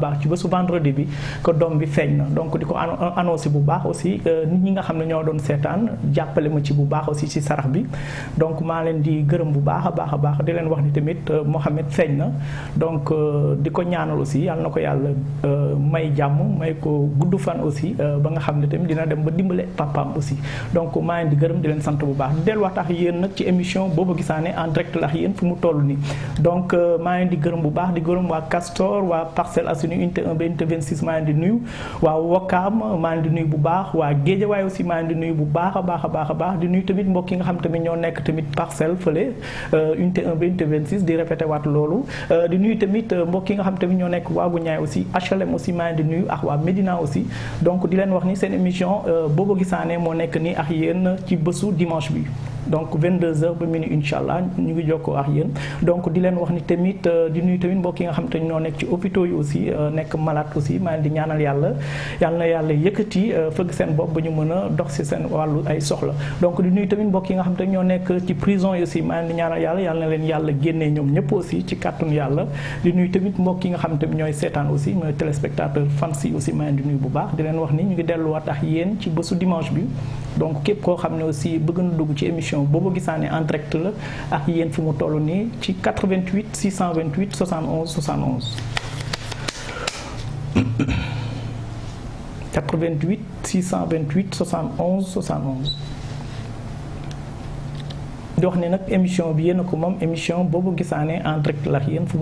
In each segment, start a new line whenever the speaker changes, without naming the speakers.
bax ci bësu vendredi bi ko dom bi feeñ na donc diko annoncer euh, bu bax aussi que nit ñi nga xamne ño doon sétane jappalé ma ci bu bax aussi ci sarax bi donc ma leen di gërëm bu baax baaxa baax di leen wax ni tamit euh, Mohamed feeñ na donc euh, di ñaanal aussi yalla nako yalla may jamm may ko guddu fan aussi ba nga xamne tamit dina dem ba dimbale papaam aussi donc ma leen di gërëm di leen sant bu baax del ak yeen nak ci émission bobu gisane en direct la yeen fu mu tollu ni donc ma leen di gërëm bu baax di gërëm wa Castor wa parcel Assainies unité 1 ba unité 26 maa ngi di nuyu waa Wokam maa di nuyu bu baax waa Géejawaay aussi maa ngi di nuyu bu baaxa baaxa baaxa baax di nuyu tamit mbokk yi nga xam tamit ñoo nekk tamit parcelle fële euh, unité 1 ba unité 26 di répété wat lolu euh, di nuyu tamit euh, mbokk yi nga xam tamit ñoo nekk waa Guñaay aussi HLM aussi maa ngi di nuyu ak wa Medina aussi donc di leen wax ni seen émission Bobo Guissané mo nekk ni ak yéen ci bésu dimanche bi donc 22h ba minuit incha ñu ngi jokkoo ak yéen donc di len wax ni tamit euh, di nuyu tamit mbokk yi nga xam te ñoo nekk ci hôpitaux yi aussi euh, nek malade aussi maa di ñaanal yalla yalla na yalla yëkkati euh, fëgg seen bopp ba ñu mëna dox si seen walu ay soxla donc di nuyu tamit mbokk yi nga xam te ñoo nekk ci prison yi aussi maa di ñaanal yalla yalla na len yalla génnee ñom ñëpp aussi ci carton yalla di nuyu tamit mbokk yi nga xam te ñooy seetaan aussi mooy téléspectateur fans yi aussi maa di nuyu bu baax di len wax ni ñu ngi déllu delluwaat ak yéen ci bésu dimanche bi donc képp koo xam ne aussi bëgg na dugg ci émission Bobo boobu gisaa en direct ak 88 628 71 71. 88 628 71 71. Donc, wax ne émission bien, comme émission Bobo Gisane en direct la qui fu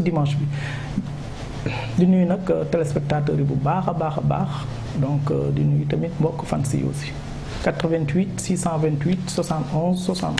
dimanche bi di nuyu euh, téléspectateur yi bu baax a donc euh, di nuyu tamit mbokk aussi 88 628 71 71.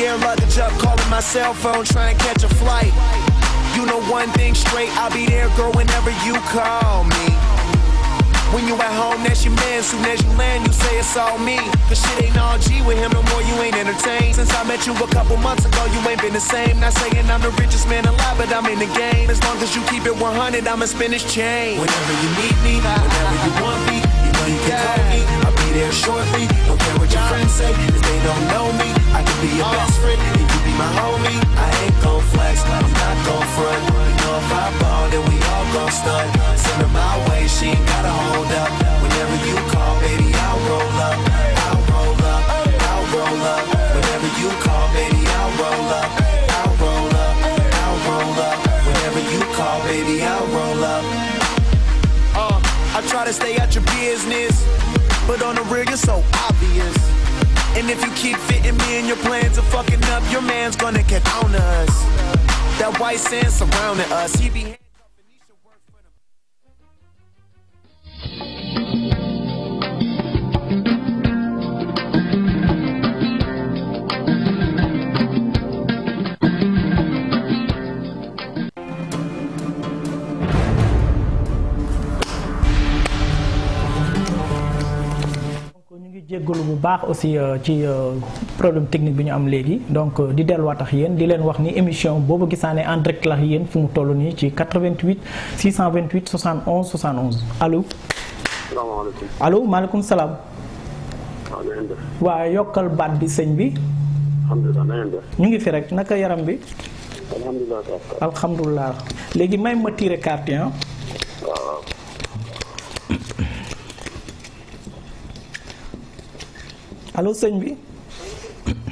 Gearing luggage up, calling my cell phone, trying to catch a flight. You know one thing straight, I'll be there, girl, whenever you call me. When you at home, that's your man. Soon as you land, you say
it's all me. Cause shit ain't all G with him no more, you ain't entertained. Since I met you a couple months ago, you ain't been the same. Not saying I'm the richest man alive, but I'm in the game. As long as you keep it 100, I'ma spin this chain. Whenever you need me, whenever you want me,
you know you can call me there shortly. Don't care what your friends say, cause they don't know me. I could be your best friend, and you be my homie. I ain't gon' flex, I'm not gon' front. You know if I ball, then we all gon' stun. Send her my way, she ain't gotta hold up. Whenever you call, baby, I'll roll up. I'll roll up, I'll roll up. Whenever you call, baby, I'll roll up. I'll roll up, I'll roll up. Whenever you call, baby, I'll roll
up. Uh, I try to stay out your business but on the real, you're so obvious. And if you keep fitting me in your plans of fucking up, your man's gonna get on us. That white sand surrounding us. He be. baax aussi euh, ci euh, problème technique bi ñu am légui donc euh, di delluwaat ak yeen di leen wax ni émission bobu gissane en direct la yeen fu mu tollu ni ci 88 628 71 71 allô allô malikum salam. Wa waaw na bi señ bi. alhamdulilah ñu ngi fi rek naka yaram bi. may ma tiré carte hein allo sëñ bi.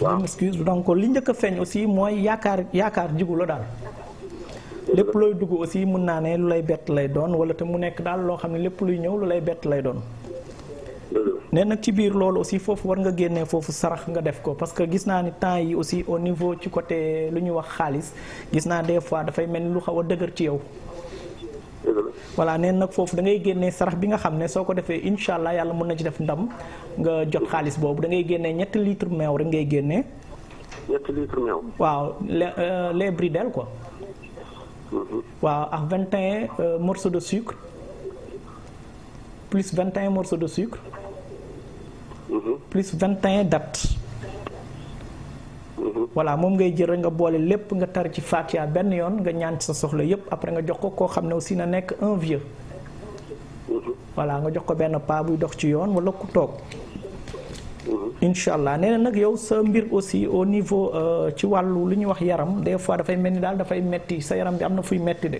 waaw excuse donc li njëkk a feeñ aussi mooy yaakaar yaakaar jigu la daal. lépp looy dugg aussi mën naa ne lu lay bett lay doon wala te mu nekk daal loo xam ne lépp luy ñëw lu lay bett lay doon. nee nag ci biir loolu aussi foofu war nga génnee foofu sarax nga def ko parce que gis naa ni temps yi aussi au niveau ci côté lu ñuy wax xaalis gis naa des fois dafay mel ni lu xaw a dëgër ci yow. voilà neen nag foofu da ngay génnee sarax bi nga xam ne soo ko defee incha allah yàlla mën na ci def ndam nga jot xaalis boobu da ngay génnee ñetti litre meew rek ngay génnee.
ñetti litre meew. waaw euh,
lait bridel quoi. Mm-hmm. waaw ak 21 euh, morceaux de sucre. plus 21 morceaux de sucre. Mm-hmm. plus 21 dattes. Mhm. wala mom ngay jël rek nga boole lépp nga tar ci fatia ben yoon nga ñaan ci sa soxla yépp après nga jox ko ko xamné ne aussi na nekk un vieux mhm. wala nga jox ko ben pa buy dox ci yoon wala ku tok mhm. inshallah allah nee na yow sa mbir aussi au niveau euh, ci walu li wax yaram des fois fay melni dal da fay metti sa yaram bi amna fuy metti de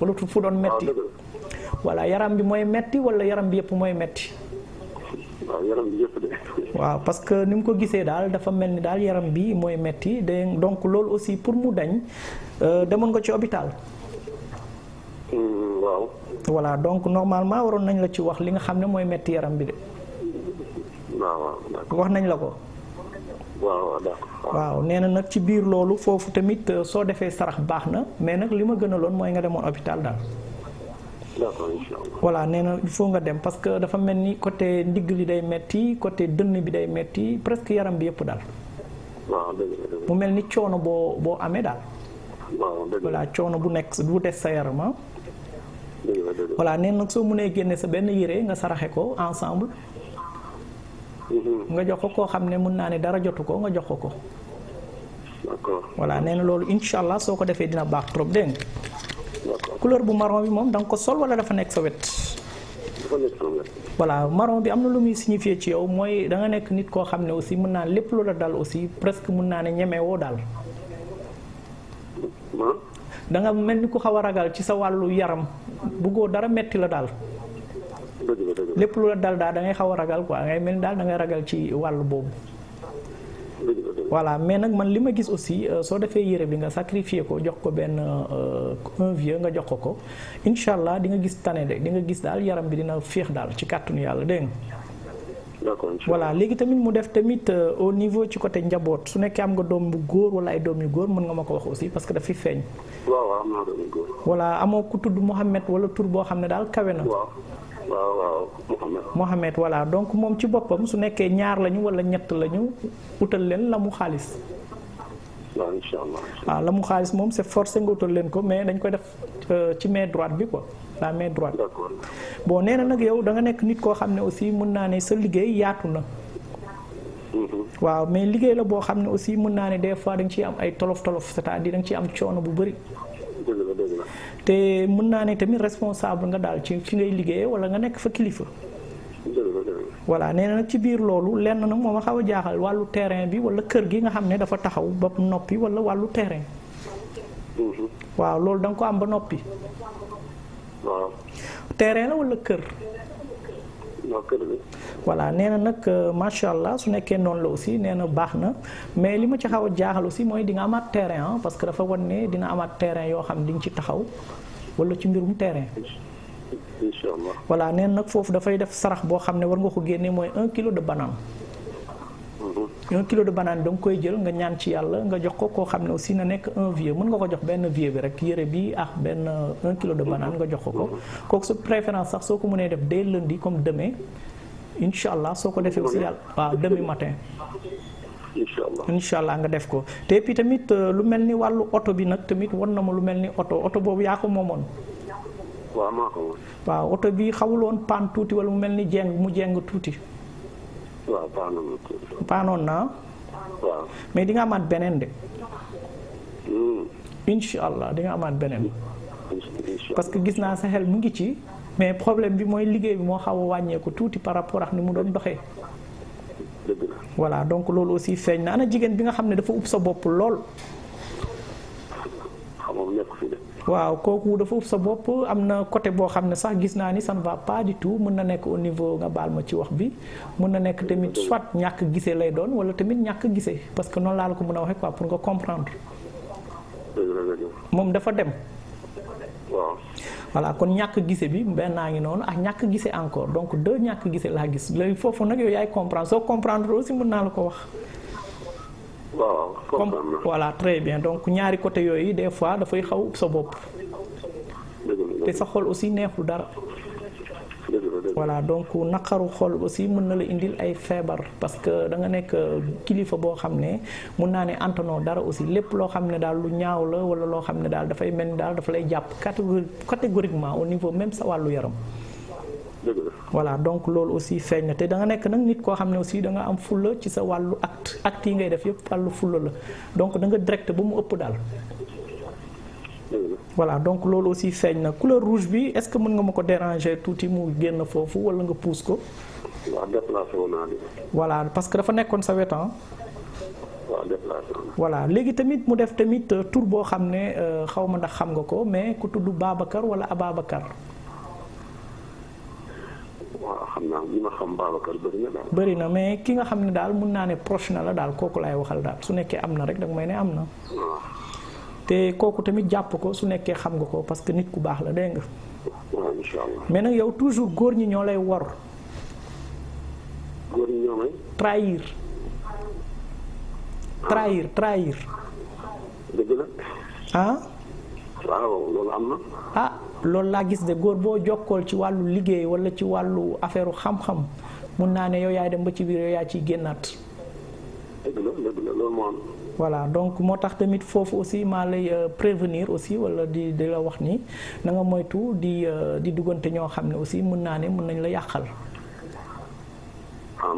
wala fu doon metti ah, wala yaram bi moy metti wala yaram bi yépp moy metti waaw yaram parce que ni mu ko gisee daal dafa mel ni daal yaram bii mooy metti de donc loolu aussi pour mu dañ euh, demoon nga ci hôpital. Hmm, waaw. voilà donc normalement waroon nañ la ci wax li nga xam ne mooy metti yaram bi de. wax nañ la ko. waaw nee na nag ci biir loolu foofu tamit euh, soo defee sarax baax na mais nag li ma gën gënaloon mooy nga demoon hôpital daal. voilà nee il faut nga dem parce que dafa mel ni côté ndig li day metti côté deun bi day metti presque yaram bi yëpp dal mu melni ni bo bo amé dal voilà choono bu nek du dess sa yaram voilà ah. nee so mu né génné sa ben yére nga saraxé ko ensemble nga jox ko ko xamné mu mën dara jotu ko nga jox ko ko voilà nee na inshallah soko défé dina bax trop deng couleur bu marron bi moom da nga ko sol wala dafa nekk sa wet. voilà marron bi am na lu muy signifier ci yow mooy danga nekk nit koo xam ne aussi mën naa lépp lu la dal aussi presque mën naa ne ñemewoo daal. da mel ni ku xaw a ragal ci sa wàllu yaram bëggoo dara metti la daal. lépp lu la dal daal dangay ngay xaw a ragal ko ngay mel ni daal da ngay ragal ci wàllu boobu. voilà mais nag man li ma gis aussi euh, soo defee yére bi nga sacrifié ko jox ko benn euh, un vieux nga jox ko ko incha allah di nga gis tane de di nga gis daal yaram bi dina féex daal ci kàttanu yàlla dégg nga voilà léegi tamit mu def tamit euh, au niveau ci côté njaboot su nekkee am nga doom bu góor wala ay doom yu góor mën nga ma ko wax aussi parce que daf fi feeñ.
waaw waaw am naa doom yu
góor. amoo ku tudd Mouhamed wala tour boo xam ne daal kawe na.
waaw waaw
Mohamed voilà donc moom ci boppam su nekkee ñaar lañu wala ñett lañu wutal leen la mu xaalis. waaw incha la ah, mu xaalis moom c'est forcé nga utal leen ko mais dañ koy def euh, ci main droite bi quoi la main droite. d'accord bon nee na nag yow da nga nekk nit koo xam ne aussi mën naa ne sa liggéey yaatu na. Mm-hmm. waaw mais liggéey la boo xam ne aussi mën naa ne des fois da nga ciy am ay tolof tolof c'est-à-dire da ciy am coono bu bëri. te mun naa ne tamit responsable nga daal ci fi ngay liggéeyee wala nga nekk fa kilifa. voilà nee na nag ci biir loolu lenn nag moom a xaw a jaaxal wàllu terrain bi wala kër gi nga xam ne dafa taxaw ba noppi wala wàllu terrain. Mhm. waaw loolu danga ko am ba noppi. waaw. terrain la wala kër. voilà nee na nag macha allah su nekkee noonu la aussi nee na baax na mais li ma ci xaw a jaaxal aussi mooy di nga amaat terrain parce que dafa wan ne dina amaat terrain yoo xam di nga ci taxaw wala ci mbirum terrain. incha allah na nag foofu dafay def sarax boo xam ne war nga ko génne mooy un kilo de banane. un kilo de banane da nga koy jël nga ñaan ci yàlla nga jox ko koo xam ne aussi na nekk un vieux mën nga ko jox benn vieux bi rek yére bi ah benn euh, un kilo de banane nga jox ko ko kooku su préférence sax soo ko mënee def dès lundi comme demain incha allah soo ko defee aussi yàlla waaw demain matin incha allah nga def ko te puis tamit euh, lu mel ni wàllu oto bi nag tamit won na ma lu mel ni oto oto boobu yaa ko moomoon waaw oto bi xawuloon paan tuuti wala mu mel ni jeng mu jeng tuuti waaw paanoon naa. mais di nga amaat beneen de. Hmm. incha allah di nga amaat beneen. parce que gis naa sa xel mu ngi ci. mais problème bi mooy liggéey bi moo xaw a wàññeeku tuuti par rapport ak ni mu doon doxee. voilà donc loolu aussi feeñ na ana jigéen bi nga xam ne dafa ub sa bopp lool. waaw kooku dafa ub sa bopp am na côté boo xam ne sax gis naa ni san ne va pas du tout mën na nekk au niveau nga baal ma ci wax bi mën na nekk tamit soit ñàkk gisee lay doon wala tamit ñàkk gisee parce que noonu laa la ko mën a waxee quoi pour nga comprendre moom dafa dem waaw kon ñàkk gise bi benn naa ngi noonu ak ñàkk gise encore donc deux ñàkk gise laa gis léegi foofu nag yooyu yaay comprendre soo comprendre aussi mën naa la ko wax waaw comme voilà très bien donc ñaari côté yooyu des fois dafay xaw sa bopp. te sa xol aussi neexul dara. voilà donc naqaru xol aussi mën na la indil ay feebar parce que da nga nekk euh, kilifa boo xam ne mun naa ne antanoo dara aussi lépp loo xam ne daal lu ñaaw la walla loo xam ne daal dafay mel ni daal dafa lay jàpp catégoriquement au niveau même sa wàllu yaram. voilà donc loolu aussi feeñ té da nga nek nak nit ko xamné aussi da nga am fulle ci sa walu acte acte yi ngay def yépp wàllu fulle la donc da nga direct ba mu ëpp dal voilà donc loolu aussi feeñ na couleur rouge bi est-ce que mën nga mako déranger tuuti mu génn fofu wala nga pousse ko.
waaw déplacé wu
voilà parce que dafa nekkoon sa wétan hein? waaw voilà légui tamit mu def tamit euh, tour bo xamné ne euh, xaw ndax xam nga ko mais ku tuddu Babacar wala Ababacar.
waaw xam na daal.
bëri na mais ki nga xam ne daal mun naa ne proche na la daal kooku laay waxal daal su nekkee am na rek danga may ne am na. te kooku tamit jàpp ko su nekkee xam nga ko parce que nit ku baax la dégg mais na yow toujours góor ñi ñoo lay wor. góor ñi ñoo ah. dëgg la. ah.
waaw loolu am na.
ah. loolu laa gis de góor boo jokkool ci wàllu liggéey walla ci wàllu affaire xam-xam mun naa ne yow yaay dem ba ci biir yow yaa ciy génnaat.
dëgg la moo
voilà donc moo tax tamit foofu aussi maa lay euh, prévenir aussi walla di di la wax ni na nga moytu di euh, di duggante ñoo xam ne aussi mun naa ne mun nañ la yàqal. ah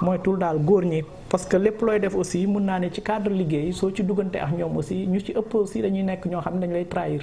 moom daal góor ñi parce que lépp looy def aussi mun naa ne ci cadre liggéey soo ci duggante ak ñoom aussi ñu ci ëpp aussi dañuy nekk ñoo xam ne dañu lay trahir.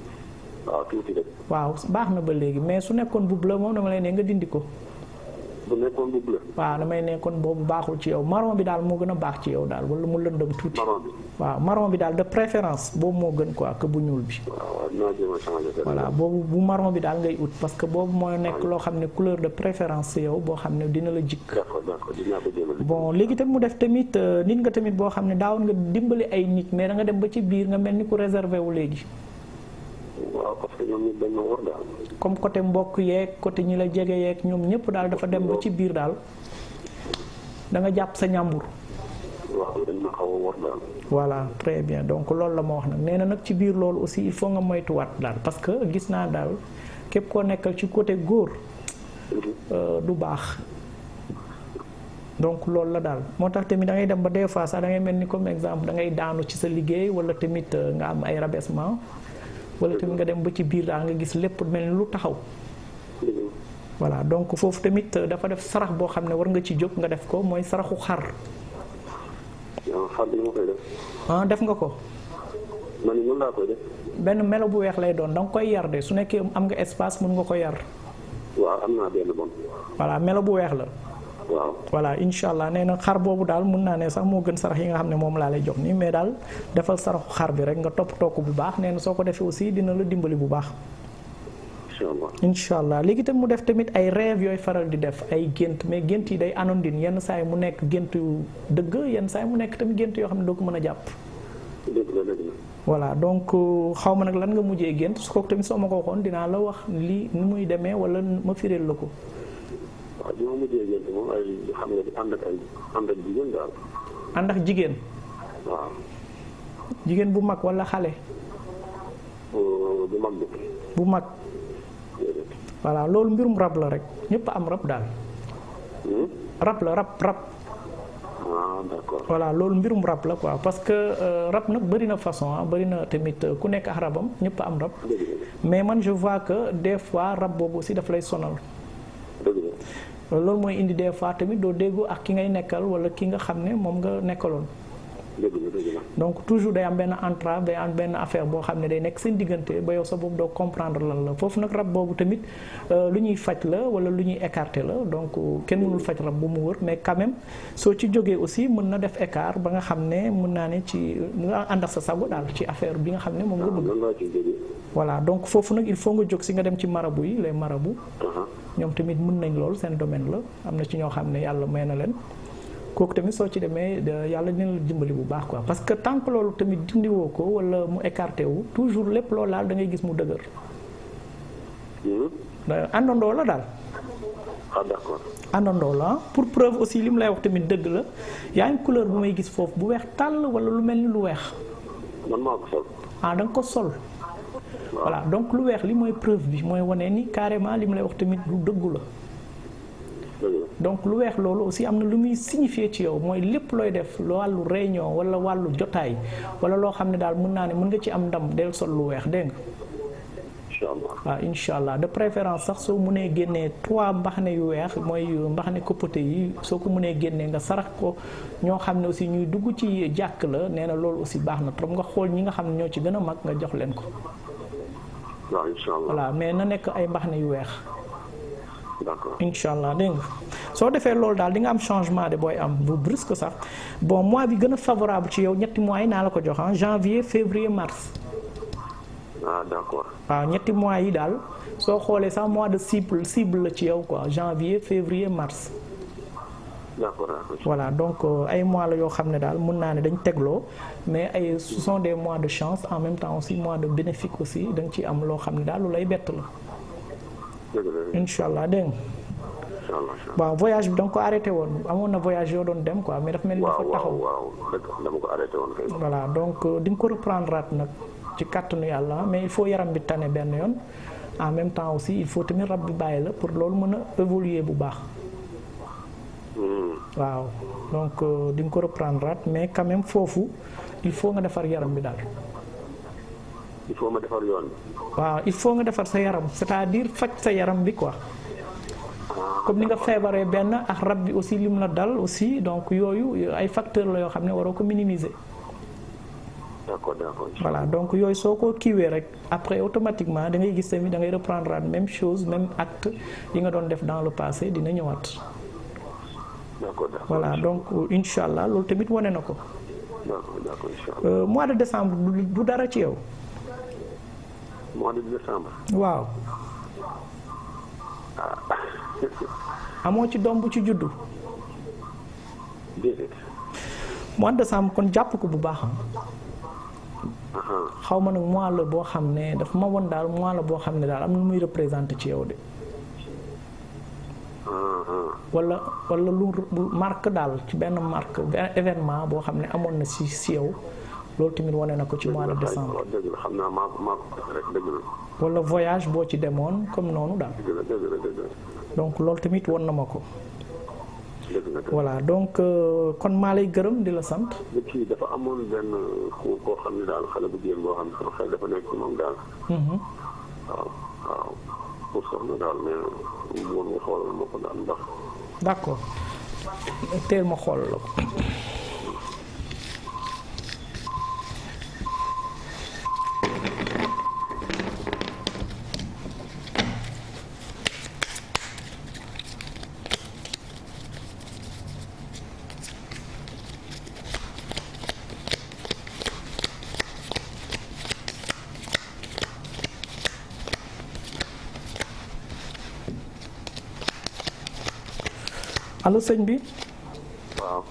waaw
baax na ba léegi mais su nekkoon bu la moom dama lay ne nga dindi ko. bu nekkoon bu bleu. waaw damay nekkoon boobu baaxul ci yow marron bi daal moo gën a baax ci yow daal wala mu lëndëm tuuti. marron bi waaw daal de préférence boobu moo gën ko que bu ñuul bi. voilà boobu bu marron bi daal ngay ut parce que boobu mooy nekk loo xam ne couleur de préférence yow boo xam ne dina la jikk. bon léegi tamit mu def tamit euh, nit nga tamit boo xam ne daawoon nga dimbali ay nit mais da nga dem ba ci biir nga mel ni ku réservé wu léegi. waaw comme côté mbokk yeeg côté ñi la jege yeek ñoom ñëpp daal dafa dem ba ci biir daal da nga jàpp sa ñàmbur. waaw dañ voilà très bien donc loolu la ma wax nag nee na nag ci biir loolu aussi il faut nga moytuwaat daal parce que gis naa daal képp koo nekkal ci côté góor. Euh, du baax. donc loolu la daal moo tax tamit da ngay dem ba des fois sax da ngay mel ni comme exemple da ngay daanu ci sa liggéey walla tamit euh, nga am ay rabaissement wala tamit nga dem ba ci biir daal nga gis lépp mel ni lu taxaw voilà donc foofu tamit euh, dafa def sarax boo xam ne war nga ci jóg nga def ko mooy saraxu xar ah def nga ko man benn melo bu weex lay doon da nga koy yar de su nekkee am nga espace mën nga ko yar
waaw am naa benn bon
voilà melo bu weex la Wala voilà inshallah allah na xar bobu dal mën na né sax mo gën sarax yi nga xamné mom la lay jox ni mais dal defal sarax xar bi rek nga top bu baax nee na soo aussi dina la dimbali bu baax inshallah allah tam mu def tamit ay rêve yoy faral di def ay gënt mais gënt yi day anondine yenn saa mu nekk gént yu dëgg yenn saa mu nekk tam gënt yo xamné do ko mëna japp voilà donc euh, xawma nak lan nga mujjé gënt su ko tamit so mako dina la wax li ni muy démé wala ma fireel lako
waaw bi ma mujjee gént moom ay xam nga ànd ak ay ànd ak jigéen daal. ànd ak jigéen. waaw.
jigéen bu mag wala xale.
bu mag bi.
bu mag. voilà loolu mbirum rab la rek ñëpp am rab daal. Hmm? rab la rab rab. waaw ah, d'accord. voilà loolu mbirum rab la quoi parce que euh, rab nag bari na façon ah na tamit euh, ku nekk ak ñëpp am rab. mais je vois que des fois rab boobu aussi daf lay sonal. loolu mooy indi de fois tamit doo déggoo ak ki ngay nekkal wala ki nga xam ne moom nga nekkaloon donc toujours day am benn entrave day am benn affaire boo xam ne day nekk seen diggante ba yow sa boobu doo comprendre lan la foofu nag rab boobu tamit euh, lu ñuy faj la wala lu ñuy écarter la donc euh, kenn mënul faj rab bu mu wër mais quand soo ci jógee aussi mën na def écart ba nga xam ne mën naa ne ci nga ànd sa sago daal ci affaire bi nga xam ne moom nga bëgg ah, voilà donc foofu nag il faut nga jóg si nga dem ci marabu yi les marabu uh-huh. ñoom tamit mën nañ lool seen domaine la am na ci ñoo xam ne yàlla may na leen kooku tamit soo ci demee yàlla dina la dimbali bu baax quoi parce que tant loolu tamit dindiwoo ko wala mu écarté wu toujours lépp loolu laal da gis mu dëgër.
Mm-hmm.
àndandoo la daal.
Ah,
àndandoo la pour preuve aussi li mu lay wax tamit dëgg la yaa ngi couleur bu may gis foofu bu weex tàll wala lu mel ni lu weex. man ko sol. ah da ko sol. voilà donc lu weex li mooy preuve bi mooy wane ni carrément li mu lay wax tamit du dëggu la. donc lu weex loolu aussi am na lu muy signifier ci yow mooy lépp looy def lu wàllu réunion wala wàllu jotaay wala loo xam ne daal mun naa ne mën nga ci am ndam del sol lu weex de nga waaw ah, incha allah de préférence sax soo munee génnee trois mbaxane yu weex mooy mbaxane coppite yi soo ko mënee génnee nga sarax ko ñoo xam ne aussi ñuy dugg ci jàkk la nee na loolu aussi baax na trop nga xool ñi nga xam ne ñoo ci gën a mag nga jox leen ko. waaw incha mais na nekk ay mbaxane yu weex. d'accord. donc, dégg So, soo defee loolu di nga am changement de boy, am bu brusque sax bon mois bi gën favorable ci yow ñetti mois yi naa la ko jox hein? janvier février mars. ah d'accord. Ah, ñetti mois yi d'al, so, xoolee sax mois de cible cible la ci yow quoi janvier février mars. d'accord voilà donc euh, ay mois la yo xam ne daal mun naa dañ mais ay ce sont des mois de chance en même temps aussi mois de bénéfique aussi da nga am loo xam ne daal lu lay bett incha allah dégg nga waaw voyage bi da ko arrêté woon amoon na voyage yoo doon dem quoi mais dafa mel ni dafa taxaw
dama ko arrêté woon kay
voilà donc euh, di ko reprendre at nag ci kàttanu yàlla mais il faut yaram bi tane benn yoon en même temps aussi il faut tamit rab bi bàyyi la pour loolu mën a évoluer bu baax hmm. waaw donc euh, di ko reprendre at mais quand même foofu il faut nga defar yaram bi daal.
il faut ma defar yoon bi.
waaw il faut nga defar sa yaram c'est-à-dire faj sa yaram bi quoi comme ni nga feebaree benn ak rab bi aussi lim la dal aussi donc yooyu ay facteurs la yoo xam ne waroo ko minimiser. d'accord voilà donc yooyu soo ko kiiwee rek après automatiquement da ngay gis tamit mi dangay reprendre même chose même acte yi nga doon def dans le passé dina ñëwaat. d'accord voilà donc incha allah loolu tamit wane na ko.
d'accord d'accord incha
allah euh, mois de décembre du dara ci yow. mois waaw. Ah. amoo ci doom bu ci juddu. déedéet. mois de décembre kon jàpp ko bu baaxam uh-huh. xaw ma nag mois la boo xam ne dafa ma won daal mois la boo xam ne daal am na muy représenté ci yow de. Uh-huh. walla wala lu marque daal ci benn marque événement boo xam ne amoon na si si yow. loolu tamit wane na ko ci mois de décembre. dëgg la voyage boo ci demoon comme noonu daal.
dëgg la dëgg la dëgg la.
donc loolu tamit won na ma ko. voilà donc euh, kon maa lay gërëm di la sant.
kii dafa amoon benn ku koo xam ne daal xale bu jigéen boo xam ne mm-hmm. daal. mais mu daal ndax.
teel ma xool la ko. allo sëñ bi. waaw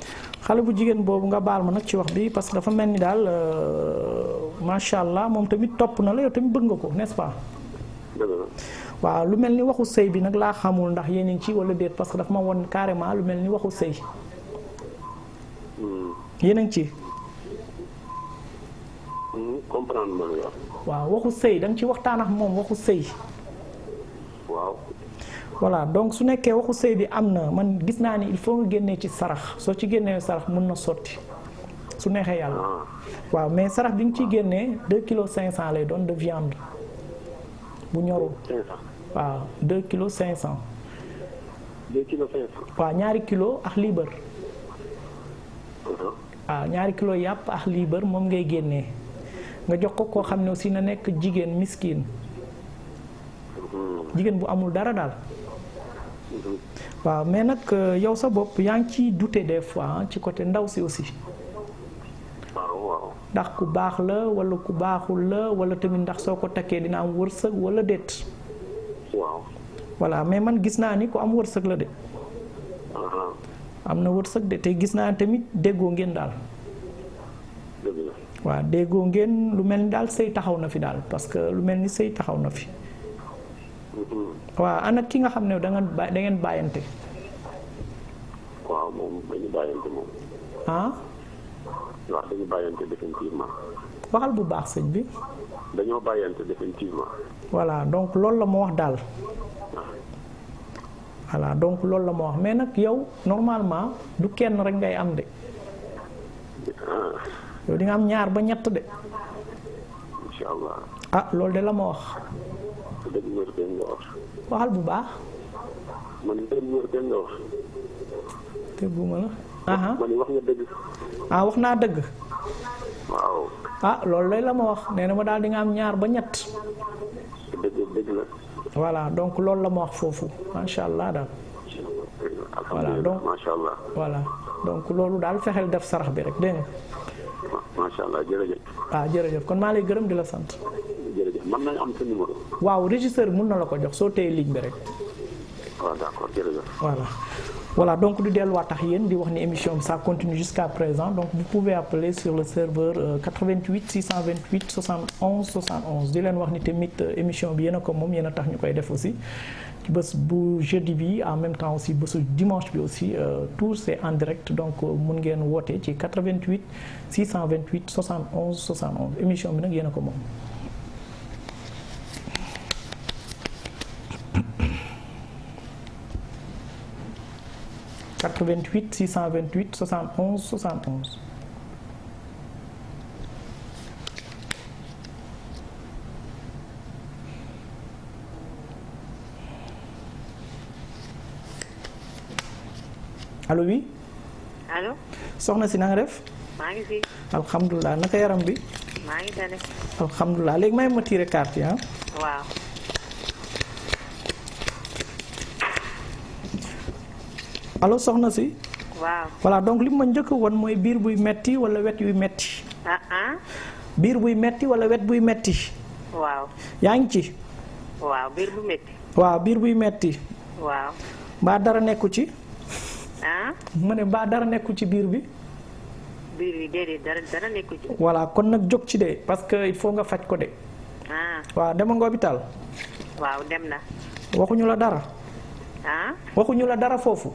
xale bu jigéen boobu nga baal ma nag ci wax bi parce que dafa mel ni daal euh, macha allah moom tamit topp na la yow tamit bëgg nga ko n'est-ce waaw lu mel ni waxu sëy bi nag laa xamul ndax yéen ngi ci wala déet parce que dafa ma woon carrément lu mel ni waxu sëy. Hmm. yéen a ngi ci. Hmm, waaw waxu sëy da nga ci waxtaan ak moom waxu sëy. waaw voilà donc su nekkee waxu sëy bi am na man gis naa ni il faut nga génnee ci sarax soo ci génnee sarax mën na sotti su neexee yàlla ah. waaw mais sarax bi nga ci génnee 2 kilos 500 lay doon de viande bu ñorul. waaw kilos 500. 2 kilos 500. ñaari kilo ak liibar. waaw uh-huh. ah, ñaari kilo yàpp ak liibar moom ngay génnee nga jox ko koo xam ne aussi na nekk jigéen miskin. Mm-hmm. jigéen bu amul dara daal. waaw mais nag euh, yow sa bopp yaa ngi ciy douter des fois ah, ci côté ndaw si aussi. Ah, ndax ku baax la walla ku baaxul la wala tamit ndax soo ko takkee dina am wërsëg wala déet. waaw. voilà mais man gis naa ni ku am wërsëg la de. am na wërsëg de te gis naa tamit déggoo ngeen daal. waaw déggoo ngeen lu mel ni daal sëy taxaw na fi daal parce que lu mel ni sëy taxaw na fi. Mm-hmm. waaw ana ki nga xam ne da ngeen ba da ngeen bàyyante.
waaw moom dañu bàyyante moom. ah. waaw dañu bàyyante définitivement.
waxal bu baax sëñ bi.
dañoo bàyyante définitivement.
voilà donc loolu la ma wax daal. Ah. voilà donc loolu la ma wax mais nag yow normalement du kenn rek ngay am de. Ah. yow di nga am ñaar ba ñett de. incha allah ah loolu de la ma wax
dëgg wër kenn
nga wax. waxal bu baax.
man dëgg wër kenn nga wax. dégguma la. man wax nga dëgg.
ah wax naa dëgg. waaw. ah loolu lay la ma wax nee na ma daal di nga am ñaar ba ñett. dëgg dëgg la. voilà donc loolu la ma wax foofu macha allah daal.
voilà donc macha allah.
voilà donc loolu daal fexeel def sarax bi rek dégg nga.
macha allah jërëjëf.
ah jërëjëf kon maa lay gërëm di la sant.
mën le am sa numéro.
waaw régisseur mën na la ko jox soo téye ligne bi rek. waaw ah, d'accord jërëjëf. voilà voilà donc du delluwaat tax yéen di wax ni émission ça continue jusqu'à présent donc vous pouvez appeler sur le serveur 88 628 71 71 di leen wax ni tamit euh, émission bi yéen a ko moom yéen a tax ñu koy def aussi. ci bés bu jeudi bi en même temps aussi bésu dimanche bi aussi euh, tout c'est en direct donc euh, mun ngeen woote ci 88 628 71 71 émission bi nag yéen a ko moom. 88 628 71 71. allo oui. allo. soxna si na nga def. maa ngi fi. alhamdulilah naka yaram bi. maa ngi tane. alhamdulilah léegi may ma tiire carte yi ah. waaw. allo soxna si. waaw wala donc lim ma ñëk won moy bir buy metti wala wet yu metti. Ah, ah. bir buy metti wala wet buy metti. waaw. yaa ci.
waaw bir bu
metti. waaw bir buy metti. waaw. ba dara nekku ci. ah. mune ba dara nekku ci bir bi.
bir bi dede dara dara nekku ci.
wala kon nak jog ci de parce que il faut nga fajj ko de. ah. waaw dem nga hôpital. waaw dem na. ñu la dara. ah. ñu la dara fofu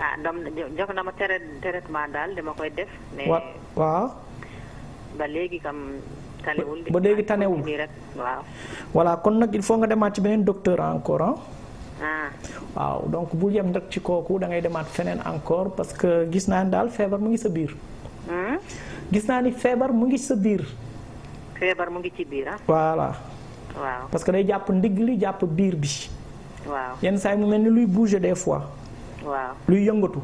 ah dom jox na ma traitement daal dama koy def. mais waaw. ba léegi kam tanewul. ba léegi tanewul rek waaw.
voilà kon nag il faut nga demaat ci beneen docteur encore ah. waaw donc bul yem rek ci kooku da ngay demaat feneen encore parce que gis naa ni daal feebar mu ngi sa biir. Hmm? gis naa ni feebar mu ngi sa biir.
feebar mu ngi ci biir ah. voilà. waaw
parce que day jàpp ndigg li jàpp wow bi. waaw yenn saa yi mu mel luy bouger des fois. waaw luy yëngatu.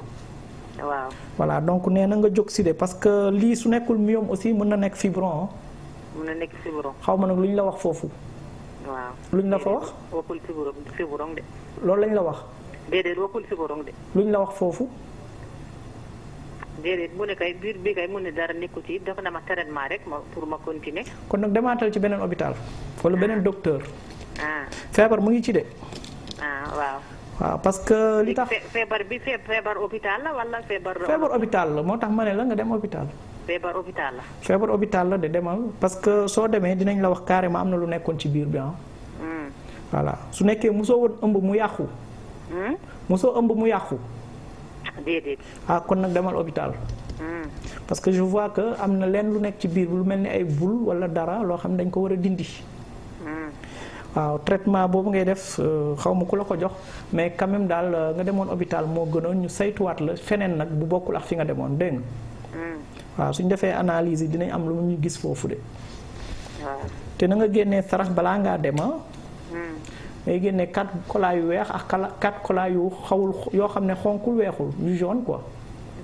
waaw voilà donc nee na nga jóg si de parce que lii su nekkul miom aussi mën na nekk fibron. Ah.
mën na nekk fibron.
xaw ma nag lu ñu la wax foofu. waaw luñ la fa wax.
waxul fibron de. loolu lañ la wax. déedéet waxul fibron
de. la wax foofu.
déedéet mu ne kay biir bi kay mu dara nekku ci dafa dama traitement rek ma pour ma continuer.
kon nag demaatal ci beneen hôpital. wala ah. beneen docteur. Ah. feebar mu ngi ci de. ah waaw ah, parce que li tax
feebar bi feebar hôpital la wala feebar. feebar
hôpital la moo tax ma ne la nga dem hôpital.
feebar hôpital la.
feebar hôpital la de demal parce que soo demee dinañ la wax carrément am na lu nekkoon ci biir bi ah. Hmm. su nekkee mosoo woon ëmb mu yàqu. Hmm? mosoo ëmb mu yàqu. déedéet. Ah, kon nag demal hôpital. Hmm. parce que je vois que am na leen lu nekk ci biir lu mel ni ay bul wala dara loo xam ne dañ ko war a dindi. waaw traitement boobu ngay def euh, xaw ma ku la ko jox mais quand même daal euh, nga demoon hôpital moo gënoon ñu saytuwaat la feneen nag bu bokkul ak fi nga demoon dégg nga hmm. waaw suñ defee analyse yi dinañ am lu ñu gis foofu de te na nga génnee sarax balaa ngaa dema ah. hmm. ngay génne quatre cola yu weex ak quatre cola yu xawul yoo xam ne xonkul weexul yu jaune quoi.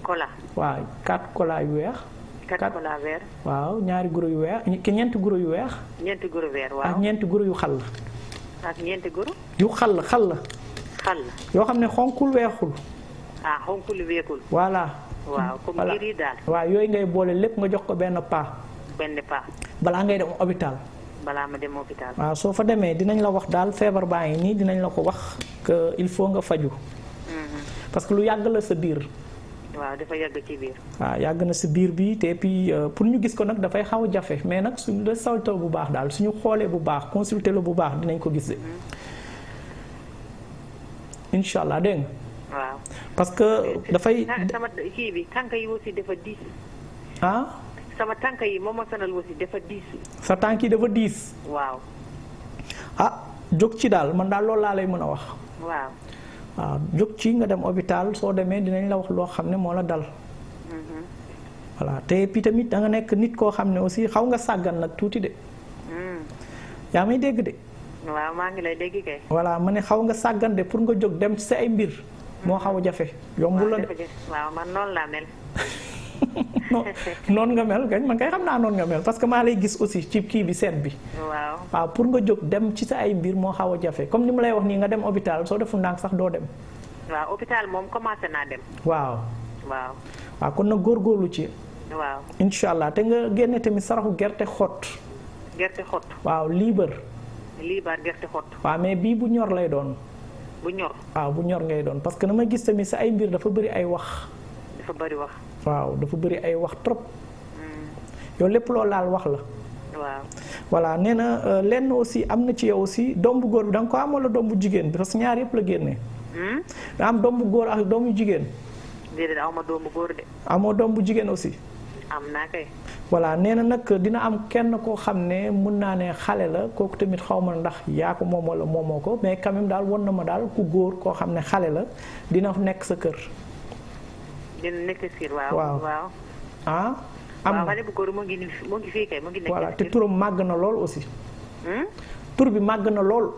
cola waaw quatre cola yu weex quatre cola vert. waaw ñaari guro yu weex ñeenti guro yu weex.
ñeenti guro vert waaw ak
ñeenti guro yu xàll.
ak ñeenti guro.
yu xal la xàll yoo xam ne xonkul weexul. ah xonkul weexul. voilà. waaw comme ngir yooyu ngay boole lépp nga jox ko benn paa. benn paa. balaa ngay dem hôpital. balaa ma dem hôpital. waaw soo fa demee dinañ la wax daal feebar baa ngi nii dinañ la ko wax il faut nga faju mhm. parce que lu yàgg la sa biir.
waaw dafa yàgg ci biir.
waaw ah, yàgg na si biir bi te puis euh, pour ñu gis ko nag dafay xaw a jafe mais nag suñu la sawtoo bu baax daal suñu xoolee bu baax consulté la bu baax dinañ ko gis. Mm-hmm. incha allah dégg
nga.
que dafay.
sama bi tànk yi aussi dafa diis. ah. tànk yi moom ma sonal aussi dafa diis.
sa tànk yi dafa diis. waaw. ah jóg ci daal man daal loolu laa lay mën a wax. waaw jóg ci nga dem hôpital soo demee dinañ la wax loo xam ne moo la dal. voilà te puis tamit da nekk nit koo xam ne aussi xaw nga sàggan nag tuuti de. yaa may dégg de.
waaw maa ngi lay dégg kay.
ma ne xaw nga sàggan de pour nga jóg dem ci sa ay mbir. moo xaw a jafe yombul la de
waaw man noonu laa mel.
non noonu nga mel gañ man kay xamna non nga mel parce que ma lay gis aussi ci ki bi set bi waaw pour nga jog dem ci sa ay mbir mo xawa jafé comme ni ngadem lay wax ni nga dem hôpital so defu ndànk sax do dem
waaw hôpital mom commencé wow dem waaw waaw
wa kon na góorgóorlu ci waaw inshallah te nga genné tammi saraxu gerté xot gerté xot waaw liibar gerté xot wa mais bi bu ñor lay doon bu ñor waaw bu ñor ngay doon parce que dama gis tammi sa ay mbir dafa bari ay wax dafa bari wax waaw dafa bëri ay wax trop. yow lépp loo laal wax la. waaw voilà nee na euh, lenn aussi am na ci yow aussi doom bu góor bi danga ko am wala doom bu jigéen bi parce ñaar yëpp la génnee. Hmm? am doom bu góor ak doom bu jigéen. déedéet aw ma doom bu jigéen aussi. am naa kay. voilà nee na nag dina am kenn koo xam ne mun naa ne xale la kooku tamit xaw ma ndax yaa ko moom wala moomoo ko mais quand daal won na ma daal ku góor koo xam ne xale la dina nekk sa kër.
dina nekk siir waaw waaw
ah am na xale
bu góor mu ngi mu ngi fii kay
mu te turam màgg na lool aussi hmm? tur bi màgg na lool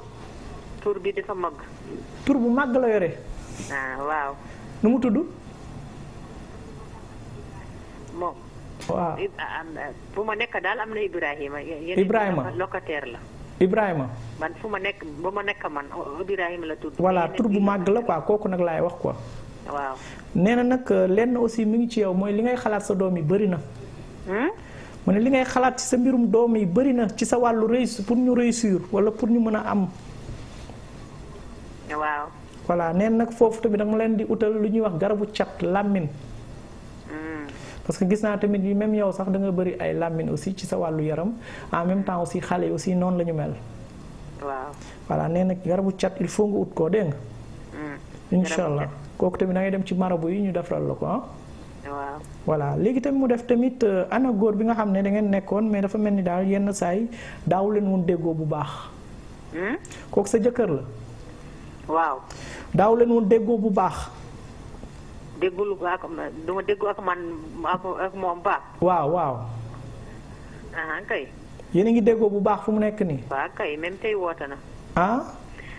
tur bi dafa màgg
tur bu màgg la yore ah nu mu tudd moom waaw ah,
ah, fu ma nekk daal am na Ibrahima Ibrahima locataire la Ibrahima man fu ma nekk ma nekk man Ibrahima la tur
bu màgg la quoi kooku nag laay wax ko Nenek nak na lenn aussi mi ngi ci yow moy li ngay xalat sa doom beuri na. hmm mune li ngay xalat ci sa mbirum beuri na ci sa walu reuss pour ñu reussir wala pour ñu mëna am. waaw. wala nee nak fofu tamit da ma len di outal lu ñuy wax garabu cat hmm parce que gis na tamit yi même yow sax da nga beuri ay lamine aussi ci sa walu yaram en même temps aussi xalé aussi non lañu mel. waaw wala nee garabu cat il faut nga ut ko deng hmm inshallah kooku tamit da ngay dem ci marabu yi ñu defaral la ko ah. waaw voilà léegi tamit mu def tamit euh, ana góor bi nga xam ne dangeen nekkoon mais dafa mel ni daal yenn saay daaw leen woon déggoo bu baax. Hmm? kooku sa jëkkër la. waaw. daaw leen woon déggoo bu baax.
déggul ak man ak man ak moom baax. waaw waaw. ah
yéen a ngi déggoo bu baax fu mu nekk nii. waaw kay même tey woote na. ah.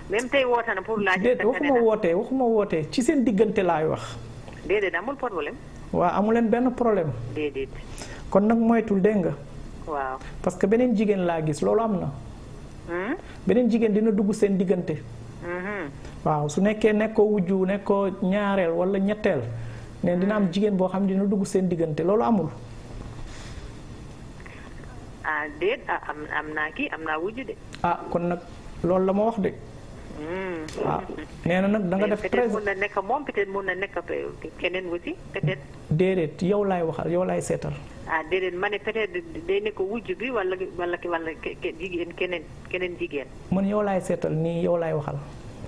même tay wota na pour ci déedéet waxuma
woote waxuma woote ci seen diggante laay wax.
déedéet amul problème.
wa amu leen problème. dédé kon nak moytul dé nga. waaw parce que benen jigen la gis lolu amna hmm benen jigen dina dugg seen
hmm
waaw su nekké nekkoo wujju nekkoo ñaareel wala ñetteel. né dina am hmm. jigen bo xam dina dugg seen digënté lolu amul.
ah déet ah am amna am wujju
ah kon nak lolu la ma wax dé
waaw mm. ah.
nee na nag danga def. très mun na
moom peut-être mun na nekk keneen aussi
yow laay waxal yow laay seetal.
ah déedéet ma ne peut bi wala wala wala jigéen keneen keneen jigéen.
man yow laay seetal nii yow laay waxal.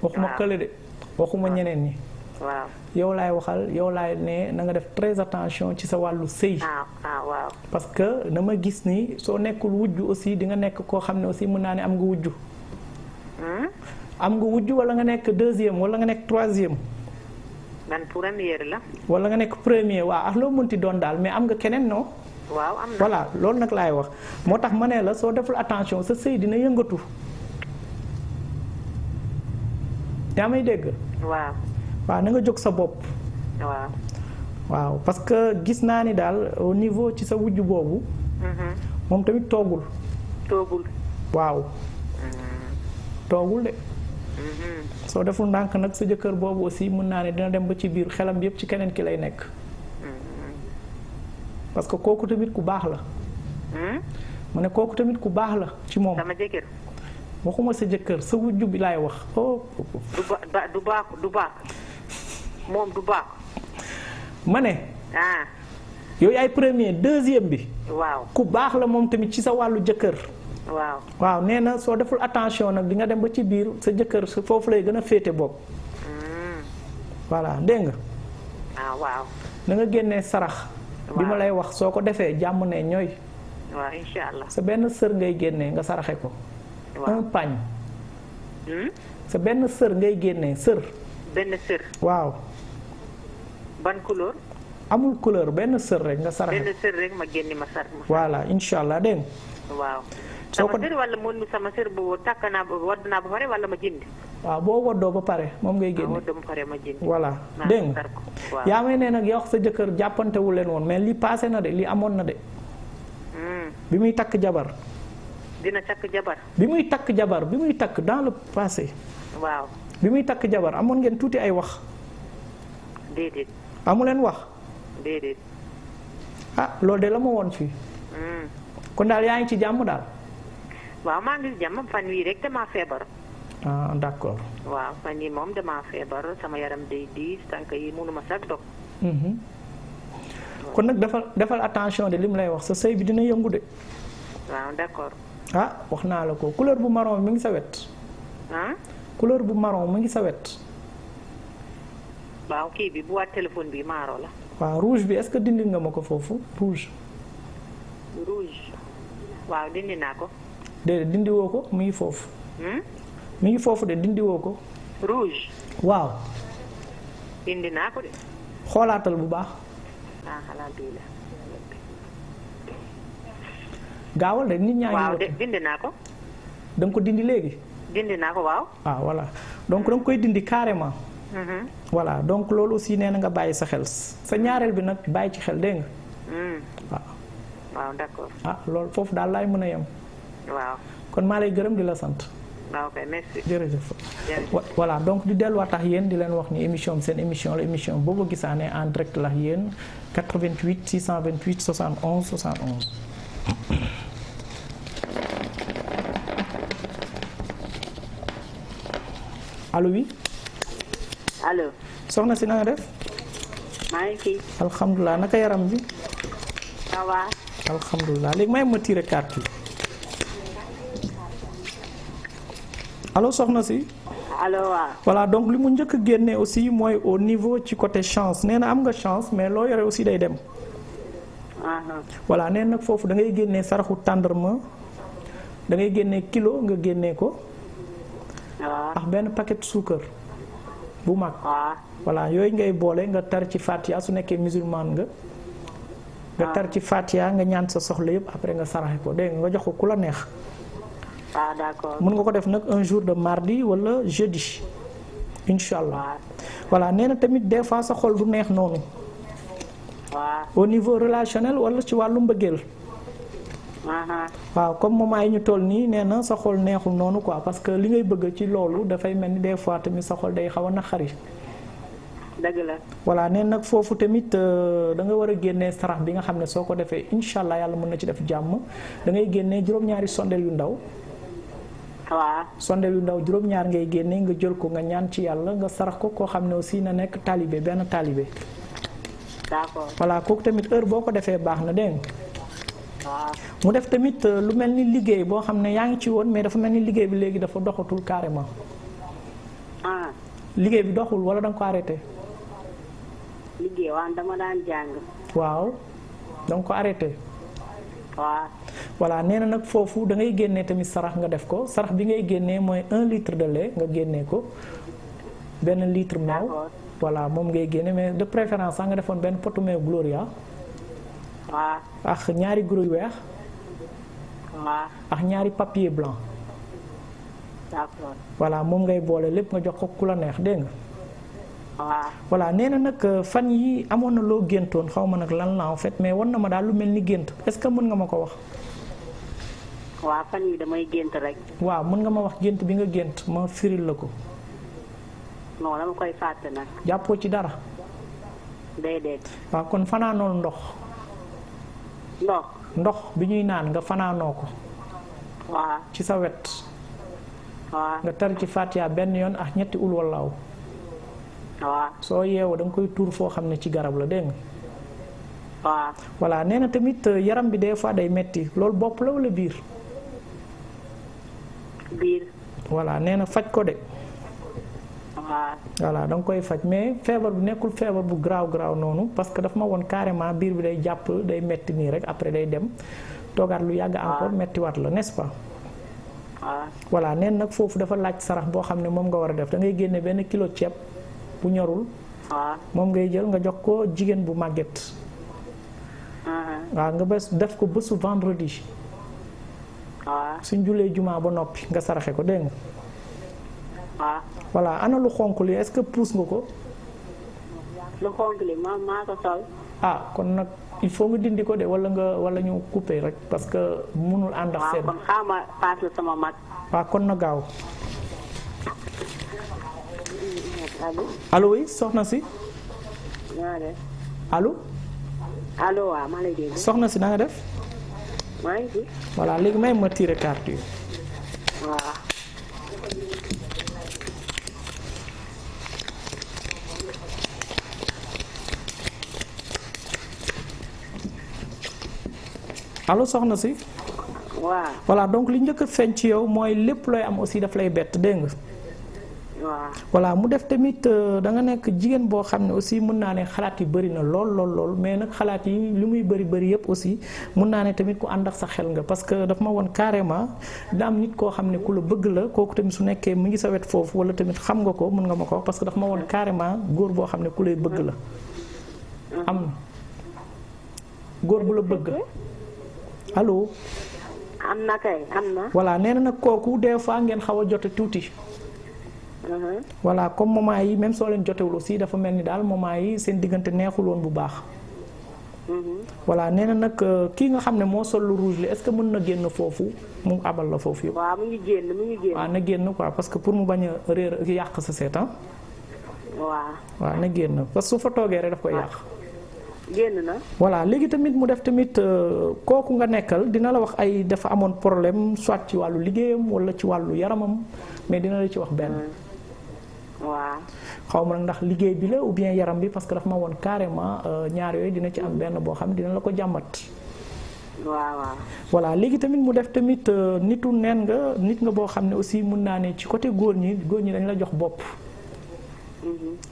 waxuma kële de waxuma ñeneen ñi. waaw yow laay waxal yow laay ne na nga def très attention ci sa wàllu sëy. Ah, ah, waaw parce que dama gis ni soo nekkul wujj aussi di nga nekk koo xam ne aussi mën naa ne am nga wujj. Hmm? am nga wujj wala nga nekk deuxième wala nga nekk troisième.
man première la.
wala nga nekk premier waaw ak loo mënti doon daal mais am nga keneen non.
waaw am na
loolu nag laay wax moo tax ma ne la soo deful attention sa sëy dina yëngatu. yaa may dégg. waaw. waaw na nga jóg sa bopp. waaw. waaw parce que gis naa ni daal au niveau ci sa wujj boobu. Mm-hmm. moom tamit toogul. toogul. waaw. Mm-hmm. toogul de. Mm-hmm. soo deful ndànk nag sa jëkkër boobu aussi mën naa ne dina dem ba ci biir xelam yépp ci keneen ki lay nekk. Mm-hmm. parce que kooku tamit ku baax la. mu hmm? ne kooku tamit ku baax la ci moom. sama jëkkër. waxuma sa jëkkër sa wujju laay wax oh.
du baax du baax moom
ma ne. ah. yow yaay premier deuxième bi. waaw ku baax la moom tamit ci sa wàllu jëkkër. waaw waaw nee na soo deful attention nag di nga dem ba ci biir sa jëkkër sa foofu lay gën a féete bopp. Hmm. voilà dégg nga. ah na nga génnee sarax. bi ma lay wax soo ko defee jàmm ne ñooy. waaw sa benn sër ngay génnee nga saraxe ko. un pagne. Hmm? sa benn sër ngay génnee waaw. ban couleur. amul couleur benn sër rek nga saraxe. benn
sër rek ma génne ma sarax.
incha allah dégg
soo ko sama sër wala moom sama sër boobu takk naa wadd naa ba pare wala ma jënd.
waaw boo waddoo ba pare moom ngay génne. waddoo
ba pare ma jënd.
voilà dégg yaa may ne nag wax sa jëkkër jàppante wu leen woon mais li passé na de li amoon na de. Hmm. bi muy takk jabar.
dina takk jabar.
bi muy takk jabar bi muy takk dans le passé. waaw bi muy takk jabar amoon ngeen tuuti ay wax. amuleen wax. ah loolu de la ma woon fii. Hmm. kon daal yaa ngi ci jàmm daal.
waaw maa ngi jàmm fan wii rek damaa feebar.
ah d'accord.
waaw fan yii moom damaa feebar sama yaram day diis tànk yi mënuma sax dog.
Mhm. kon nag defal defal attention de li mu lay wax sa sëy bi dina yëngu de.
waaw d'accord.
ah wax naa la ko couleur bu marron mi ngi sa wet. couleur bu marron mu ngi sa wet.
waaw kii bi bu waat téléphone bi marron la.
waaw rouge bi est-ce que dindi nga ma ko foofu rouge.
rouge waaw dindi naa ko.
déedéet dindi woo ko mu ngi foofu. mu hmm? ngi foofu de dindi woo ko. rouge. waaw. dindi naa ko de. bu baax. Ah, gaawal de nit ñaa ngi. dindi naa ko. da ko dindi léegi.
dindi naa ko waaw.
ah voilà donc da koy dindi carrément. Mm-hmm. voilà donc loolu aussi nee na nga bàyyi sa xel sa ñaareel bi nag bàyyi ci xel dégg nga. Mm. waaw. waaw ah loolu foofu daal laay mën a yem. waaw kon maa lay gërëm di la sant. waaw kay merci jërëjëf. voilà donc di delluwaat tax yéen di leen wax ni émission bi seen émission la émission boobu gisaane en direct la yéen 88 628 71 71. allo oui. allo. soxna si na nga def. maa alhamdulilah naka yaram bi. ça va. alhamdulilah léegi may ma tiré carte yi. allo soxna si allo wa voilà donc li mu njëkk a aussi moy au niveau ci côté chance néna na am nga chance mais lo yoré aussi day dem voilà néna nak fofu da ngay génnee saraxu tendrement da ngay génnee kilo nga génnee ko ah paket paquet sucre bu yo voilà yoy ngay bolé nga tar ci fatia su nekké musulman nga nga tar ci fatia nga ñaan sa soxla yëpp après nga saraxé ko dégg nga jox ko neex
ah d'accord
mën nga ko def nag un jour de mardi wala jeudi incha allah voilà nee na tamit des fois sa xol du neex noonu. au niveau relationnel wala ci wàllu mbëggeel. waaw comme moment yi ñu toll nii nee na sa xol neexul noonu ko parce que li ngay bëgg ci loolu dafay mel ni des fois tamit sa xol day xaw a naqari. dëgg la voilà nee nag foofu tamit euh, da nga war a génnee sarax bi nga xam ne soo ko defee incha allah yàlla mun na ci def jàmm da ngay génnee juróom-ñaari sondeel yu ndaw. waaw sondeel yu ndaw juróom-ñaar ngay génne nga jël ko nga ñaan ci yàlla nga sarax ko koo xam ne aussi na nekk taalibee benn taalibe. d'accord voilà kooku tamit heure boo ko defee baax na dégg mu def tamit euh, lu mel ni liggéey boo xam ne yaa ngi ci woon mais dafa mel ni liggéey bi léegi dafa doxatul carrément. Ah. liggéey bi doxul wala danga ko arrêté.
liggéey waaw dama daan jàng.
waaw da nga ko arrêté. waaw voilà nee na nag foofu da ngay génnee tamit sarax nga def ko sarax bi ngay génnee mooy un litre de lait nga génnee ko benn litre meew voilà moom ngay génne mais de préférence sax nga defoon benn potu meew gloria waaw ak ñaari grouy weex ak ñaari papier blanc
d'accord
moom ngay boole lépp nga jox ko ku la neex dégg nga voilà nee na nag euh, fan yi amoon na loo géntoon xaw ma nag lan la en fait mais wan na ma daal lu mel ni gént est-ce que mën nga ma ko wax.
waaw fan yi damay gént rek.
waaw mën nga ma wax gént bi nga gént ma firil la ko.
non dama koy fàtte nag. jàppoo ci dara. déedéet.
waaw kon fanaanool ndox. ndox. ndox bi ñuy naan nga fanaanoo ko. waaw ci sa wet. nga tar ci yaa benn yoon ak ah, ñetti ul soo yeewoo danga koy tuur foo xam ne ci garab la de nga. waaw voilà nee na tamit euh, yaram bi des fois day metti loolu bopp la wala biir. biir. voilà nee na faj ko de. waaw voilà da koy faj mais feebar bu nekkul feebar bu garaaw garaaw noonu parce que dafa ma woon carrément biir bi day jàpp day metti nii rek après day dem toogaat lu yàgg. encore mettiwaat la nes ce pas. voilà nee nag foofu dafa laaj sarax boo xam ne moom nga war a def da ngay génne benn kilo ceeb. bu ñorul ah. mom ngay jël nga jox ko jigen bu maget ah. nga nga bes def ko bésu vendredi ah. suñ julé juma ba nopi nga saraxé ko deng wala ana lu xonku li est-ce que pousse nga ko
lu xonku li ma ma ko sol
ah kon nak il faut nga dindi ko de wala nga wala ñu couper rek parce que mënul ànd ak kon
xama sama
mat kon na gaaw allo allo soxna si. naa allo.
allo soxna si na def. maa ngi fi.
soxna si. waaw donc li njëkk a feeñ ci yow mooy lépp looy am aussi daf lay bett dégg Wala mu def tamit euh, da nga nek jigen bo xamne ne aussi mën na ne xalaat yi bari na lol lol lol mais nak xalaat yi li muy bari bëri yëpp aussi mën na ne tamit ku andax sa xel nga parce que daf ma won carrément da nit ko xamne ku lu bëgg la koku tamit su nekké mu ngi sa wet fofu wala tamit xam nga ko mën nga mako parce que daf ma won carrément bo xamne ku lay bëgg la am góor bu la bëgg allô
am kay am
wala néna nak koku des fois ngeen xawa jotté touti Mhm. voilà comme moment yi même len joté wul aussi dafa melni dal daal moment yi sen digënté neexul won bu baax mhm. voilà néna nak euh, ki nga xamné mo sol lu rouge li est ce que mën na génn fofu mu abal la fofu. yëpp
waaw mu ngi génn mu ngi génn wa
na génn quoi parce que pour mu baña rër réer yàq sa seet ah wa waaw na génn parce que su fa togué rek daf koy yaq ah, génn na. voilà légui tamit mu def tamit euh, koku nga nekkal dina la wax ay dafa amone problème soit ci walu liggéeyam wala ci walu yaramam mais dina la ci wax waa xaw ma nag ndax liggéey bi la ou bien yaram bi parce que dafa ma woon carrément euh, ñaar yooyu dina ci am benn boo xam ne dina la ko jàmbat. waa waaw. voilà léegi tamit mu def tamit euh, nitu neen nga nit nga boo xam ne aussi mun naa ne ci côté góor ñi góor ñi dañ la jox bopp.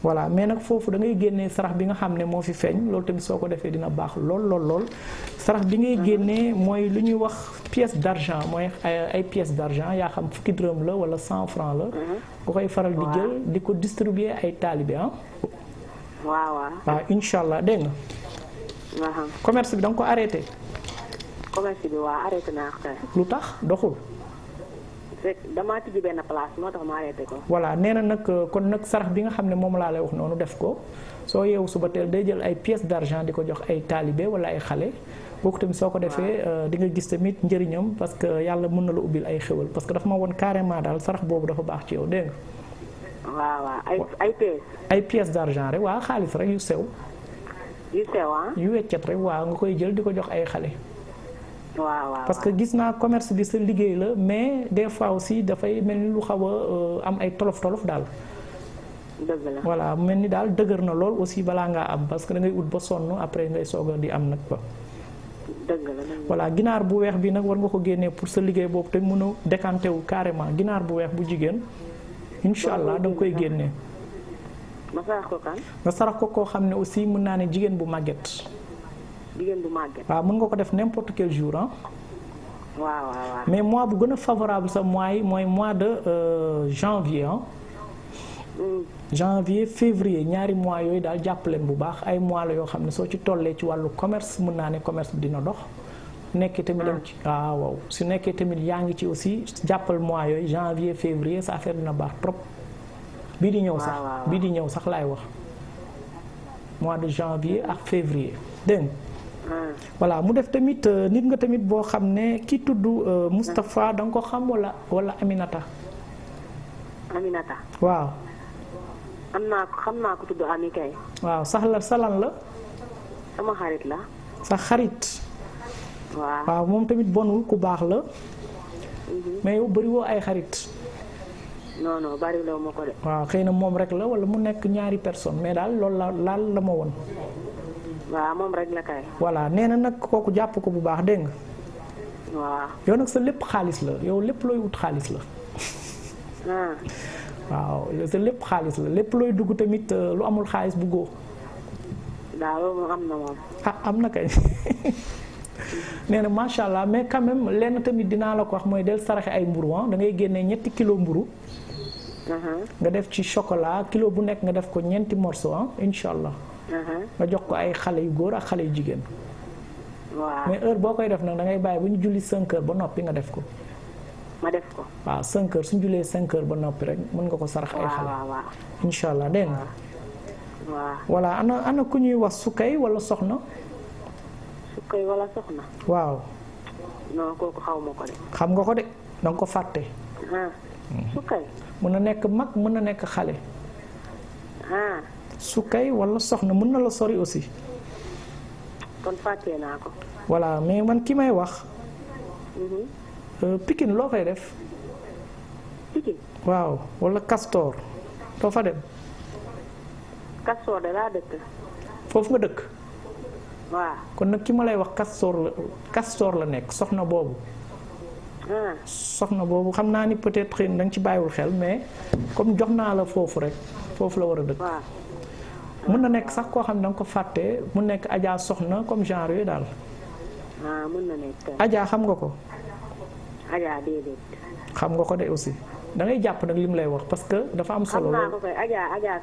voilà mais nak fofu da ngay guenné sarax bi nga xamné mo fi feeñ loolu tamit soo ko defee dina bax lool lool lool sarax bi ngay ah. guenné moy luñu wax pièce d'argent moy ay pièce d'argent ya xam fukki dërëm la wala 100 francs la mm-hmm. nga koy faral di jël diko distribuer ay talibé hein ah. waaw waaw ah inshallah dégg nga commerce bi dang ko arrêté
commerce bi waaw arrêté naa
lu tax doxul
rek damaa tijji moo tax ma ko.
voilà nee na nag euh, kon nag sarax bi nga xam ne moom laa lay wax noonu def ko soo yeewu suba teel day jël ay pièces d'argent di ko jox ay taalibe wala ay xale. booku tamit soo ko defee euh, di nga gis tamit njëriñam parce que yàlla mën na la ubbil ay xéwal parce que dafa ma woon carrément daal sarax boobu dafa baax ci yow dégg
nga. waaw waaw ay
ay d'argent rek waa xaalis rek yu sew. yu ah. yu weccet rek waa nga koy jël di ko jox ay xale.
parce que
gis naa commerce bi sa liggéey la mais des fois aussi dafay mel ni lu xaw a euh, am ay tolof tolof daal. dëgg mel ni daal dëgër na lool aussi balaa ngaa am parce que da ngay ut ba sonn après ngay soog di am nag ba. dëgg voilà ginaar bu weex bi nag war nga ko génnee pour sa liggéey boobu te mën a décanté wu carrément ginaar bu weex bu jigéen. incha allah da nga koy génnee. nga sarax ko koo xam ne aussi mën naa ne jigéen bu màgget.
di mon màgget. waaw
mën nga ko def n'importe quel jour hein mais moi bu gën favorable sa mois moi mois de euh, janvier hein. Mm. janvier février ñaari mois yoy daal jàpp bu baax ay mois la yo xamné so ci tollé ci walu commerce mën na né commerce bi dina dox. nekkee tamit dem ah. ci waaw waaw su tamit yaangi ci aussi jappel mois yoy janvier février sa affaire dina baax trop. bi di ñëw sax bi di ñëw sax lay wax. mois de janvier ak février dégg Wala hmm. mu def tamit euh, nit nga tamit bo xamne ki tuddu euh, mustafa hmm. dang ko xam wala wala Aminata. Aminata. waaw.
amna ko xamna ko tuddu Ami kay.
waaw sax salan la.
sama xarit la.
sa xarit. waaw waaw moom tamit bonul ku bax la. Mhm. mais yow wo ay xarit.
non non bari lo ko de.
waaw xeyna mom rek la wala mu nek ñaari personne mais dal loolu la la mo won
waaw moom rek la kay.
voilà nee na nag kooku jàpp ko bu baax dégg nga. waaw yow nag sa lépp xaalis la yow lépp looy wut xaalis la. Ah. sa lépp xaalis la lépp looy dugg tamit euh, lu amul xaalis bu góor.
waaw am na moom.
ah am na kay. nee na macha allah mais quand lenn tamit dinaa la ko wax mooy del saraxe ay mburu ah da ngay génnee ñetti kilo mburu
uh-huh.
nga def ci chocolat kilo bu nekk nga def ko ñeenti morceau ah incha allah. Uh-huh. nga jox ko ay xale yu góor ak xale yu jigéen. waaw mais heure boo koy def nag da ngay bàyyi bu ñu julli 5 ba noppi nga def ko. ma def ko waaw 5 suñ julee jullee ba noppi rek mën nga ko sarax ay xale. incha allah dégg nga. waaw voilà ana ana ku ñuy wax sukkay wala soxna.
sukkay wala soxna. waaw. non ko
xam nga ko de da ko fàtte. Ah. Hmm. sukkay. mën a nekk mag mën na nekk xale. Ah. su kay walla soxna mën na la sori aussi.
kon fàtte naa ko.
voilà mais man ki may wax.
Mhm.
Euh, pikin loo koy def. waaw wala Castor doo fa dem.
Castor de laa dëkk. foofu nga dëkk. waaw
kon nag ki ma lay wax Castor la Castor la nekk soxna boobu. Ah. soxna boobu xam naa ni peut-être xëy na danga ci bàyyiwul xel mais comme jox naa la foofu rek foofu la war a dëkk. mën na nekk sax koo xam ne da nga ko fàtte mu nekk Adja soxna comme genre yooyu daal.
Ah, mën na nekk. Adja xam nga ko. Adja
xam nga ko de aussi dangay jàpp nag li mu lay wax parce que dafa am solo. xam naa ko
kay Adja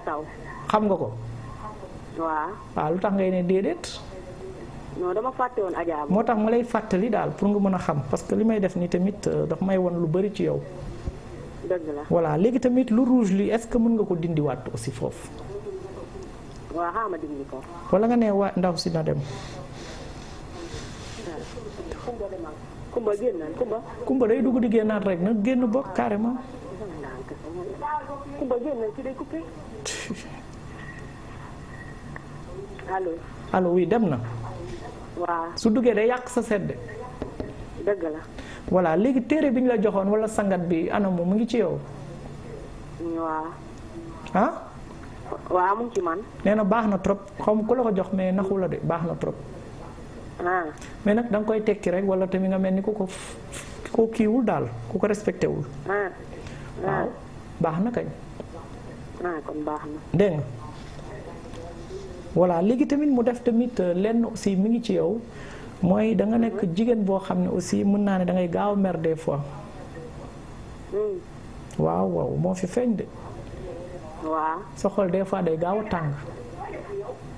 xam nga ko. waa
waaw lu tax ngay ne déedéet.
non dama fàtte woon Adja. moo
tax ma lay fàttali daal pour nga mën a xam parce que li may def nii tamit euh, daf may won lu bari ci yow. dëgg la voilà léegi tamit lu rouge li est-ce que mën nga ko dindiwaat aussi foofu. wala nga newa ndaw si dadem
kumba gen nan kumba
kumba day dugg di génnaat rek nag génn bokk carrément
kumba génnaat ci day coupé allo
allo oui dem na wa su duggee day yak sa sedd deug la wala légui téré biñ la joxone wala sangat bi anamu mu ngi ci yow wa ah
waaw mu ngi ci man.
nee na baax na trop xaw ma ku la ko jox mais naxu la de baax na trop. Ah. mais nag danga nga koy tekki rek wala tamit nga mel ni ku ko kiiwul daal ku ko respecté wul.
Ah. waaw baax na kañ. Ah, kon baax na.
dégg léegi tamit mu def tamit euh, lenn aussi mu ngi ci yow mooy da nga nekk mhm. jigéen boo xam ne aussi mën naa ne dangay gaaw mer des fois. Hmm. waaw waaw moo fi feeñ de. waaw sa xol des fois day gaaw a tàng.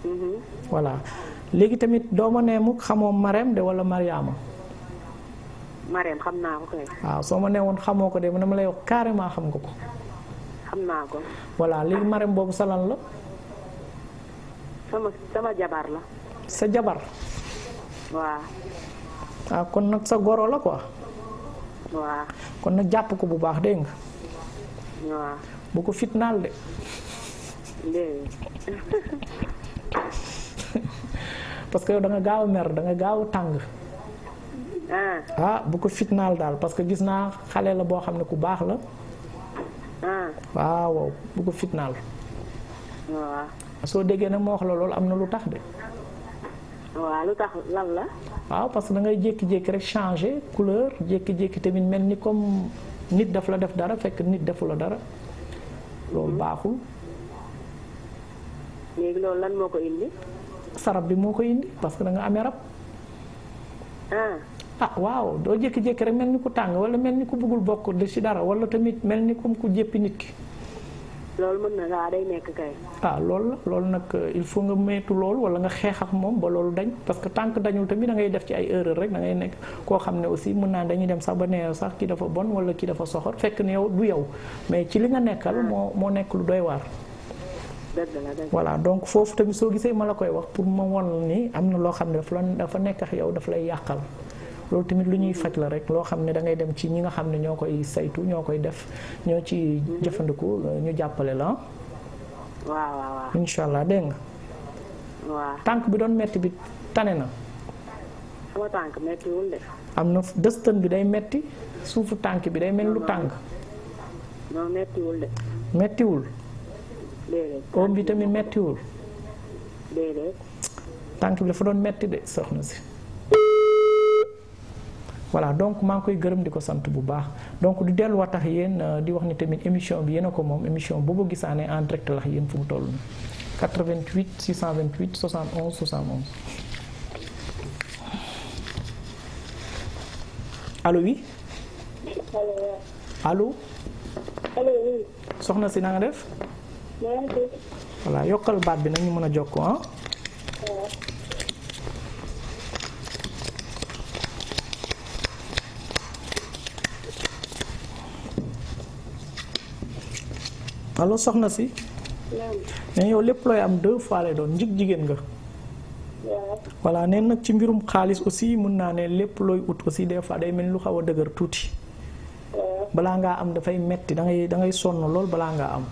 Mm-hmm. voilà léegi tamit doo ma ne mukk xamoo Marème de wala Mariama.
Marème xam naa ko kay.
waaw soo ma nee woon xamoo ko de na ma lay wax carrément xam nga ko. xam naa ko. voilà léegi Marème boobu sa lan la.
sama sama jabar la. sa jabar. waaw.
ah kon nag sa goro la ko waaw. kon nag jàpp ko bu baax dégg nga. waaw. bu ko fitnaal de parce que yow da nga gaaw mer da nga gaaw tàng ah. ah bu ko fitnaal daal parce que gis naa xale la boo xam ne ku baax la ah. waaw bu ko fitnaal soo déggee nag moo wax la loolu am na lu tax de
waaw lu tax lan la
waaw parce que da ngay jékki-jékki rek changer couleur jékki-jékki tamit mel ni comme nit daf la def dara fekk nit defu la dara loolu mhm. baaxul. léegi loolu lan moo ko indi. sarab bi moo ko indi parce que da nga amee rab. ah, ah waaw doo jékki-jékki rek mel ni ku tàng wala mel ni ku bëggul bokk de ci dara wala tamit mel ni comme ku jéppi nit ki.
loolu mën na waaw day nekk kay.
ah loolu la loolu nag euh, il faut nga moytu loolu wala nga xeex ak moom ba loolu dañ parce que tànk dañu dañul tamit da ngay def ci ay erreur rek da ngay nekk koo xam ne aussi mën naa dañuy dem sax ba nee sax ki dafa bon wala ki dafa soxor fekk ne yow du yow mais ci li nga nekkal ah. moo moo nekk lu doy waar. voilà donc foofu tamit soo gisee ma la koy wax pour ma won nii am na loo xam ne dafa nekk ak yow dafa lay yàqal. loolu tamit lu ñuy faj la rek loo xam ne da ngay dem ci ñi nga xam ne ñoo koy saytu ñoo koy def ñoo ci jëfandiku ñu jàppale la. waaw waaw allah dégg nga. waaw tànk bi doon metti bi tane na. sama tànk am na dëstën bi day metti suufu tànk bi day mel lu tànk non mettiwul
de. bi tamit
mettiwul. tànk bi dafa doon metti de soxna si. voilà donc maa koy gërëm di ko sant bu baax donc di delluwaat tax yéen euh, di wax ni tamit émission bi yéen a ko moom émission boobu gisaane en direct lax yéen fu mu toll nii 88 628 71 71. allo oui. allo. soxna si na nga def. voilà yokkal baat bi nañu mën a jokkoo ah. allo soxna si ne eh, yow lepp loy am deux fois lay doon jig jigen nga wala né nak ci mbirum xaalis aussi mën na né lepp loy out aussi des fois day mel lu xawa deuguer touti bala nga am am fay metti da ngay da ngay son lool bala nga am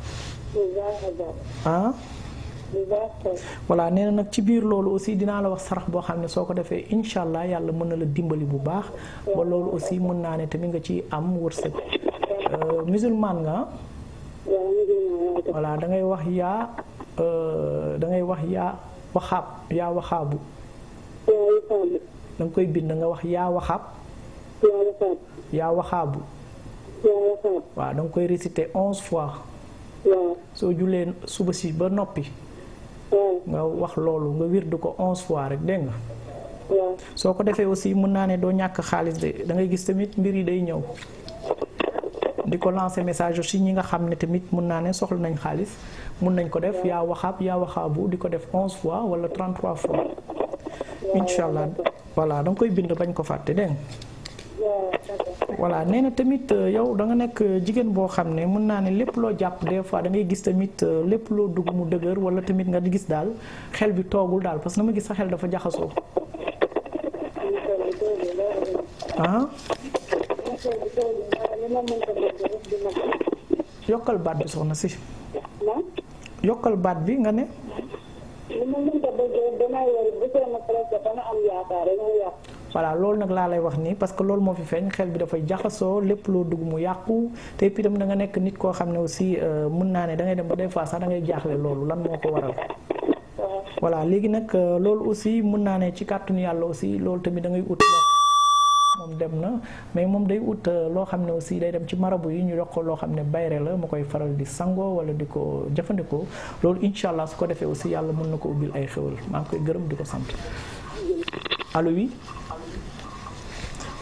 ah wala né nak ci bir lool aussi dina la wax sarax bo xamné soko défé inshallah yalla mën na la dimbali bu baax ba lool aussi mën naa ne tamit nga ci am wërsëg euh, musulman nga ah? voilà da ngay wax yaa euh, da ngay wax yaa waxaab yaa waxaabu. da koy bind nga wax yaa waxaab. yaa waxaabu. waaw da koy réciter onze fois. soo julee suba si ba noppi. nga wax loolu nga du ko onze fois rek dégg nga. soo ko defee aussi mën naa ne doo ñàkk xaalis de da ngay gis tamit mbir yi day ñëw. di ko lancer message aussi ñi nga xam ne tamit mun naa ne soxla nañ xaalis mun nañ ko def yaa waxaab yaa waxaabu di ko def 11 fois wala 33 fois incha allah voilà da nga koy bind bañ ko fàtte dégg voilà nee na tamit euh, yow da nga nekk euh, jigéen boo xam ne mën naa ne lépp loo jàpp de fois da ngay gis tamit euh, lépp loo dugg mu dëgër wala tamit nga di gis daal xel bi toogul daal parce que na ma gis sa xel dafa jaxasoo ah yokal bat bi soxna si yokal bat bi nga ne wala lol nak la lay wax ni parce que lol mo fi feeñ xel bi da fay jaxaso lepp lo dug mu yàqu te puis itam da nga nek nit ko xamne aussi euh mën na ne da ngay dem ba des fois sax da ngay jaaxle loolu lan moko waral wala léegi nak euh, lol aussi mën na ne ci carton yalla aussi lol tamit da ngay ut moom dem na mais mom day out euh, lo xamne aussi day dem ci marabu yi ñu jox lo xamne bayre la mu koy faral di sango wala diko ko lool inshallah su ko defee aussi yalla mën nako ko ay xewal ma ngi koy gëreum diko ko sant allo oui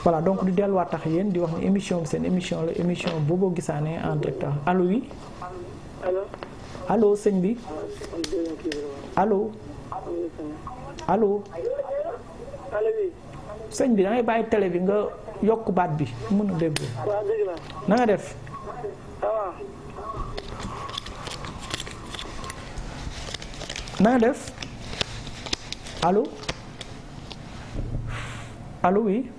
voilà donc du delwa tax yeen di wax ni émission sen émission la émission Bobo Guissané en direct allo oui allo señ bi allo allo allo oui sëñ bi da bàyyi télé bi nga yokk baat bi mën a dégg.
waaw dëgg def.
na def allo allo oui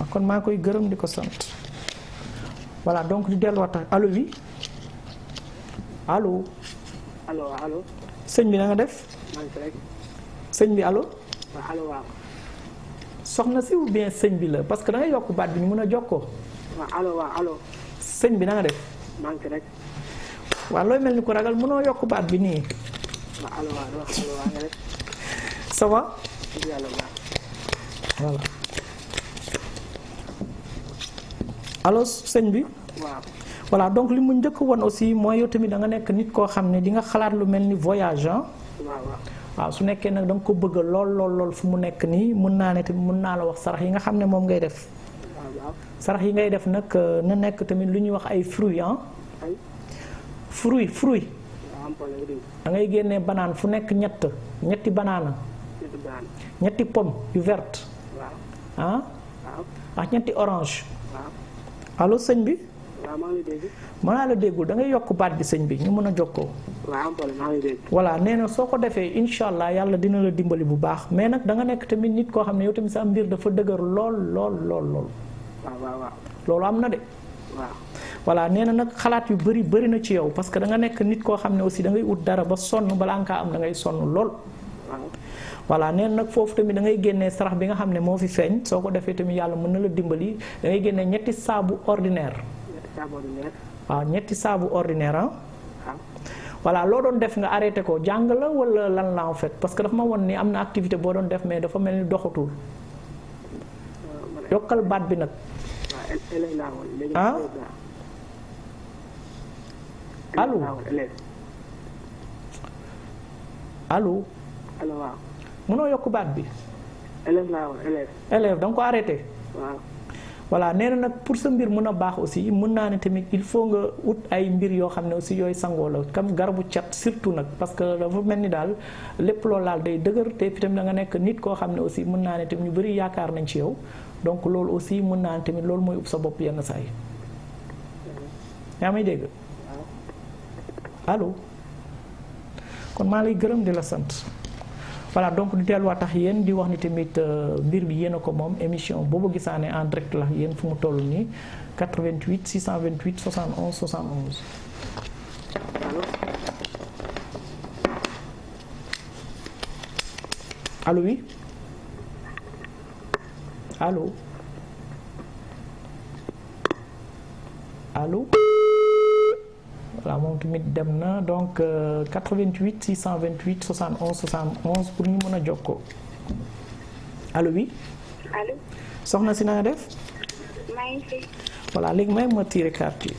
ah, kon maa koy gërëm di ko sant voilà donc di delluwaat alo oui allo. allo allo. sëñ bi na def. sëñ bi allo. waaw allo soxna si ou sëñ bi la parce que da nga yokk baat bi ñu mën a jokkoo.
waaw allo waaw sëñ bi na def. maa rek.
waaw looy mel ni ko ragal mënoo yokk baat bi nii.
waaw
allo sëñ bi. waaw. voilà donc li mu njëkk woon aussi mooy yow tamit da nga nekk nit koo xam ne di nga xalaat lu mel ni voyage waaw su nekkee nag da nga ko bëgg lool lool lool fu mu nekk nii mën naa ne tamit mën naa la wax sarax yi nga xam ne moom ngay def sarax yi ngay def nag euh, na nekk tamit lu ñuy wax ay fruits ah fruit fruit da ngay génnee banaan fu nekk ñett ñetti banaana ñetti pomme yu verte ah ak ñetti orange allo sëñ bi mënaa la déggul da ngay yokk baat bi sëñ bi ñu mën a jokkoo voilà nee na soo ko defee allah yàlla dina la dimbali bu baax mais nag da nga nekk tamit nit koo xam ne yow tamit sa mbir dafa dëgër lool lool lool lool loolu am na de voilà nee na nag xalaat yu bëri bëri na ci yow parce que da nga nekk nit koo xam ne aussi da ngay ut dara ba sonn balaa nga am da ngay sonn lool voilà neen nag foofu tamit da ngay génnee sarax bi nga xam ne moo fi feeñ soo ko defee tamit yàlla mën na la dimbali da ngay génnee ñetti saabu ordinaire saabu ordinaire. waaw ñetti saabu ordinaire ah. voilà loo doon def nga arrêté ko jàng la wala lan la en fait parce que dafa ma woon ni am na activité boo doon def mais dafa mel ni doxatul. yokkal baat bi nag. ah. allo allo. mënoo yokk baat bi. élève danga ko arrêté. voilà nee na nag pour sa mbir mën a baax aussi mën naa ne tamit il faut nga ut ay mbir yoo xam ne aussi yooyu sangoo la comme garabu cat surtout nag parce que dafa mel ni daal lépp loo laal day dëgër te pitam da nga nekk nit koo xam ne aussi mën naa ne tamit ñu bëri yaakaar nañ ci yow donc loolu aussi mën naa ne tamit loolu mooy ub sa bopp yenn saa yi yaa may dégg allo kon maa lay gërëm di la sant. voilà donc le dialogue tax yéen di wax ni tamit euh, mbir bi yéen ko mom émission Bobo Gissane en direct la fu 88 628 71 71. allô allô allo allo la moom tamit donc 88 628 71 71 pour nous, mën a allô allo oui. allo. soxna si na def. maa ngi fi. voilà léegi may ma tiré carte yi.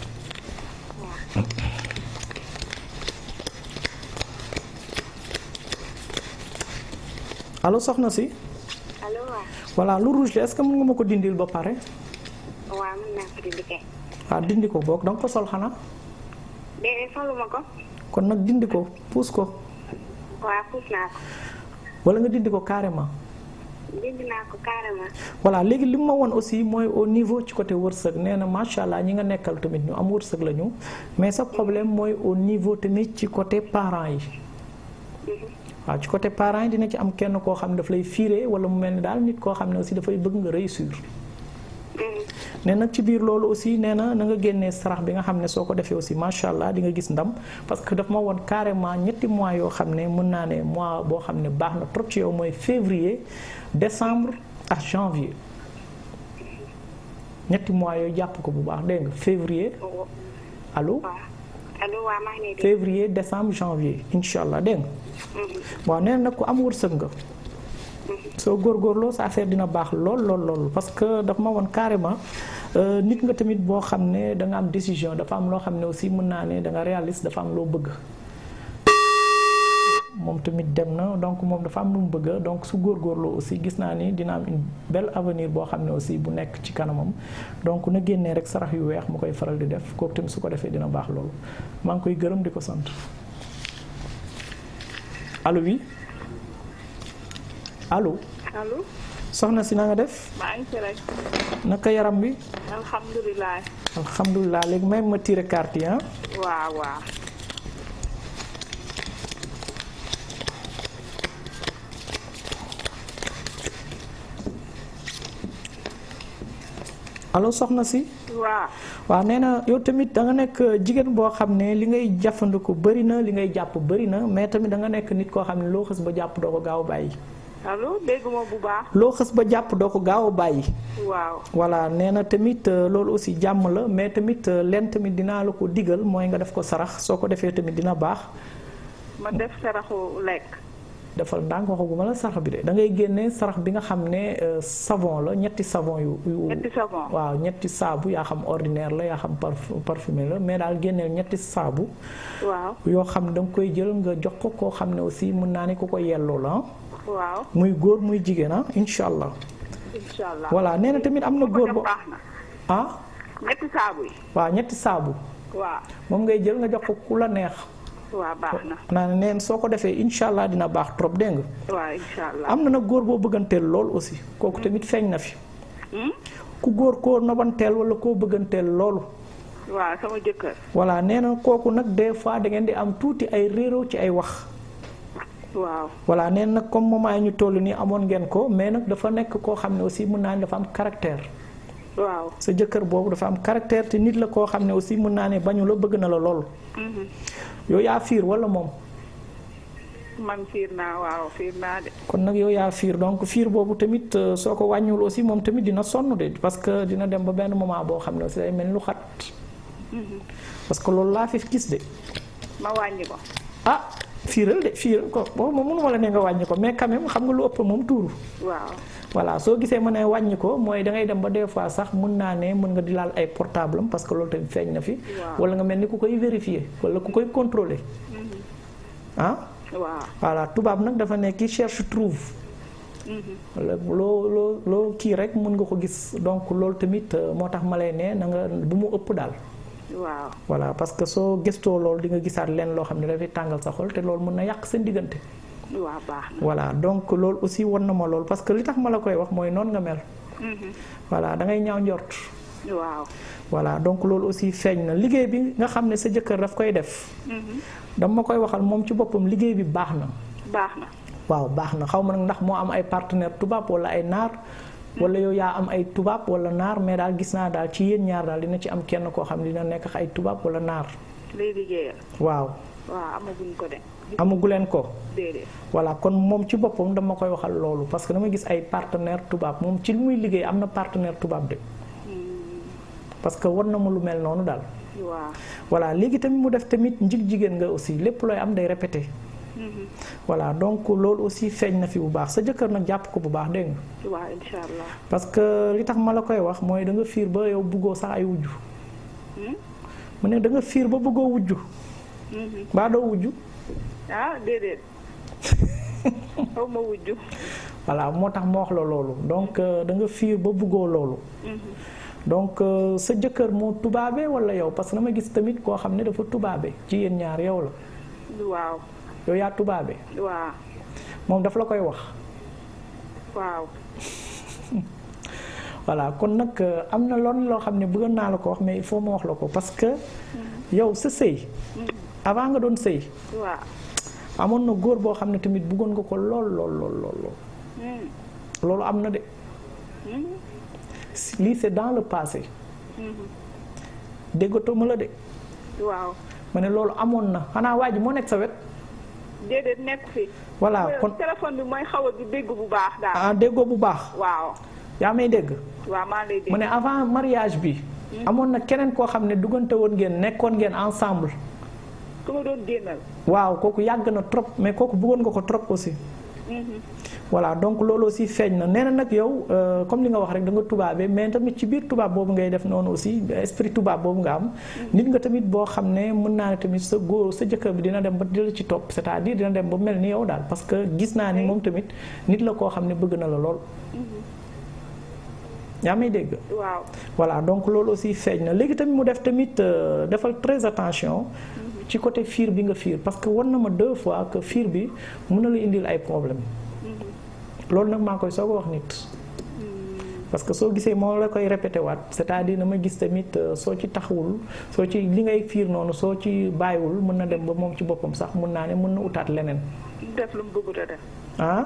allo soxna si.
allo oui.
voilà lu rouge est-ce que mën nga ma ko dindil ba pare.
waaw mën naa ko dindi kay.
waaw ah, dindi ko boog da nga ko sol xanaa.
déedéet soluma
kon nag dindi ko puus ko.
waaw puus naa ko.
wala nga dindi ko carrément.
dindi léegi
li mu ma woon aussi mooy au niveau ci côté wërsëg nee na macha allah ñi nga nekkal tamit ñu am wërsëg la ñu mais sa problème mooy au niveau tamit ci côté parent yi. Mm-hmm. waaw ci côté parent yi dina ci am kenn koo xam ne daf lay fiire wala mu mel ni daal nit koo xam ne aussi dafay bëgg nga réussir. Nena na ci bir lolu aussi nee na nga génnee sarax bi nga xamné soko défé aussi machallah di nga gis ndam parce que daf ma won carrément ñetti mois yo xamné mën na né mois bo xamné ne na trop ci yow moy février décembre à janvier ñetti mois yo japp ko bu baax dégg nga février allo ah, février décembre janvier inshallah dégg mm-hmm. nena waaw am nga soo góorgóorloo sa affaire dina baax lool lool lool parce que daf ma woon carrément euh, nit nga tamit boo xam ne danga am décision dafa am loo xam ne aussi mën naa ne danga nga réaliste dafa am loo bëgg. moom tamit dem na donc moom dafa am lu mu bëgg donc su góorgóorloo aussi gis naa ni dina am une belle avenir boo xam ne aussi bu nekk ci kanamam donc na génnee rek sarax yu weex mu koy faral di def kooku tamit su ko defee dina baax loolu maa ngi koy gërëm di ko sant allo oui. allo. allo. soxna si na nga def. maa ngi rek. naka yaram bi.
alhamdulilah.
alhamdulilah leg may ma tiré carte hein. Ah. waaw waaw. allo soxna si. waaw. Wa nena yo yow tamit da nga nek jigen bo xamne li ngay jafandiko bari na li ngay japp bari na mais tamit da nga nek nit ko xamne lo xass ba japp do ko gaaw
allo dégguma bu baax.
lo xess ba japp doo ko gaaw a waaw wala neena tamit loolu aussi jàmm la mais tamit len tamit dina la ko diggal moy e nga def ko sarax soko defé tamit dina baax.
ma def saraxu lek
defal ndànk waxaguma la sarax bi de da ngay genné sarax bi nga xamné e, savon la ñetti savon yu. ñetti savon waaw ñetti sabu ya xam ordinaire la ya xam parfumé la mais dal genné ñetti sabu waaw yo xam dang koy jël nga jox ko ko xamné aussi mën na ni ko ko yello la ah.
waaw muy
góor muy jigéen ah incha allah.
incha allah voilà
nee na tamit am na góor boo. ah. ñetti saabu yi. saabu. waaw moom ngay jël nga jox ko ku la neex. waaw baax na neen soo ko defee incha allah dina baax trop dégg nga.
waaw incha allah
am na góor boo bëgganteel loolu aussi. kooku hmm. tamit feeñ na fi. Hmm? ku góor koo nobanteel wala koo bëgganteel loolu.
waa sama jëkkër.
voilà nee na kooku nag des fois da ngeen di am tuuti ay réeróo ci ay wax.
wala
nen nak comme moment ñu tollu ni amon ngeen ko mais nak dafa nek ko xamne ne aussi mën na dafa am caractère. waaw sa jëkkeer bobu dafa am caractère te nit la ko xamne aussi mën na ne bañu la bëgg na la lool. Mm-hmm. yo ya fiir wala mom
man fiir na waaw fiir na de.
kon nak yo ya fiir donc fiir bobu tamit euh, soko wañul aussi mom tamit dina sonu de parce que dina dem ba ben moment bo xamne aussi day mel lu xat. Mm-hmm. parce que lool la fi gis de. ma wañi ko. ah firal de fiiral ko bo mo mënu wala ne nga wàññi ko mais quand même xam nga lu upp mom tuuru waaw voilà so gisee ma ne wàññi ko moy da ngay dem ba des fois sax mën na ne mën nga di lal ay portable parce que loolu tam feeñ na fi wala nga melni ku koy vérifier wala ku koy contrôler
mm-hmm.
ah voilà tubab nak dafa ne ki cherche trouve Mm -hmm. lo lo lo ki rek mën nga ko gis donc lolou tamit euh, motax malay né na nga bu mu ëpp daal waaw voilà parce que soo gëstoo loolu di nga gisaat leen loo xam ne dafay tàngal sa xol te loolu mën na yàq seen diggante.
waaw baax na voilà
donc loolu aussi won na ma loolu parce que li tax ma la koy wax mooy noonu nga mel. Mm-hmm. voilà da ngay ñaaw njort. voilà donc loolu aussi feeñ na liggéey bi nga xam ne sa jëkkër daf koy def. Mm-hmm. dama koy waxal moom ci boppam liggéey bi baax na. baax na waaw baax na xaw ma nag ndax moo am ay partenaire tubaab wala ay naar. wala yow yaa am ay tubaab wala naar mais daal gis naa daal ci yéen ñaar daal dina ci am kenn koo xam dina nekk ay tubaab wala naar.
lay liggéeyal. waaw. waaw amaguñ ko de.
amaguleen ko. déedéet. kon moom ci boppam dama koy waxal loolu parce que dama gis ay partenaire tubaab moom ci lu muy liggéey am na partenaire tubaab de. Hmm. parce que war na ma lu mel noonu daal. waaw voilà léegi tamit mu def tamit njig jigéen nga aussi lépp looy am day répété. voilà donc loolu aussi feeñ na fi bu baax sa jëkkër nak japp ko bu baax dégg
wa inshallah
parce que li tax mala koy wax moy da nga fiir ba yow bëggoo sax ay wujju. hmm mune da nga fiir ba bëggoo wujju. Hmm. ba do wujju.
ah dedet aw ma wujju.
voilà motax mo wax la loolu donc euh, da nga fiir ba bëggoo loolu. Hmm. donc euh, sa jëkkër mo tubabé wala yow parce que dama gis tamit ko xamné dafa tubabé ci yeen ñaar yow la. yow yaa tubaabe. waaw moom daf la koy wax. waaw. voilà kon nag euh, am na loon loo xam ne buggoon naa la ko wax mais il faut ma wax la ko parce que. Mm-hmm. yow sa sëy. Mm-hmm. avant nga doon sëy. amoon na góor boo xam ne tamit bëggoon nga ko lool lool lool mm. loolu am na de.
Mm-hmm.
lii c'est dans le passé. déggatoo ma la de. waaw ma ne loolu amoon na xanaa waa ji moo nekk sa wet.
déedéet nekk fi. voilà kon
téléphone bi mooy xaw a dégg bu baax daal. ah déggoo bu baax. waaw. yaa may dégg.
waaw maa mu ne avant mariage bi. Hmm?
amoon na keneen koo xam ne duggante woon ngeen nekkoon ngeen ensemble. ku ma doon génnal. waaw kooku yàgg na trop mais kooku buggoon nga ko trop aussi. voilà donc loolu aussi feeñ na nee nag yow euh, comme li nga wax rek da nga tubaabee mais tamit ci biir tubaab boobu ngay def noonu aussi esprit tubaab boobu nga am. Mm-hmm. nit nga tamit boo xam ne mën naa ne tamit sa góor sa jëkkër bi dina dem ba dina ci topp c'est-à-dire dina dem ba mel ni yow daal parce que gis naa ni moom tamit nit la koo xam ne bëgg na la lool.
Mm-hmm.
yaa may dégg. waaw voilà donc loolu aussi feeñ na léegi tamit mu def tamit euh, defal très attention. Mm-hmm. ci côté fiir bi nga fiir parce que war na ma deux fois que fiir bi mëna na la indil ay problème
mm-hmm.
lool nak ma koy soog wax nit mm-hmm. parce que so gisé mo la koy répéter wat c'est-à-dire dama gis tamit euh, so ci taxawul so ci li ngay fiir nonu so ci bayiwul mëna dem ba mom ci bopam sax mëna né mëna outat lenen
def lu mu def ah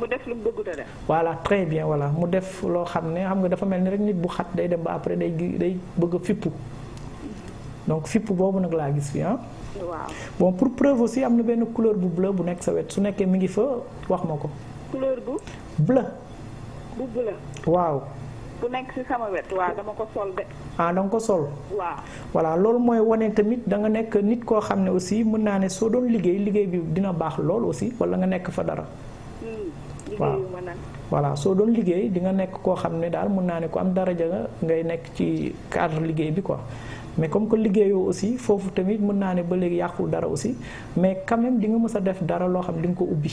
mu def lu mu
bëggut def
voilà très bien voilà mu def lo xamné xam nga dafa melni rek nit bu xat day dem ba après day day bëgg fippu mm-hmm. donc fippu bobu nak la gis fi hein ah. waaw bon pour preuve aussi am na benn couleur bu bleu bu nekk sa wet su nekkee mu ngi fa wax ma ko. couleur bu. bleu. bu bleu. waaw.
bu nekk ci sama wet waaw dama ko sol de.
ah da nga ko sol. waaw voilà loolu mooy wane tamit da nga nekk nit koo xam ne aussi mën naa ne soo doon liggéey liggéey bi dina baax lool aussi walla nga nekk fa dara.
Hmm,
waaw voilà soo doon liggéey di nga nekk koo xam ne daal mën naa ne ko am daraja ngay nekk ci cadre liggéey bi ko mais comme que liggéeyoo aussi foofu tamit mën naa ne ba léegi yàqul dara aussi mais quand même mës a def dara loo xam di nga ko ubbi.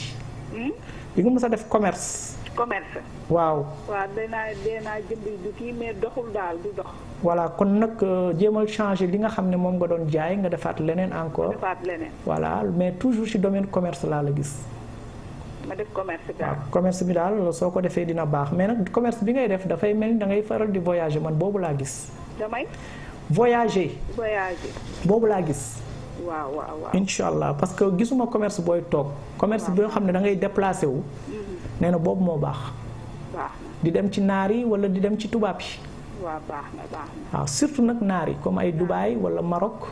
Hmm? di nga mës a def commerce. commerce. waaw.
waaw danaa danaa jënd du kii mais doxul daal du dox.
voilà kon nag euh, jéemal changer li nga xam ne moom nga doon jaay nga defaat leneen encore. defaat leneen. voilà mais toujours ci domaine commerce laa la gis.
ma def commerce bi daal
commerce bi daal soo ko defee dina baax mais nag commerce bi ngay def dafay mel ni da ngay faral di voyager man boobu laa gis. voyager. voyager boobu laa gis.
waaw incha
allah parce que gisuma commerce booy toog. commerce boo xam ne da ngay déplacé wu.
Mm-hmm.
nee na boobu moo baax. di dem ci naar yi wala di dem ci tubaab yi.
waaw baax na baax
na. waaw surtout nag naar yi comme ay dubaay wala Maroc.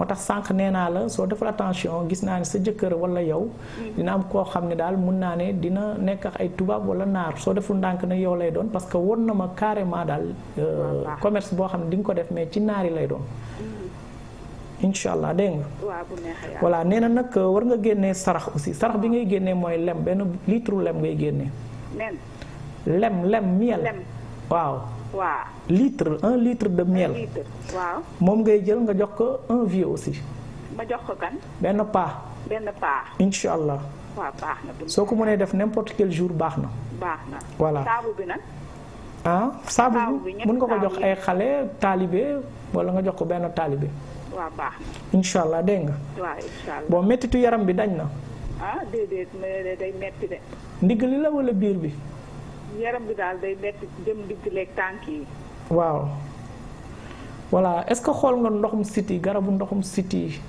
moo tax sànq nee naa la soo defal attention gis naa ne sa jëkkër wala yow dina am koo xam ne daal mun naa ne dina nekk ay tubaab wala naar soo deful ndànk na yow lay doon parce que won na ma carrément daal euh, commerce boo xam ne di nga ko def mais ci naar yi lay doon mm-hmm. incha allah dégg nga. voilà nee na nag euh, war nga génnee sarax aussi sarax bi ngay génnee mooy lem benn litre lem ngay génnee. lem lem miel. waaw. litre un litre de miel. mom ngay jël nga jox ko un vieux aussi. ma jox ko kan. ben pa ben pa inshallah wa waaw baax na. ko mënee def n'importe quel jour baxna
baxna voilà sabu bi nan
ah sabu mën nga ko jox ay xalé talibé wala nga jox ko ben talibé wa baax na. deng
wa inshallah nga.
metti tu yaram bi dañ na.
ah me day metti de.
ndigal la wala bir bi.
yaram bi daal day métti jëm digg leeg tànk yi.
waaw voilà est-ce que xool nga ndoxum siti garabu ndoxum siti.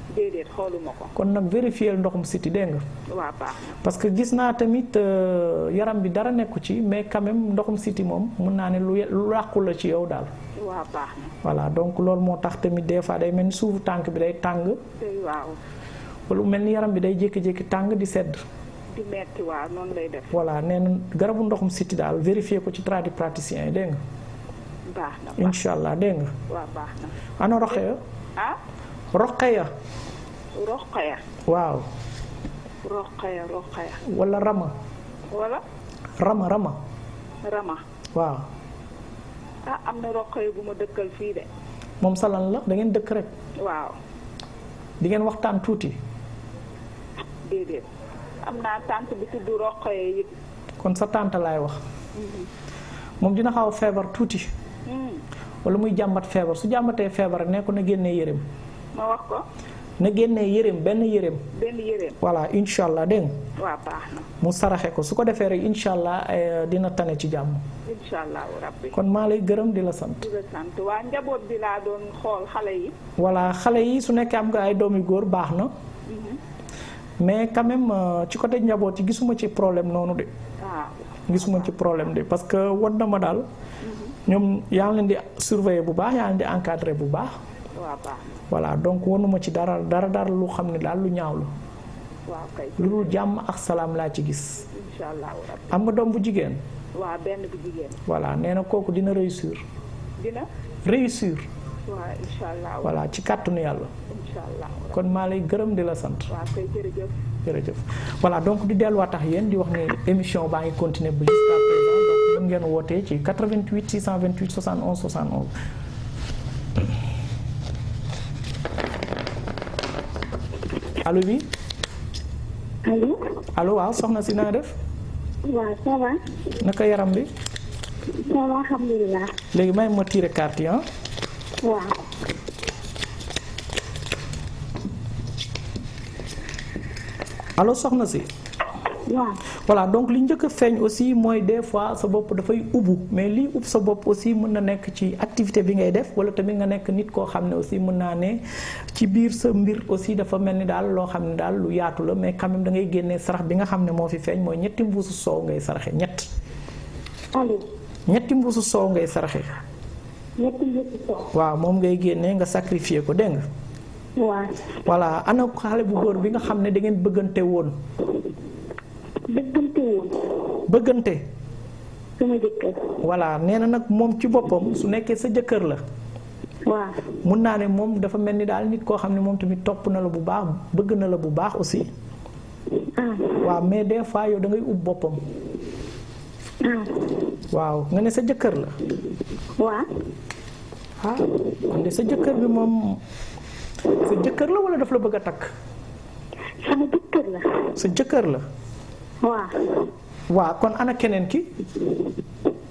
xooluma ko. kon nag vérifier ndoxum siti dégg nga. waaw parce que gis naa tamit euh, yaram bi dara nekku ci mais quand ndoxum siti moom mun naa ne lu lu làqu la ci yow daal. waaw baax voilà donc loolu moo tax tamit des fois day mel ni suufu tànk bi day tàng. waaw. mel ni yaram bi day jékki-jékki tàng di sedd. di metti waaw noonu lay def. voilà nee garabu ndoxum siti vérifier ko ci nga. allah dégg nga. waaw baax
na. ah. roqeya. roqeya. waaw. roqeya roqeya. wala rama. wala. rama rama. rama. waaw. ah am na buma bu ma de.
moom sa la da ngeen rek. waaw. di ngeen
am naa tante bi tudd Roqee yi.
kon sa tànt laay wax. moom dina xaw feebar tuuti. wala muy jàmbat feebar su jàmbatee feebar nekku na génnee yëreem. ma wax ko. na génnee yëreem benn yëreem. benn yëreem. voilà incha allah dégg nga. mu saraxe ko su ko defee rek incha allah eh, dina tane ci jàmm.
incha kon
maa lay gërëm di la sant.
waa njaboot bi laa doon xool xale yi.
voilà xale yi su nekkee am nga ay doomi góor baax na. mais quand même euh, ci côté njaboot yi gisuma ci problème noonu de. Ah. gisuma ci problème de parce que won na ma daal. Mhm. ñoom yaa ngi leen di surveiller bu baax yaa leen di encadrer bu baax. voilà donc wanuma ci dara dara dara lu xam ne daal lu ñaaw la.
waaw lu dul
jàmm ak salaam laa ci gis. incha allah am nga doom bu jigéen. waaw benn bu jigéen. nee na kooku dina réussir. dina réussir.
waaw incha allah voilà ci kàttanu yàlla. incha
kon maa lay gërëm di la sant. jërëjëf voilà donc di delluwaat tax yéen di wax ne émission baa ngi continuer ba jusqu'à présent donc mën ngeen wootee ci 88 628 71 71. allo bi. allo. allo waaw soxna si naa def. waaw ça va. naka yaram bi.
ça va alhamdulilah.
léegi may ma tiré carte yi ah. waaw. allo soxna si voilà donc li njëkk feñ aussi moy des fois sa da fay ubu mais li ub sa bop aussi mëna na nekk ci activité bi ngay def wala tamit nga nekk nit ko xamné ne aussi mëna né ci biir sa mbir aussi dafa mel ni dal lo xam ne lu yaatu la mais quand même da ngay génné sarax bi nga xamné mo fi feñ moy ñetti mbusu so ngay saraxé ñet ñetti mbusu so ngay saraxé
ñetti mbuusu
so wa mom ngay génné nga sacrifier ko deng waaw voilà ana xale bu góor bi nga xam ne dangeen ngeen bëggante woon. bëggante woon. bëggante. nee na nag moom ci boppam su nekkee sa jëkkër la. waaw mun naa ne moom dafa mel ni daal nit koo xam ne moom tamit topp na la bu baax bëgg na la bu baax aussi. Ah. waa mais des fois yow dangay ngay ub boppam. Ah. waaw nga ne sa jëkkër la. waaw. ah kon sa jëkkër bi moom. sa jëkkër la wala daf la bëgg a takk. sama jëkkër la. sa jëkkër la. waaw. waaw kon ana keneen ki.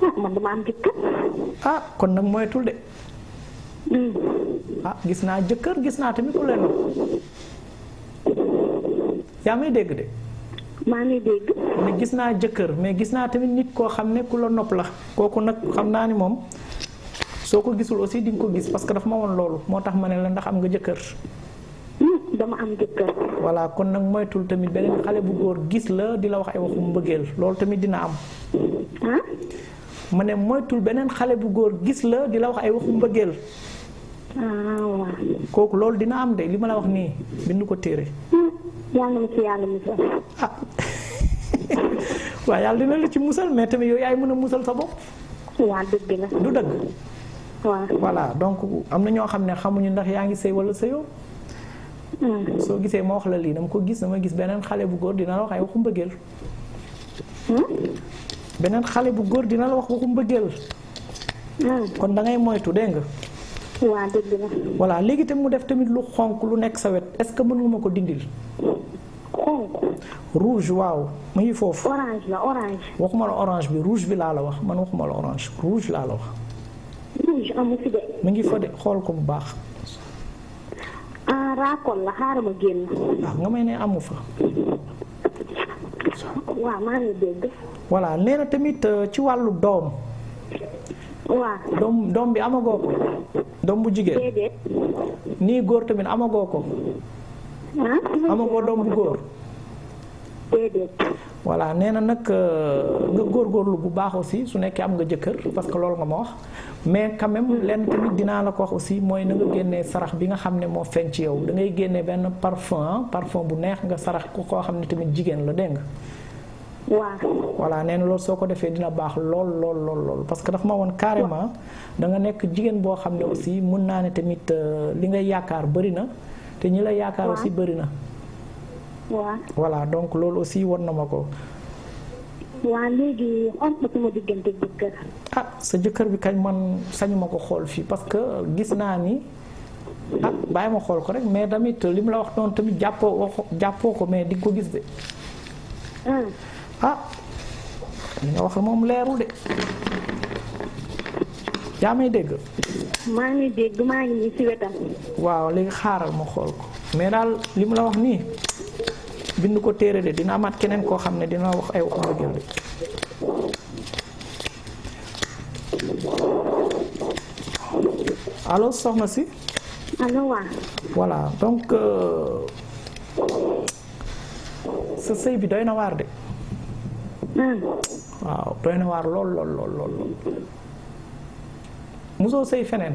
ah man dama am jëkkër. ah kon nag moytul de. ah gis naa jëkkër gis naa tamit ku leen yaa may dégg de. maa ngi dégg. mais gis naa jëkkër mais gis naa tamit nit koo xam ne ku la nopp la kooku nag xam naa ni moom. soko gisul aussi ding ko gis parce que dafa ma won lolu motax ndax am nga jëkkër hmm, dama am jëkkër wala kon nag moytul tamit benen xalé bu gor gis la di wax ay waxu temi lolu tamit dina am mané ne moytul benen xalé bu gor gis la di wax ay waxu mbëggeel ah, kok lolu dina am de li la wax ni bindu ko téré hmm,
yalla ci yalla musal ah
waaw dina la ci musal mais tamit yoy ay mën musal sa bop wa deug la du deug voilà donc am na ñoo xam ne xamuñu ndax yaa ngi sëy wala sëyoo. Hmm. soo gisee ma wax la lii dama ko gis dama gis beneen xale bu góor dina la wax ay waxu mbëggeel. Hmm? beneen xale bu góor dina la wax waxu mbëggeel. Hmm. kon da ngay moytu dégg nga.
waaw dëgg
la. léegi tam mu def tamit lu xonk lu nekk sa wet est-ce que mënul ma ko dindil. xonk. rouge waaw mu ngi foofu. orange la orange. waxuma la orange bi rouge bi laa la wax man waxuma la orange rouge laa la wax. rouge mu ngi fa de xool ko bu baax.
ah raakool la ma
ah, nga may ne amu fa. waaw nee na tamit euh, ci wàllu doom. doom bi amagoo ko. doom bu jigéen déedéet. nii góor tamit amagoo ko. Ah, amagoo doom bu góor. voilà nee na gor euh, gor lu bu bax aussi su nekk am nga jëkkeur parce que lool nga mo wax mais quand même lenn tamit dinaa la ko wax aussi moy na nga genné sarax bi nga xamné ne fën ci yow da ngay genné ben parfum ah, parfum bu neex nga sarax ko ko xamné tamit jigen la deng wala waaw lool nee na ko dina bax lool lool lool lool parce que daf ma won carrément da nga nekk jigen bo xamné aussi mën na né tamit euh, li nga yaakaar bari na te ñi la yaakaar aussi bari na waaw voilà donc loolu aussi won na ma ko. waaw léegi su ma diggante jëkkër. ah sa jëkkër bi kañ man sañu ma ko xool fii parce que gis naa ni ah bàyyi ma xool ko rek mais tamit li mu la wax noonu tamit jàppoo jàppoo ko mais di ko gis de. Hmm. ah li nga wax moom dégg.
maa ngi dégg maa ngi nii wetam.
waaw léegi xaaral ma xool ko mais daal li mu la wax nii. bind ko téere de dina amaat keneen koo xam ne dina wax ay waxu mbëggeel de allo soxna si allo waa voilà donc
euh,
sa sëy bi doy na waar de hmm. waaw doy na waar lool lool lool musoo sëy feneen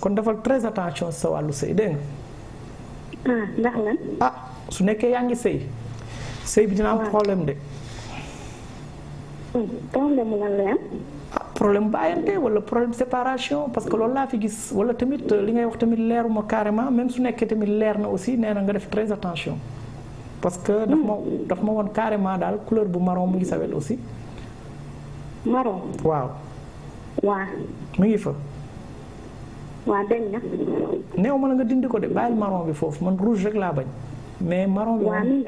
kon defal très attention sa wàllu sëy dégg nga
Ah, ndax lan.
ah su nekkee yaa ngi sëy sëy bi dina am problème de. Hmm, problème lan la am. ah bàyyante wala problème séparation parce que loolu laa fi gis wala tamit euh, li ngay wax tamit leeruma carrément même su nekkee tamit leer na aussi nee na nga def très attention. parce que daf ma hmm. daf ma woon carrément daal couleur bu marron mu ngi sawel aussi. marron waaw. waaw mu ngi fa. waaw dañ na. néew ma la nga dindi ko de bàyyil marron bi foofu man rouge rek laa bañ. mais marron bi moom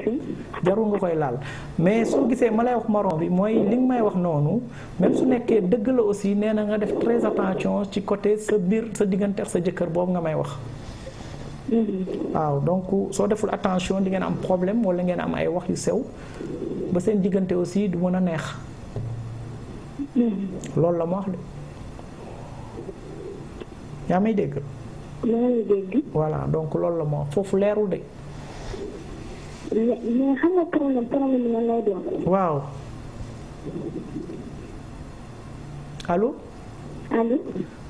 jarul nga koy laal mais soo gisee ma lay wax marron bi mooy li nga may wax noonu même su nekkee dëgg la aussi nee na nga def très attention ci côté sa biir sa diggante ak sa jëkkër boobu nga may wax.
Mm-hmm.
waaw donc soo deful attention di ngeen am problème walla ngeen am ay wax yu sew ba seen diggante aussi du mën a neex. Mm-hmm. loolu la ma wax de. yaa may dégg. dégg. voilà donc loolu la moo foofu leerul de. mais nga waaw. allo.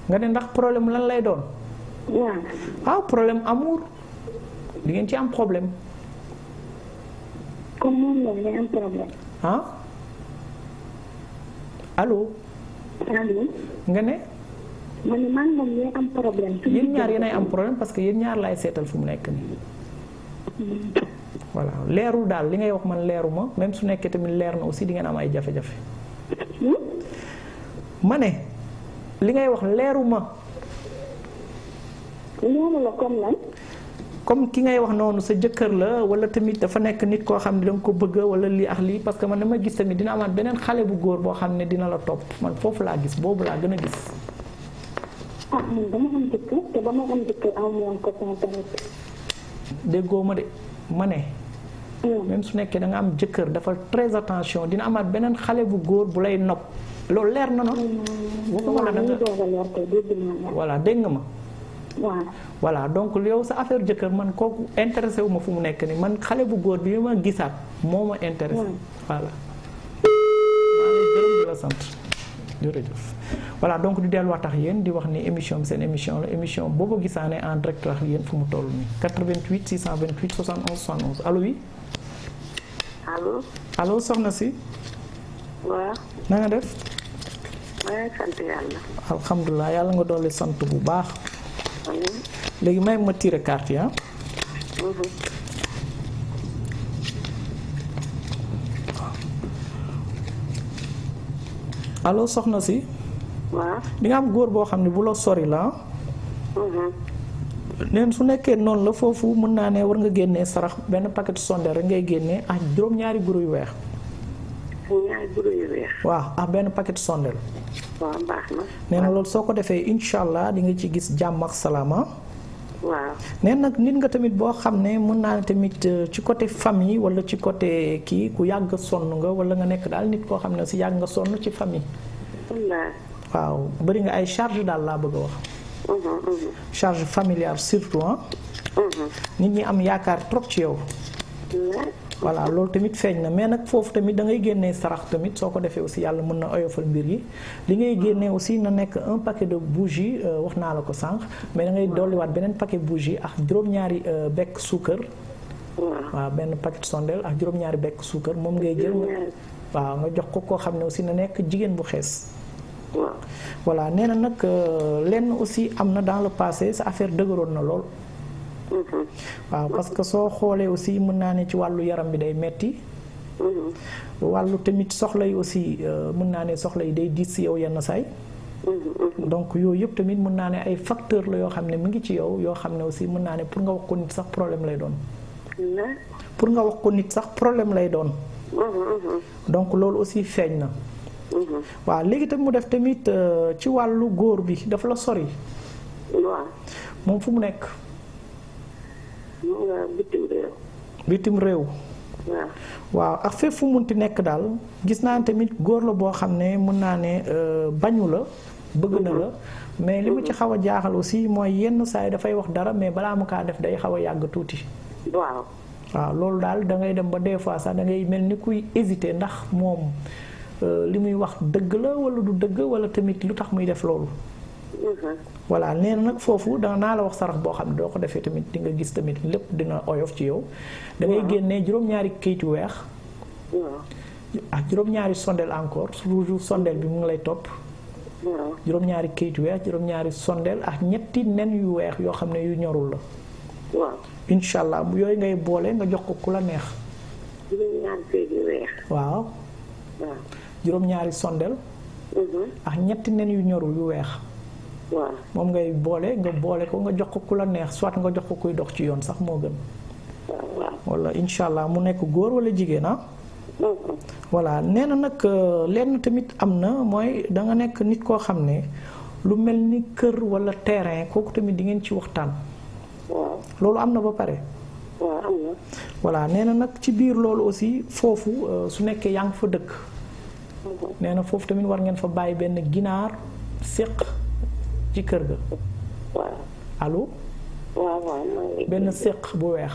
nga ne ndax problème lan lay doon. waaw. Ah, problème amour. di ngeen ci am problème. comme ah. allo. nga ne. ma ne man moom am problème. yéen ñaar yéenay am problème parce que yéen ñaar laay seetal fu mu nekk nii. Mm. voilà leerul daal li ngay wax man leeruma même su nekkee tamit leer na aussi di ngeen am ay jafe-jafe. Hmm? ma ne li ngay wax leeruma. leeruma comme lan. comme ki ngay wax noonu sa jëkkër la wala tamit dafa nekk nit koo xam ne da ko bëgg wala lii ak lii parce que man dama gis tamit dina amaat beneen xale bu góor boo xam ne dina la topp man foofu laa gis boobu laa gën a gis.
ah ba ma am jëkkër
déggoo ma de ma ne. Hmm. même su nekkee da nga am jëkkër dafa très attention dina amaat beneen xale bu góor bu lay nopp loolu leer na noonu. wala hmm. da voilà dégg nga ma. waaw voilà donc yow sa affaire jëkkër man kooku intéressé wu ma fu mu nekk nii man xale bu góor bi ma gisaat moo ma intéressé. Hmm. voilà jërëjëf voilà donc di delluwaat tax yéen di wax ni émission bi seen émission la émission boobu gisaane en direct tax yéen fu mu toll nii 88 628 71 71 allo oui. allo. allo soxna si. waaw. na def.
maa ngi sant yàlla.
alhamdulilah yàlla nga doole sant bu baax. léegi may ma tiré carte yi ah.
mhm.
allo soxna si. waaw di am góor boo xam ne bu la sori la mm-hmm. neen su nekkee noonu la foofu mën naa ne war nga génnee sarax benn paquet sondeel rek ngay génnee ak juróom-ñaari guro yu weex. juróom waaw ak benn paquet sondeel. waaw baax loolu soo ko defee incha allah di nga ci gis jàmm ak salaama. waaw nee nag nit nga tamit boo xam ne mën naa tamit euh, ci côté famille wala ci côté kii ku yàgg sonn nga wala nga nekk daal nit koo xam ne si yàgg nga sonn ci famille. waaw bëri nga ay charge daal laa bëgg a wax. Mhm, mhm. charge familiale surtout ah. mhm. nit ñi am yaakaar trop ci yow. wala lol tamit feeñ na mais nak fofu tamit da ngay guenné sarax tamit soko ko aussi yalla mën na oyofal mbir yi li ngay guenné aussi na nek un paquet de bougie euh, wax naa la ko sank mais da ngay wat benen paquet bougie ak drom ñaari euh, bekk sucre wa benn paquet sondel ak drom ñaari bekk sucre mom ngay jël wa nga jox ko ko xamné aussi na nek jigen bu xess wala nee nak euh, len aussi amna dans le passé sa affaire na lol Mm-hmm. waaw parce que soo xoolee aussi mën naa ne ci wàllu yaram bi day metti mm-hmm. wàllu tamit soxla yi aussi euh, mën naa ne soxla yi day diis si yow yenn saay mm-hmm. donc yooyu yëpp tamit mun naa ne ay facteur la yoo xam ne mu ngi ci yow yoo xam ne mën naa ne pour nga wax ko nit sax problème lay doon pour nga wax ko nit sax problème lay doon donc loolu aussi feeñ na waaw léegi tamit mu def tamit euh, ci wàllu góor bi dafa la sori moom fu mu nekk waaw bitim réew. waaw. waaw ak fépp fu munti nekk daal gis naa tamit góor la boo xam ne mun naa ne euh, bañu la. bëgg na la mais li mu ci xaw a jaaxal aussi mooy yenn saa yi dafay wax dara mais balaa mu kaa def day xaw a yàgg tuuti. waaw. waaw loolu daal dangay dem ba des fois sax da ngay mel ni kuy hésité ndax moom euh, li muy wax dëgg la wala du dëgg wala tamit lu tax muy def loolu. voilà neen nag foofu da naa la wax sarax boo xam ne doo ko defee tamit di nga gis tamit lépp dina oyof ci yow. da ngay génnee juróom-ñaari kayit yu weex. ak juróom-ñaari sondeel encore toujours sondeel bi mu ngi lay topp. juróom-ñaari weex juróom-ñaari ak ñetti nen yu weex yoo xam ne yu ñorul la. waaw allah yooyu ngay boole nga jox ko ku la waaw. juróom-ñaari mhm. ak ñetti nen yu ñorul yu weex. moom ngay boole nga boole ko nga jox ko ku la neex soit nga jox ko kuy dox ci yoon sax moo gën. walla incha allah mu nekk góor wala jigéen ah. voilà mm-hmm. nee na nag euh, lenn tamit am na mooy da nga nekk nit koo xam ne lu mel ni kër wala terrain kooku tamit di ngeen ci waxtaan. loolu am na ba pare. voilà nee na nag ci biir loolu aussi foofu euh, su nekkee yaa ngi fa dëkk. Mm-hmm. nee na foofu tamit war ngeen fa bàyyi benn ginaar séq. ci kër ga. waaw benn séq bu weex.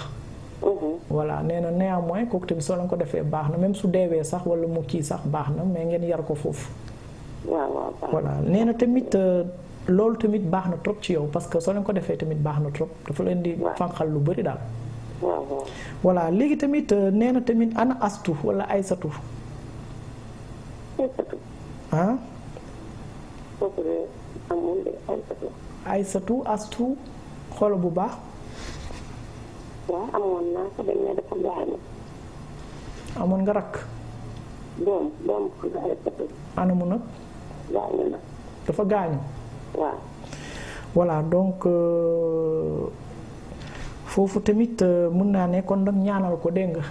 Mhm. voilà nee na néanmoins kooku tamit soo leen ko defee baax na même su deewee sax wala mu kii sax baax na mais ngeen yar ko foofu. waaw waaw nee na tamit euh, loolu tamit baax na trop ci yow parce que soo leen ko defee tamit baax na trop dafa leen di. fanqal lu bari daal. waaw voilà léegi tamit euh, nee na tamit ana astu wala aysatu. ah. amul de Aysatu. Aysatu astu xool bu baax.
waaw amoon naa ko dañ ne dafa gaañu.
amoon nga rakk. doom doom anamu nag. dafa gaañu. waaw. voilà donc euh, foofu tamit euh, mën naa ne kon nag ñaanal ko dégg nga.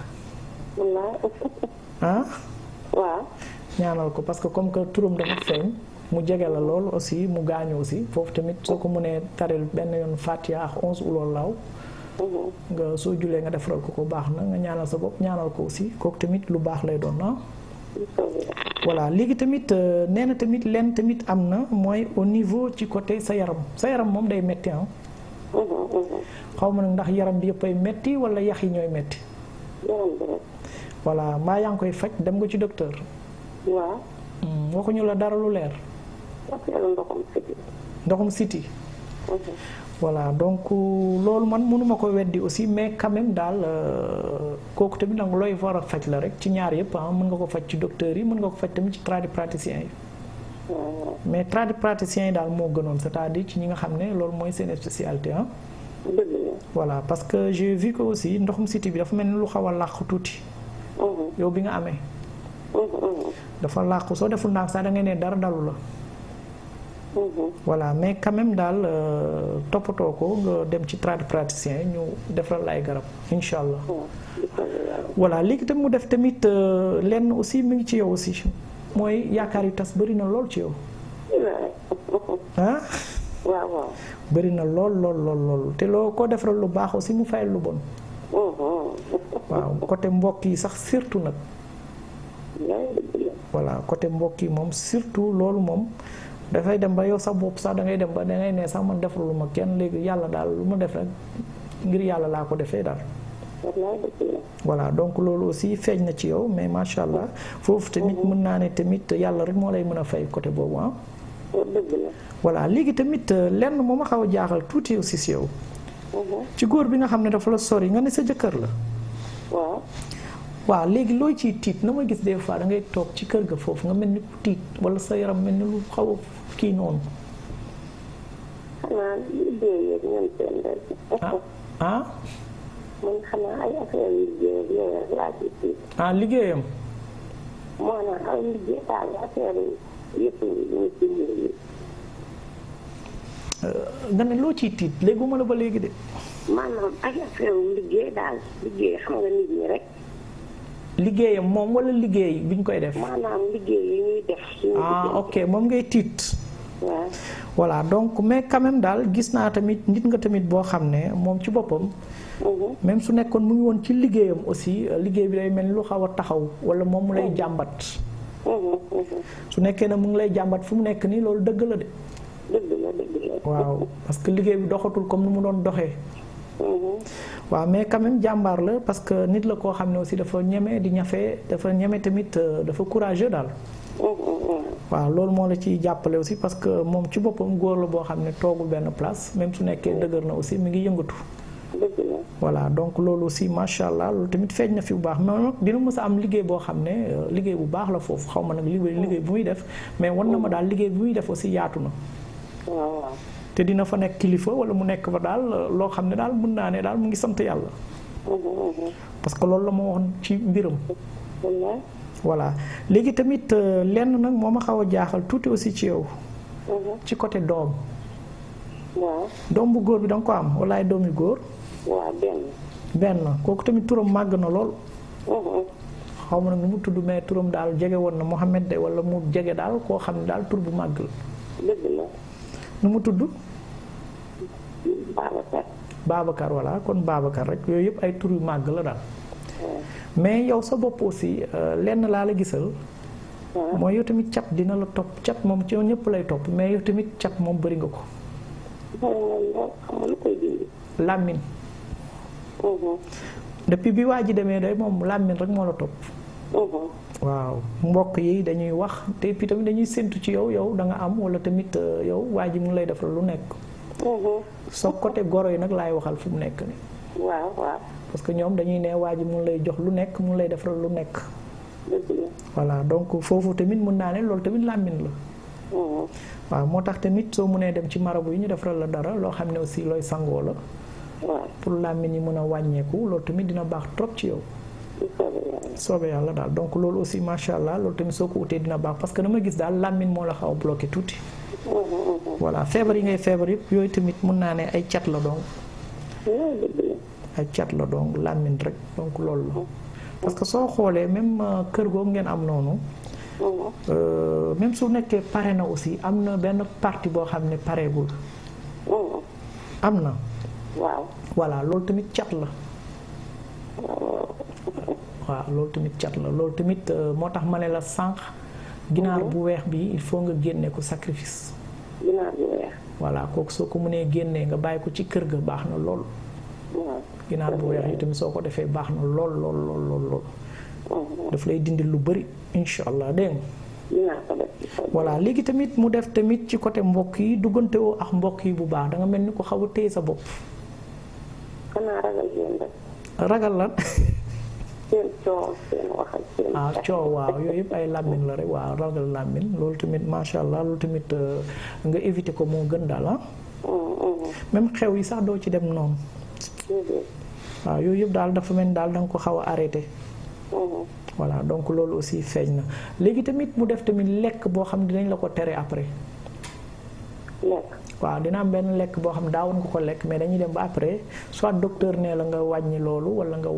mën naa ah. waaw. ñaanal ko parce que comme que turam dafa feeñ. mu jege la lool aussi mu gaañu aussi foofu tamit soo ko mënee taril benn yoon fatiha ak onze ulool laaw mhm. nga soo julee nga defaral ko ko baax nyala nga ñaanal sa bopp ñaanal ko aussi kooku tamit lu baax lay doon na ah. mhm. voilà léegi tamit euh, nee tamit lenn tamit am na mooy au niveau ci côté sa yaram sa yaram moom day metti ah mhm, ma ndax yaram bi yëpp metti wala yax yi ñooy metti voilà maa yaa koy faj dem nga ci docteur hmm, waxuñu la dara lu leer affaire ndoxum siti ndoxum siti voilà donc loolu man mënuma ko weddi aussi mais quand même daal euh, kooku tamit nag looy war a faj la rek ci ñaar yëpp ah mën nga ko faj ci docteurs yi mën nga ko faj tamit ci tradipraticiens yi mais tradipraticiens yi daal moo gënoon cest à ci ñi nga xam ne loolu mooy seen spécialité ah voilà parce que j'ai vu que aussi ndoxum siti bi dafa mel ni lu xaw a làq tuuti mm-hmm. yow bi nga amee mm-hmm. dafa làqu soo deful naag sax da ngay ne dara dalu la voilà mais quand même daal euh, toppatoo ko nga dem ci tradipraticien ñu defaral la ay garab incha allah. voilà léegi tam mu def tamit euh, lenn aussi mu ngi ci yow aussi mooy yaakaar yu tas bëri na lool ci yow. ah. waaw bëri na lool lool lool te loo koo defaral lu baax aussi mu fayal lu bon. waaw côté mbokk yi sax surtout nag. voilà côté mbokk yi moom surtout loolu moom. dafay dem ba yow sa bopp sax da ngay dem ba da ngay sax man defalu ma kenn léegi yàlla daal lu ma def rek ngir yàlla laa ko defee daal. voilà donc loolu aussi feeñ na ci yow mais macha allah foofu tamit mën naa ne tamit yàlla rek moo lay mën a fay côté boobu ah. voilà léegi tamit euh, lenn moo ma xaw a jaaxal tuuti aussi si yow. Mhm. ci góor bi nga xam ne dafa la sori nga ne sa jëkkër la. waaw léegi looy ciy tiit na ma gis des fois da toog ci kër ga foofu nga mel ni ku tiit wala sa yaram mel ni lu xaw kii noonu. xanaa ah, ah? ah liggéeyam.
moo na ay liggéey daal affaire
euh, ne loo ciy tiit léegi ma la ba léegi de. maanaam ay affaire liggéey daal liggéey xam nga nit ñi rek. liggéeyam moom wala liggéey bi ñu koy def. maanaam liggéey yi ah ok moom ngay tiit. voilà donc mais quand daal gis naa tamit nit nga tamit boo xam ne moom ci boppam. Mhm. même su nekkoon mu ngi woon ci liggéeyam aussi liggéey bi day mel ni lu xaw a taxaw wala moom mu lay mhm. jàmbat. Mhm, su nekkee ne mu ngi lay jàmbat fu mu nekk nii loolu dëgg la de. waaw parce que liggéey bi doxatul comme ni mu doon doxee. waaw mais quand même jàmbaar la parce que nit la koo xam ne aussi dafa ñeme di ñafe dafa ñeme tamit euh, dafa courageux daal. Mm, mm, mm. waa loolu moo la ciy jàppale aussi parce que moom ci boppam góor la boo xam ne toogul benn place même su nekkee dëgër na aussi mi ngi yëngatu. voilà donc loolu aussi macha allah loolu tamit feeñ na fi bu baax mais dina mës a am liggéey boo xam ne euh, liggéey bu baax la foofu xaw ma nag liggéey bu muy def mais wan na ma daal liggéey bu muy def na. te dina fa nekk kilifa wala mu nekk fa daal loo xam ne daal mën naa ne daal mu ngi sant yàlla. parce que loolu la ma waxoon ci mbiram. voilà léegi tamit euh, lenn nag moo ma xaw a jaaxal tuuti aussi ci yow. ci côté doom. doom bu góor bi danga ko am walaay doomi góor. benn. kooku tamit turam màgg na lool. xaw ma nag nu mu tudd mais turam daal jege woon na Mouhamed de wala mu jege daal koo xam ne daal tur bu màgg la. la. nu mu tudd. Babacar. Babacar voilà kon Babacar rek yooyu yëpp ay tur yu màgg la daal. mais yow sa bopp aussi euh, lenn laa la gisal. mooy yow tamit cat dina la topp cat moom ci ñëpp lay topp mais yow tamit cat moom bëri nga ko. làmmiñ mm-hmm. depuis bi waa ji demee day moom làmmiñ rek moo la topp. Mm-hmm. waaw mbokk yi dañuy wax te puis tamit dañuy séntu ci yow yow da nga am wala tamit euh, yow waa ji mu ngi lay def lu nekk. soo côté goro yi nag laay waxal fu mu nekk nii. waaw parce que ñoom dañuy ne waa ji mu ngi lay jox lu nekk mu lay def lu nekk. voilà donc foofu tamit mun naa ne loolu tamit làmmiñ la. waaw moo tax tamit soo mënee dem ci marabu yi ñu defaral la dara loo xam ne aussi looy sangoo la. pour làmmiñ yi mun a wàññeeku loolu tamit dina baax trop ci yow. soobee yàlla daal donc loolu aussi macha allah loolu tamit soo ko utee dina baax parce que dama gis daal làmmiñ moo la xaw a bloqué tuuti. voilà feebar yi ngay feebar yëpp yooyu tamit mun naa ne ay cat la donc. ay cat la donc làmmiñ rek donc loolu la. parce que soo xoolee même euh, kër googu ngeen am noonu. Euh, même su nekkee pare na aussi am na benn partie boo xam ne pareegul. am na. waaw loolu tamit cat la. waaw loolu tamit cat la loolu tamit euh, moo tax ma ne la sànq. ginaar mhm. bu weex bi il faut nga génne ko sacrifice. ginaar bu weex. voilà kooku soo ko mënee génnee nga bàyyi ko ci kër ga baax lool. ginaar bu weex yi tamit soo ko defee lool lool lool lool lool. Mhm. daf lay dindi lu bëri incha allah dégg nga. tamit mu def tamit ci côté mbokk yi duggante woo ak mbokk yi bu baax da nga mel ni ko xaw a sa bopp. ragal lan.
waaw
coow waaw yooyu yëpp ay làmmiñ la rek waaw ragal làmmiñ loolu tamit macha allah loolu tamit nga éviter ko moo gën daal ah. même xew yi sax doo ci dem non waaw mm-hmm. ah, yooyu yëpp daal dafa mel ni daal ko xaw a arrêté. Mm-hmm. voilà donc loolu aussi feeñ na tamit mu def tamit lekk xam dinañ la ko tere après. waaw dina am ben lek boo xam daawoon nga ko lek mais dañuy dem ba après soit docteur nee la nga wàññi loolu wala nga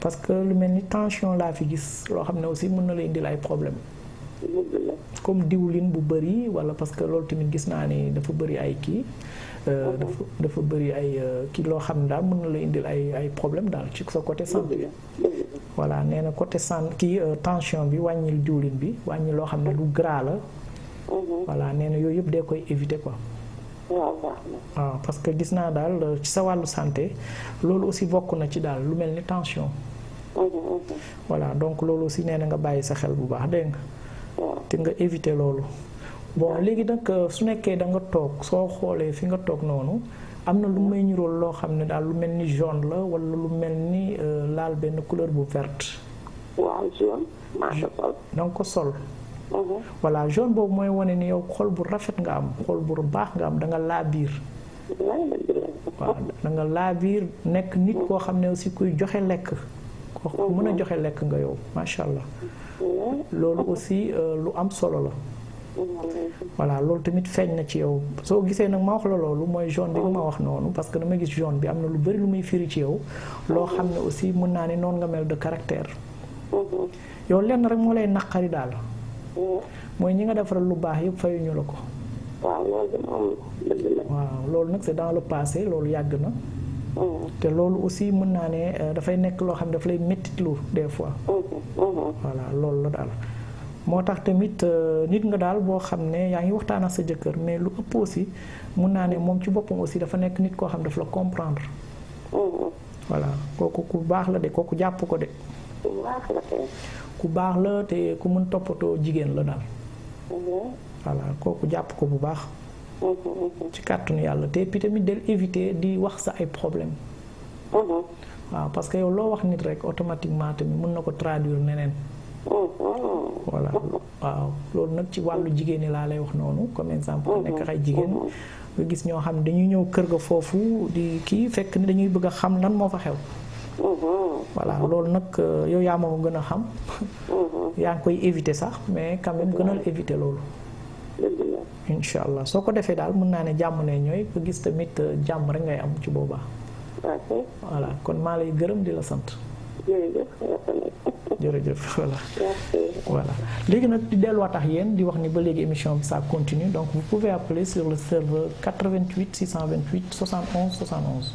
parce que lu mel ni tension laa fi gis loo xam ne aussi mën na la indil ay problème comme diwlin bu bëri wala parce que loolu tamit gis naa ni dafa bëri ay kii. Euh, dafa dafa bëri ay euh, kii loo xam ne daal mën na la indil ay ay problème daal ci sa côté santé bi. voilà nee na côté santé kii euh, tension bi wàññil diwlin bi wàññil loo xam ne lu gras la. voilà nee na yooyu yëpp dee koy éviter ko waaw ah, parce que gis naa daal euh, ci sa walu santé lolu aussi bokk na ci dal lu mel ni tension. Mhm, voilà donc lolu aussi nee nga baye sa xel bu baax deng nga. nga éviter lolu bon léegi nag euh, su nekké da nga tok so xolé fi nga tok nonu amna lu may ñuróol loo xam ne lu melni jaune la wala lu melni ni euh, laal couleur bu verte.
wa jaune
ma ko sol. donc ko sol. wala jaune bobu moy woné ni yow xol bu rafet nga am xol bu baax nga am da nga labir da nga labir nek nit ko xamné aussi kuy joxé lek ko mëna joxé lek nga yow macha allah aussi euh, lu am solo la wala timit tamit feeñ na ci yow so gisé nak ma wax la lolu moy jaune bi ma wax nonu parce que dama gis jaune bi am lu bari lu muy firi ci yow lo xamné ne aussi mëna ni non nga mel de caractère yo len rek moo lay mooy ñi nga defaral lu baax yëpp fayuñu la ko.
waaw loolu moom
dëgg la. waaw loolu nag c'est dans le passé loolu yàgg na. Mm. te loolu aussi mën naa ne euh, dafay nekk loo xam ne daf lay méttitlu des fois. Mm, mm, voilà loolu la daal. moo tax tamit euh, nit nga daal boo xam ne yaa ngi waxtaan ak sa jëkkër mais lu ëpp aussi mun naa ne moom ci boppam aussi dafa nekk nit koo xam daf la comprendre. voilà kooku ku baax la de kooku jàpp ko de. ku baax la te ku mën toppatoo jigéen la daal. Mhm. voilà kooku jàpp ko bu baax. Mhm, mhm. ci kàttanu yàlla te puis tamit del éviter di wax sa ay problème waaw parce que yow loo wax nit rek automatiquement tamit mun na ko traduire neneen. voilà waaw loolu nag ci wàllu jigéen ñi laa lay wax noonu comme exemple nekk ay jigéen nga gis ñoo xam ne dañuy ñëw kër ga foofu di kii fekk ni dañuy bëgg a xam lan moo fa xew. voilà loolu nak euh, yow yaa ma gën xam. Mm-hmm. yaa ngi koy éviter sax mais quand même gënal éviter loolu. inshallah soko défé dal mën na né jamm né ñoy ko gis tamit euh, jamm rek ngay am ci voilà kon ma lay gëreum di la sant. jërëjëf voilà. voilà légui nak di delluwaat ak yeen di wax ni ba légui émission bi ça continue donc vous pouvez appeler sur le serveur 88 628 71 71.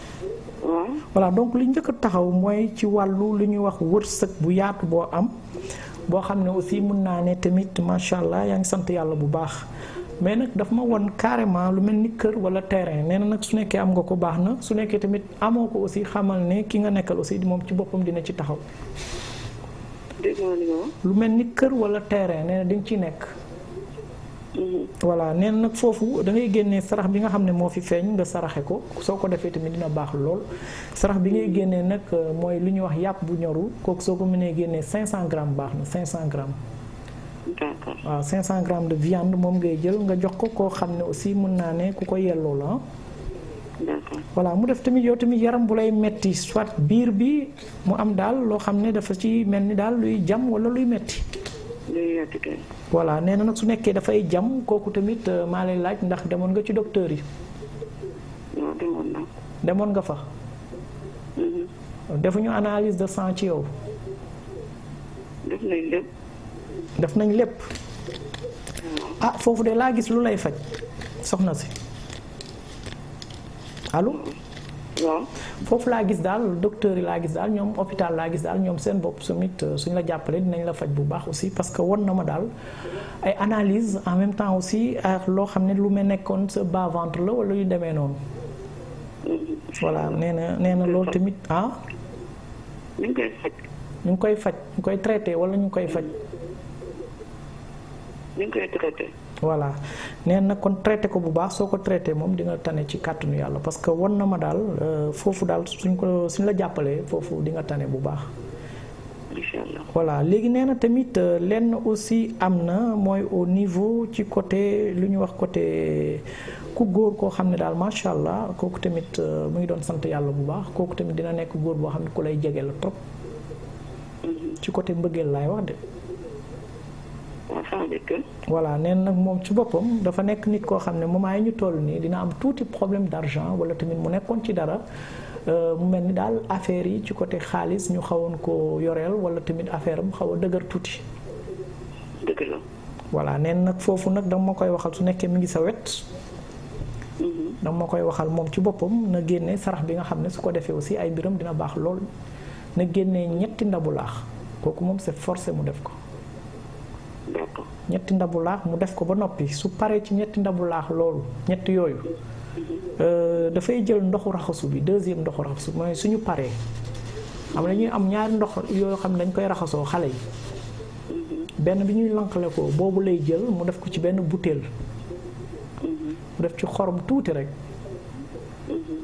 voilà donc lu njëkk a taxaw mooy ci wàllu li ñuy wax wërsëg bu yaatu boo am boo xam ne aussi mun naa ne tamit macha allah yaa ngi sant yàlla bu baax mais nag dafa ma won carrément lu mel ni kër wala terrain nee na nag su nekkee am nga ko baax na su nekkee tamit amoo ko aussi xamal ne ki nga nekkal aussi moom ci boppam dina ci taxaw. lu mel ni kër wala terrain nee na di nga ci nekk. Mm-hmm. voilà neen nag foofu da ngay génnee sarax bi nga xam ne moo fi feeñ nga saraxe ko soo ko defee tamit dina baax lool sarax bi ngay mm-hmm. génnee nag euh, mooy lu ñu wax yàpp bu ñoru kooku soo ko mënee génnee 500 grammes baax na 500 cent d'accord waaw cent grammes de viande moom ngay jël nga jox ko koo xam ne aussi mën naa ne ku ko yelloo la voilà mu def tamit yow tamit yaram bu lay metti soit biir bi mu am daal loo xam ne dafa ci mel ni daal luy jam wala luy metti voilà nee na nag su nekkee dafay jam kooku tamit euh, maa lay laaj ndax demoon nga ci docteur yi. demoon nga fa.
Mm-hmm.
defuñu analyse de sang ci yow. def nañ lépp. def nañ lépp. Mm-hmm. ah foofu de laa gis lu lay faj soxna si allo. Mm-hmm. waaw foofu laa gis daal docteur yi laa gis daal ñoom hôpital laa gis daal ñoom seen bopp sumit euh, suñ la jàppale dinañ la faj bu baax aussi parce que won na ma daal ay analyse en même temps aussi loo xam ne lu me nekkoon sa bas ventre la wala yu demee noonu voilà nee na nee na loolu tamit ah ñu ngi koy faj ñu ngi koy faj ñu koy traité wala ñu koy faj
ñu ngi koy traité
voilà neen na kon traité ko bu baax soo ko traité moom di tane ci kàttanu yàlla parce que won na ma daal euh, foofu daal suñ ko suñ la jàppalee foofu di nga tane bu baax. voilà léegi nee na tamit euh, lenn aussi am na mooy au niveau ci côté lu ñu wax côté ku góor koo xam ne daal macha allah kooku tamit euh, mu ngi doon sant yàlla bu baax kooku tamit dina nekk góor boo xam ne ku lay jege la trop. Mm-hmm. ci côté mbëggeel laay wax de. sama voilà neen nag moom ci boppam dafa nekk nit koo xam ne moment yi ñu toll nii dina am tuuti problème d'argent wala tamit mu nekkoon ci dara. Euh, mu mel ni daal affaire yi ci côté xaalis ñu xawoon ko yoreel wala tamit affaire am xaw dëgër tuuti. dëgg voilà neen nag foofu nag dama ma koy waxal su nekkee mi ngi sa wet. Mm-hmm. dama ma koy waxal moom ci boppam na génne sarax bi nga xam ne su ko defee aussi ay mbiram dina baax lool na génne ñetti ndabu laax kooku moom c'est forcé mu def ko. ñetti ndabu laax mu def ko ba noppi su paree ci ñetti ndabu laax loolu ñetti yooyu euh, dafay jël ndoxu raxasu bi deuxième ndoxu raxasu mooy suñu paree am na ñuy am ñaari ndox yoo xam ne dañ koy raxasoo xale yi benn bi ñuy lankale boobu lay jël mu def ko ci benn butéel mu def ci xorom tuuti rek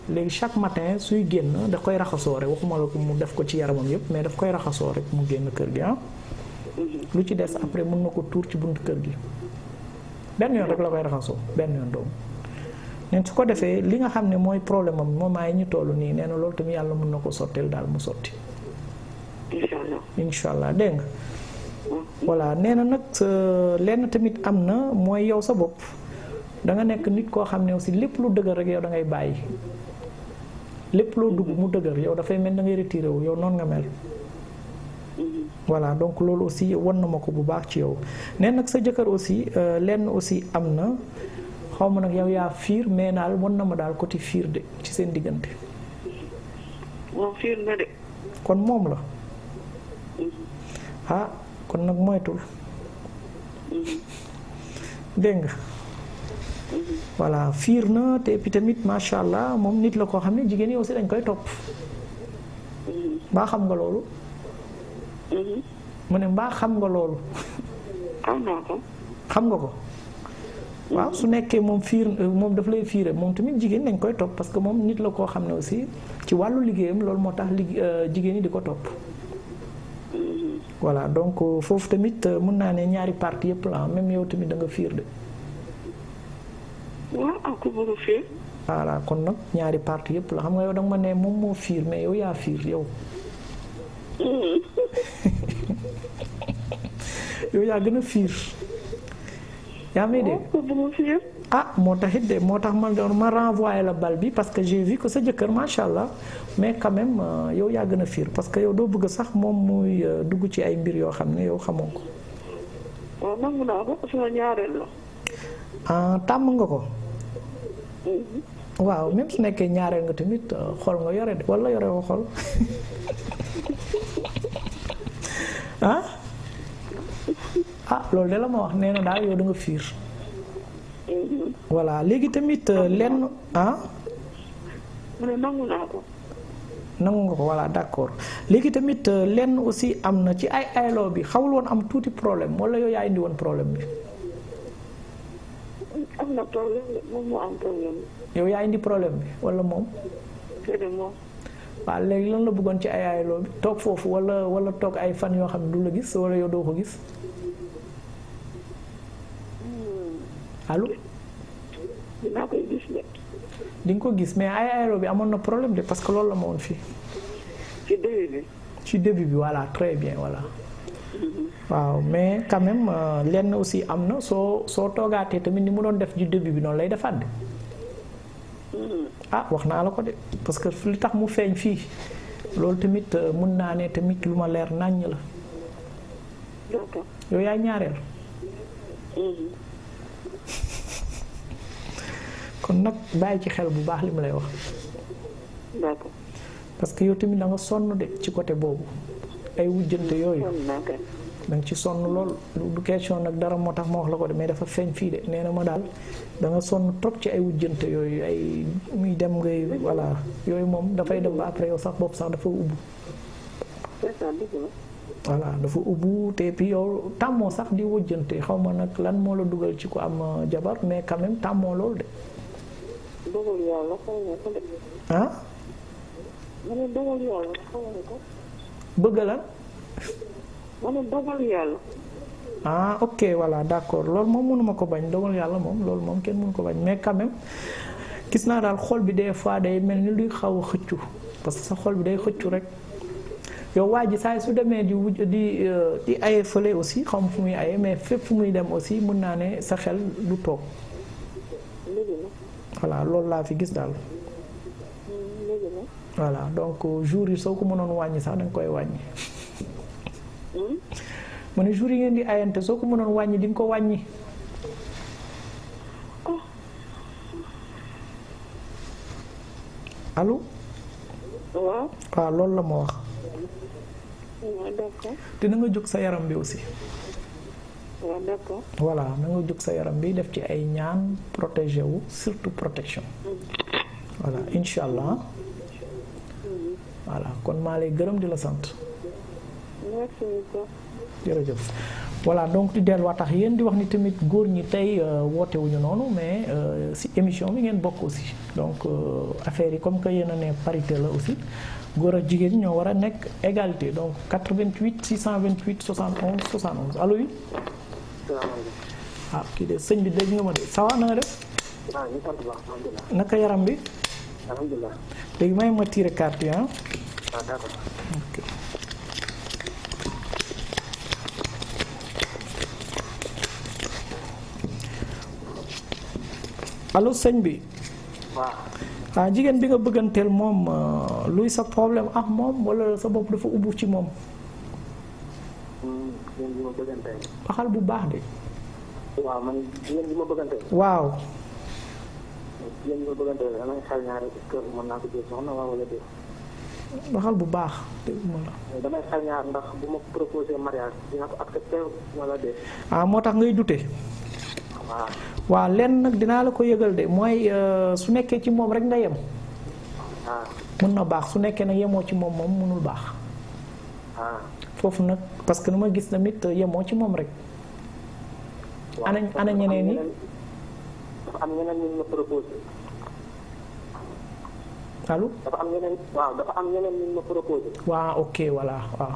léegi chaque matin suy génn daf koy raxasoo rek waxuma la ko mu def ko ci yaramam yépp mais daf koy raxasoo rek mu génn kër gi ah lu ci des après mën na ko tuur ci buntu kër gi benn yoon rek la koy raxasoo benn yoon doom neen su ko defee li nga xam ne mooy problème moom moment yi ñu toll nii nee na loolu tamit yàlla mun na ko sotteel daal mu sotti incha allah dégg nga voilà nee na nag lenn tamit am na mooy yow sa bopp danga nekk nit koo xam ne aussi lépp lu dëgër rek yow da ngay bàyyi lépp loo dugg mu dëgër yow dafay mel da ngay retiré wu yow noonu nga mel voilà donc loolu aussi wan na ma ko bu baax ci yow nee nag sa jëkkër aussi euh, lenn aussi am na xaw ma nag yow yaa fiir mais daal wan na ma daal côté fiir de ci seen diggante.
moom fiir na de.
kon moom la.
Mm-hmm.
ah kon nag moytul.
Mm-hmm.
dégg nga. Mm-hmm. voilà fiir na te puis tamit macha allah moom nit la koo xam ne jigéen yi aussi dañ koy topp. baa xam nga loolu. Mm-hmm. mune mba mbaa xam nga loolu xam nga ko waaw su nekké mom fiir mom daf lay fiiré mom tamit jigéen nañ koy top parce que mom nit la ko xamné aussi ci walu liggéeyam loolu motax lig euh, jigéen yi ko mm-hmm. voilà donc euh, foofu tamit euh, mën na né ñaari parti yépp la même yow tamit da nga fiir de voilà kon nak ñaari parti yépp la xam nga yow da nga ma ne moom fiir mais yow ya fiir yow yow yaa gën a fiir yaa may dégg oh, ah moo tax it de moo tax man doon ma renvoyé la bal bi parce que j'ai vu sa jëkkër macha allah mais quand euh, yow yaa gën a fiir parce que yow doo bëgg sax moom muy euh, dugg ci ay mbir yoo xam ne yow xamoo ko.
waaw oh, nangu ñaareel
ah, tàmm nga ko. Mhm. waaw même su nekkee ñaareel nga tamit euh, xool nga yore de wala yore woo xool. ah ah loolu de la ma wax nee na daal yow da fiir voilà léegi tamit lenn ah.
nangu naa
ah? nga ko voilà d'accord léegi tamit euh, lenn aussi am na ci ay ayloo bi xawul woon am tuuti problème wala yow yaa indi woon problème bi.
am na problème
yow yaa indi problème bi wala moom. waaw ah, léegi lan la bëggoon ci ay aayaloo bi toog foofu wala wala toog ay fan yoo xam ne du la gis wala yow doo ko gis hmm. allo. dinaa koy gis de. di nga ko gis mais ay aayaloo bi amoon na problème de parce que loolu la ma woon fii. ci début bi. ci début bi voilà très bien voilà. Mm-hmm. waaw mais quand même euh, lenn aussi am na soo soo toogaatee tamit ni mu doon def ci début bi noonu lay defaat de. ah wax naa la ko de parce que li tax mu feeñ fii loolu tamit euh, mun naa ne tamit lu ma leer nàññ la yow yaay ñaareel mm-hmm. kon nag bàyyi ci xel bu baax li ma lay wax parce que yow tamit da sonn de ci côté boobu ay wujjante yooyu da nga ci sonn lool du question nag dara moo tax ma wax la ko de mais dafa feeñ fii de nee na ma daal da nga sonn trop ci ay wujjante yooyu ay muy dem ngay voilà yooyu moom dafay dem ba après yow sax bopp sax dafa ubbu voilà dafa ubbu te puis yow tàmmoo sax di wujjante xaw ma nag lan moo la dugal ci ko am euh, jabar mais quand même tàmmoo loolu de ah bëgg lan
wala dogal yàlla.
ah ok voilà d'accord loolu moom mënuma ko bañ dogal yàlla moom loolu moom kenn mënu ko bañ mais quand gis naa daal xool bi des fois day mel ni luy xaw a xëccu parce que sa xool bi day xëccu rek. yow waa ji saa su demee di wuj di euh, di aye fële aussi xam fu muy aye mais fépp fu muy dem aussi mën naa ne sa xel lu toog voilà loolu laa fi gis daal voilà donc euh, jour yi soo ko mënoon wàññi sax da koy wàññi ma ne jour yi ngeen di ayante soo ko mënoon wàññi di ko wàññi. allo. waaw waaw loolu la ma wax. te na nga jóg sa yaram bi aussi.
waaw d'accord.
voilà na jóg sa yaram bi def ci ay ñaan protégé wu surtout protection. Mm-hmm. voilà incha allah. Mm-hmm. voilà kon maa lay gërëm di la sant. merci jërëjëf voilà donc di delluwaat tax yéen di wax ni tamit góor ñi tey euh, wootewuñu noonu mais euh, si émission bi ngeen bokk aussi donc euh, affaire yi comme que yéen a ne parité la aussi góor ak jigéen ñoo war a nekk égalité donc 88 628 71 71 allo yi. salaamaaleykum. ah kii de sëñ bi dégg nga ma de ça va def.
Ah,
naka yaram bi. alhamdulilah.
léegi may ma tiré carte yi allo sëñ bi. waaw ah, jigen bi nga bëgganteel mom ah, luy sa problème ah mom wala sa bop dafa ubu ci moom. xal bu baax de.
wa man jigen bi ma wa waaw. jigéen bi ma bëgganteel damay xel ñaar est-ce que ko jox na waaw wala déet.
xal bu baax dégguma la.
dama xal ñaar ndax bu ma proposer mariage dina ko accepter wala de
ah motax ngay dute. waaw lenn nag dinaa la ko yëgal de mooy euh, su nekkee ci moom rek nga yem ah. mën na baax su nekkee na yemoo ci moom moom mënul baax ah. foofu nag parce que nu ma gis tamit euh, yemoo ci moom rek ana ana ñeneen yi dafa am ñeneen ñu ma proposé allo dafa am ok voilà waaw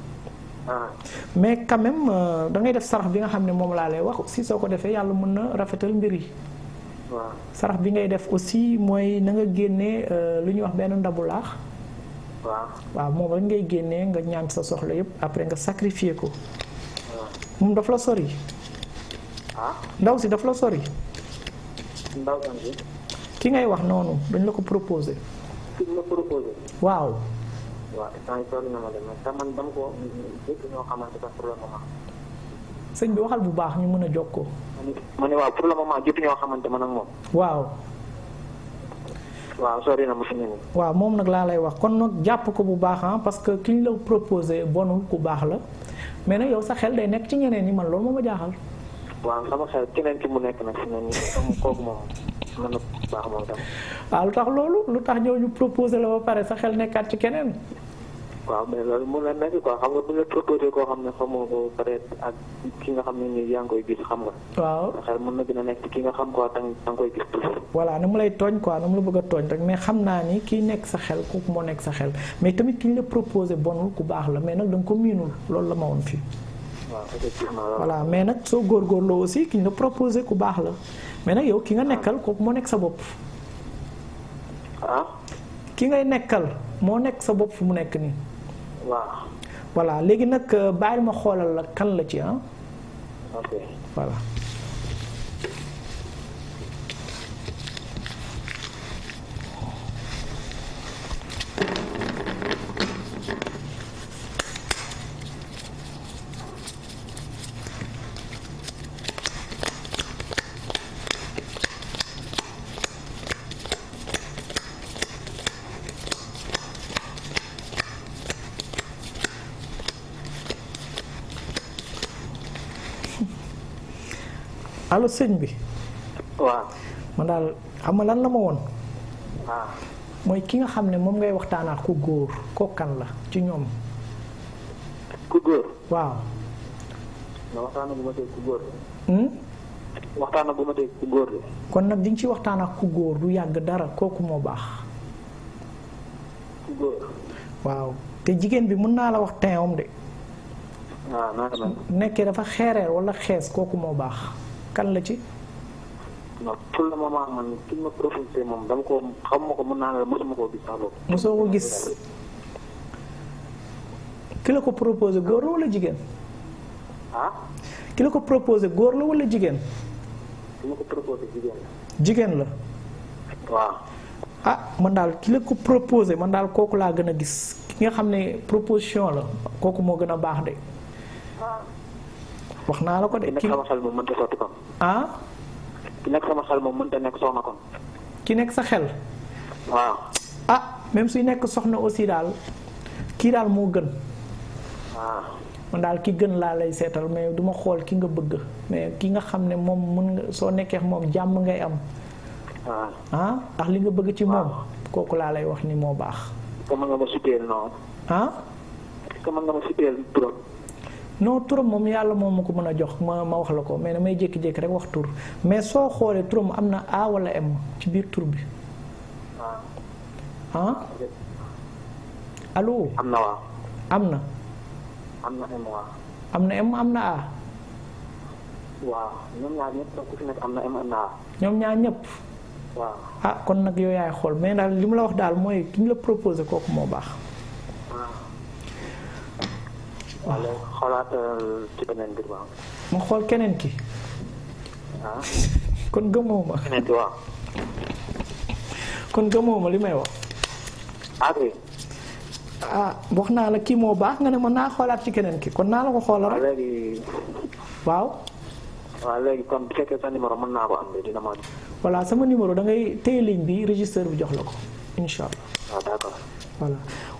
Ah. mais quand même euh, da ngay def sarax bi nga xam ne moom laa lay wax aussi soo ko defee yàlla mën na rafetal mbir yi. sarax bi ngay def aussi mooy na nga génnee euh, lu ñuy wax benn ndabu laax. waaw moom rek ngay génnee nga ñaan sa soxla yépp après nga sacrifier ko. moom daf la sori. Ah? ndaw si daf la sori. ndaw ki ngay wax noonu dañ la ko proposé. waaw.
waaw instant yii toll na ma demee man dama ko dégg ñoo
xamante sëñ bi waxal bu baax ñu mën a jokkoo.
ma ne waaw pour le moment jotu ñoo xamante man ak moom. waaw. sori na mu
waaw moom nag laa lay wax kon nag jàpp ko bu baax ah, parce que ki ñu la proposé bonul ku baax la mais na yow sa xel day nekk ci ñeneen yi man loolu moom a jaaxal. waaw sama xel keneen ki mu nekk nag
kooku moom. mën na baax
waaw lu tax loolu lu tax ñooñu proposé la ba pare sa xel nekkaat ci keneen.
waaw mais loolu mën na nekk quoi xam nga bu ñu la koo xam ne xamoo ko peut être ak nga xam ne nii yaa ngi xam nga. waaw xel mën na gën a nekk ki nga xam quoi da nga koy gis toujours.
voilà na mu lay na la bëgg tooñ rek mais xam naa ni kii nekk sa xel kooku moo nekk sa xel mais tamit ki ñu la proposé bonul ku baax la mais nag da nga ko miinul loolu la ma woon fii.
waaw effectivement
mais nag soo góorgóorloo aussi ki ñu la proposé ku baax la. mais nag yow ki nga nekkal kooku moo nekk sa bopp. Ah. ki ngay nekkal moo nekk sa bopp mu nekk nii. waaw. voilà léegi nag euh, bàyyil ma xoolal la kan la ci ah. ok allo sëñ bi. waaw. man daal xam nga lan la ma woon. Ah. mooy ki nga xam ne moom ngay waxtaanaat ku góor kooku la ci ñoom. ku góor. waaw.
waxtaan bu ma dégg ku góor hmm? waxtaan
kon nag di ci waxtaan ak ku góor du yàgg dara kooku moo baax. ku góor. waaw te jigéen bi mën naa la wax teewam de.
waaw ah,
nekkee dafa xeereer walla xees kooku moo baax. kan la ci.
non pour moment man ki moom dama ko xam ko mën naa la mosuma koo gis.
mosoo ko gis. ki la ko proposé góor la wala jigéen. ah. ki la ko proposé góor la wala jigéen.
ki ko proposé jigéen la. jigéen la. waaw.
ah man daal ki la ko proposé man daal kooku laa gën a gis ki nga xam ne proposition la kooku moo gën a baax de. Ah, wax naa la ko de ki sama
xel moom mënta sotti ah ki nekk sama xel moom mënta nekk ah même
man daal ki gën laa lay seetal mais duma xool ki nga bëgg mais ki nga xam ne moom nga soo nekkee moom jàmm ngay am ah. ah ndax li nga bëgg ci moom kooku laa lay wax ni moo baax.
nga ma suteel noonu. ah. ka nga ma suteel turam.
non turam moom yàlla moom ma ko mën a jox ma ma wax la ko mais damay jékki-jékki rek wax tur mais soo xoolee turam am na A walla M ci biir tur bi. ah. ah?
allo. am na am na. am na
na am na
A. ñoom ñaar ñëpp am na M
ñoom ñaar ñëpp. waaw ah kon nag yow yaay xool mais daal li mu la wax daal mooy ki ñu la proposé kooku moo baax.
Ah. waaw xoolaat ci beneen mbir
xool keneen ki. Ah. kon gëmoo ma. keneen ki waaw. kon gëmoo ma li may wax.
Agri. ah,
ah naa la kii moo baax nga ne mën naa xoolaat ci keneen ki kon naa la ko xoolal rek. waaw. waaw
léegi kon bu fekkee sa numéro mën naa ko am
dina ma. voilà sama numéro da ngay téye ligne bi registre bi jox la ko incha allah. waaw ah, d'accord. voilà.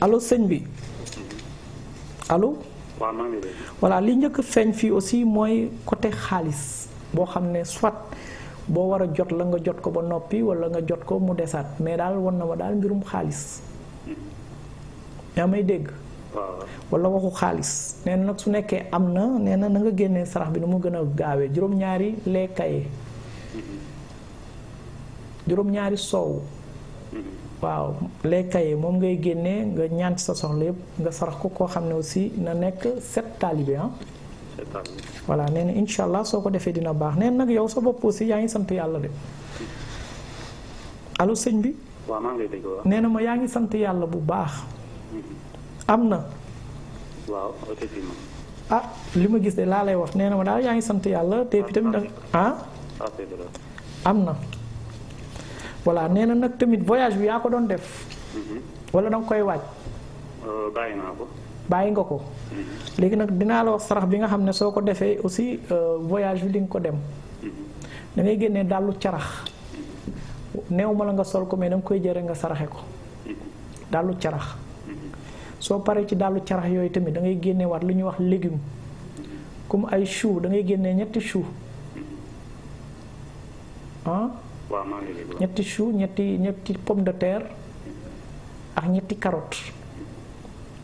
allo sëñ bi allo. waaw voilà li njëkk feeñ fii aussi mooy côté xaalis boo xam ne soit boo war a jot la nga jot ko ba noppi wala nga jot ko mu desaat mais daal wan na ma daal mbirum xaalis. yaa may dégg. wala waxu xaalis nee nag su nekkee am na nee na na nga génne sarax bi nu mu gën a gaawee juróom-ñaari lee kaye mm-hmm. juróom-ñaari soow waaw les cahiers moom ngay génnee nga ñaan sa soxla yëpp nga sarax ko koo xam ne aussi na nekk set taalibe ah. voilà nee na incha allah soo ko defee dina baax nee nag yow sa bopp aussi yaa ngi sant yàlla de sëñ bi.
waaw na
ma yaa ngi sant yàlla bu baax. Mm-hmm. am na. waaw ah li ma gis de laa lay wax nee na ma daal yaa ngi sant yàlla te itam. ah, ah? ah am na. voilà nee na nag tamit voyage bi yaa ko doon def. Mhm. wala danga koy waaj. Euh, bàyyi nga ko. Mhm. léegi nag dinaa la wax sarax bi nga xam ne soo ko defee aussi euh, voyage bi di nga ko dem. Mhm. da ngay génnee dàllu carax. néew ma la nga sol ko mais da nga koy jëre nga saraxe ko. dàllu carax. soo paree ci dàllu carax yooyu tamit da ngay génne waat lu ñuy wax légume. comme ay chou da ngay génnee ñetti chou. Ah
waaw maa ngi déglu
ñetti chou ñetti ñetti pomme de terre ak ñetti carotte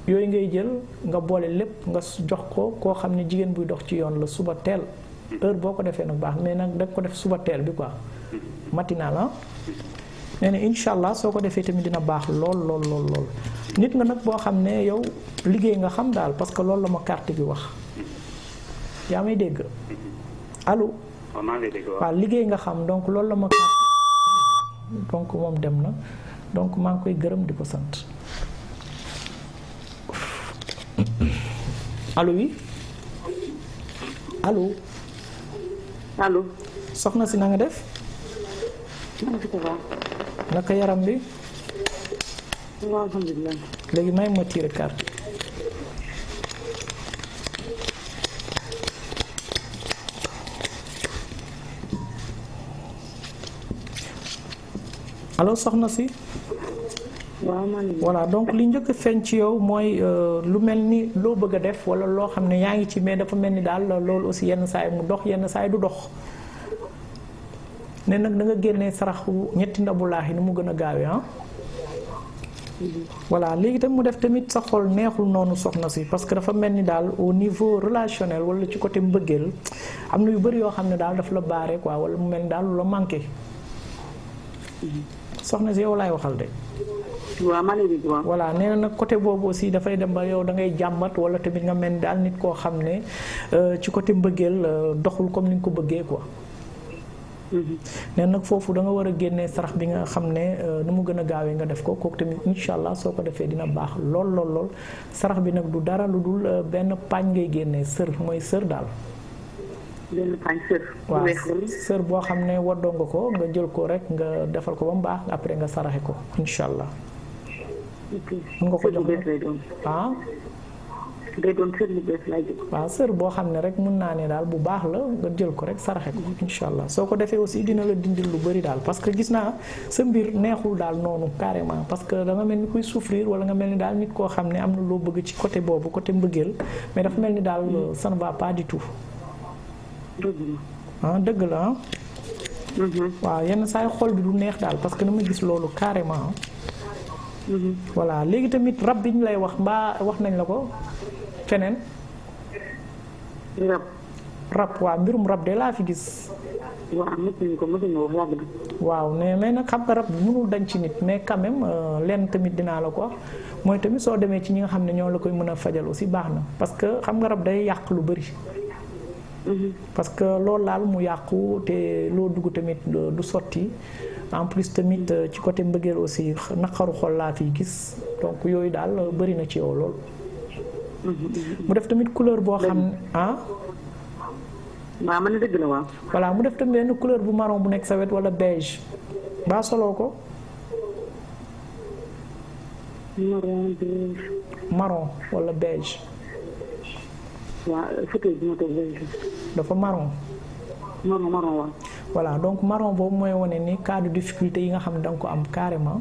yooyu ngay jël nga boole lépp nga jox ko koo xam jigen jigéen buy dox ci yoon la suba heure ko defee nag mais nag da ko def suba teel bi quoi. matinal ah. nee na incha allah soo ko defee tamit dina baax lol lol lol lool. nit nga nag boo xam ne yow liggéey nga xam daal parce que loolu la ma carte bi wax. may dégg
waaw
liggéey nga xam donc loolu la ma donc moom dem na donc maa ngi koy gërëm di ko sant allo oui allo. allo. soxna si na nga def. naka yaram bi.
waaw alhamdulilah.
léegi may ma tiire carte. allo soxna si. waaw man voilà donc li njëkk feeñ ci yow mooy euh, lu mel ni loo bëgg a def wala loo xam ne yaa ngi ci mais dafa mel ni daal loolu aussi yenn saay mu dox yenn saay du dox. ne nag da nga génnee saraxu ñetti ndabu laax yi ni mu gën a gaawee ah. voilà léegi tamit mu def tamit sa xol neexul noonu soxna si parce que dafa mel ni daal au niveau relationnel wala ci côté mbëggeel am na yu bëri yoo xam ne daal daf la baare quoi wala mu mel ni daal lu la soxna si yow laay waxal de. waaw man voilà nee na nag côté boobu aussi dafay dem ba yow da ngay jàmbat wala tamit nga mel ni daal nit koo xam ne euh, ci côté mbëggeel euh, doxul comme ni nga ko bëggee ko mm-hmm. nee nag foofu da nga war a génnee sarax bi nga xam ne euh, nu mu gën a gaawee nga def ko kooku tamit incha allah soo ko defee dina baax lool lool lool sarax bi nag du dara lu dul benn paañ ngay génnee sër mooy sër daal.
benn paañ sër. waaw
sër boo xam ne waddoo nga ko nga jël ko rek nga defal ko mu baax après nga saraxe ko incha allah. mun nga ko jox ah. day doon sër bu boo xam ne rek mun naa ne daal bu baax la nga jël ko rek saraxe ko incha allah soo ko defee aussi dina la dindil lu bëri daal parce que gis naa sa mbir neexul daal noonu carrément parce que da mel ni kuy souffrir wala nga mel ni daal nit koo xam ne am na loo bëgg ci côté boobu côté mbëggeel mais dafa mel ni daal san mm. ne va pas du tout. ah dëgg la ah. Mm-hmm. waaw yenn saa yi xol bi du neex daal parce que dama gis loolu carrément. Mm-hmm. voilà léegi tamit rab bi ñu lay wax mbaa wax nañ la ko feneen. rab. rab waaw mbirum rab de laa fi gis. waaw mos nañu ko mos nañu wax yàgg na. nag xam nga rab bi dañ ci nit mais quand même euh, lenn tamit dinaa la ko wax mooy tamit soo demee ci ñi nga xam ne ñoo la koy mën a fajal aussi baax na parce que xam nga rab day yàq lu bari parce que loolu laal mu yàqu te loo dugg tamit du sorti en plus tamit euh, ci côté mbëggeel aussi nakaru xol laa fi gis donc yoy dal euh, bari na ci yow lool. Mm-hmm. mu def tamit couleur bo xam han ah? waaw man deug na wa voilà mu def tamit benn couleur bu marron bu nek sa wet wala beige ba solo ko. marron wala beige.
waaw fauteuil
dafa marron. marron marron voilà donc marron boobu mooy wane ni cas de difficulté yi nga xam ne danga ko am carrément.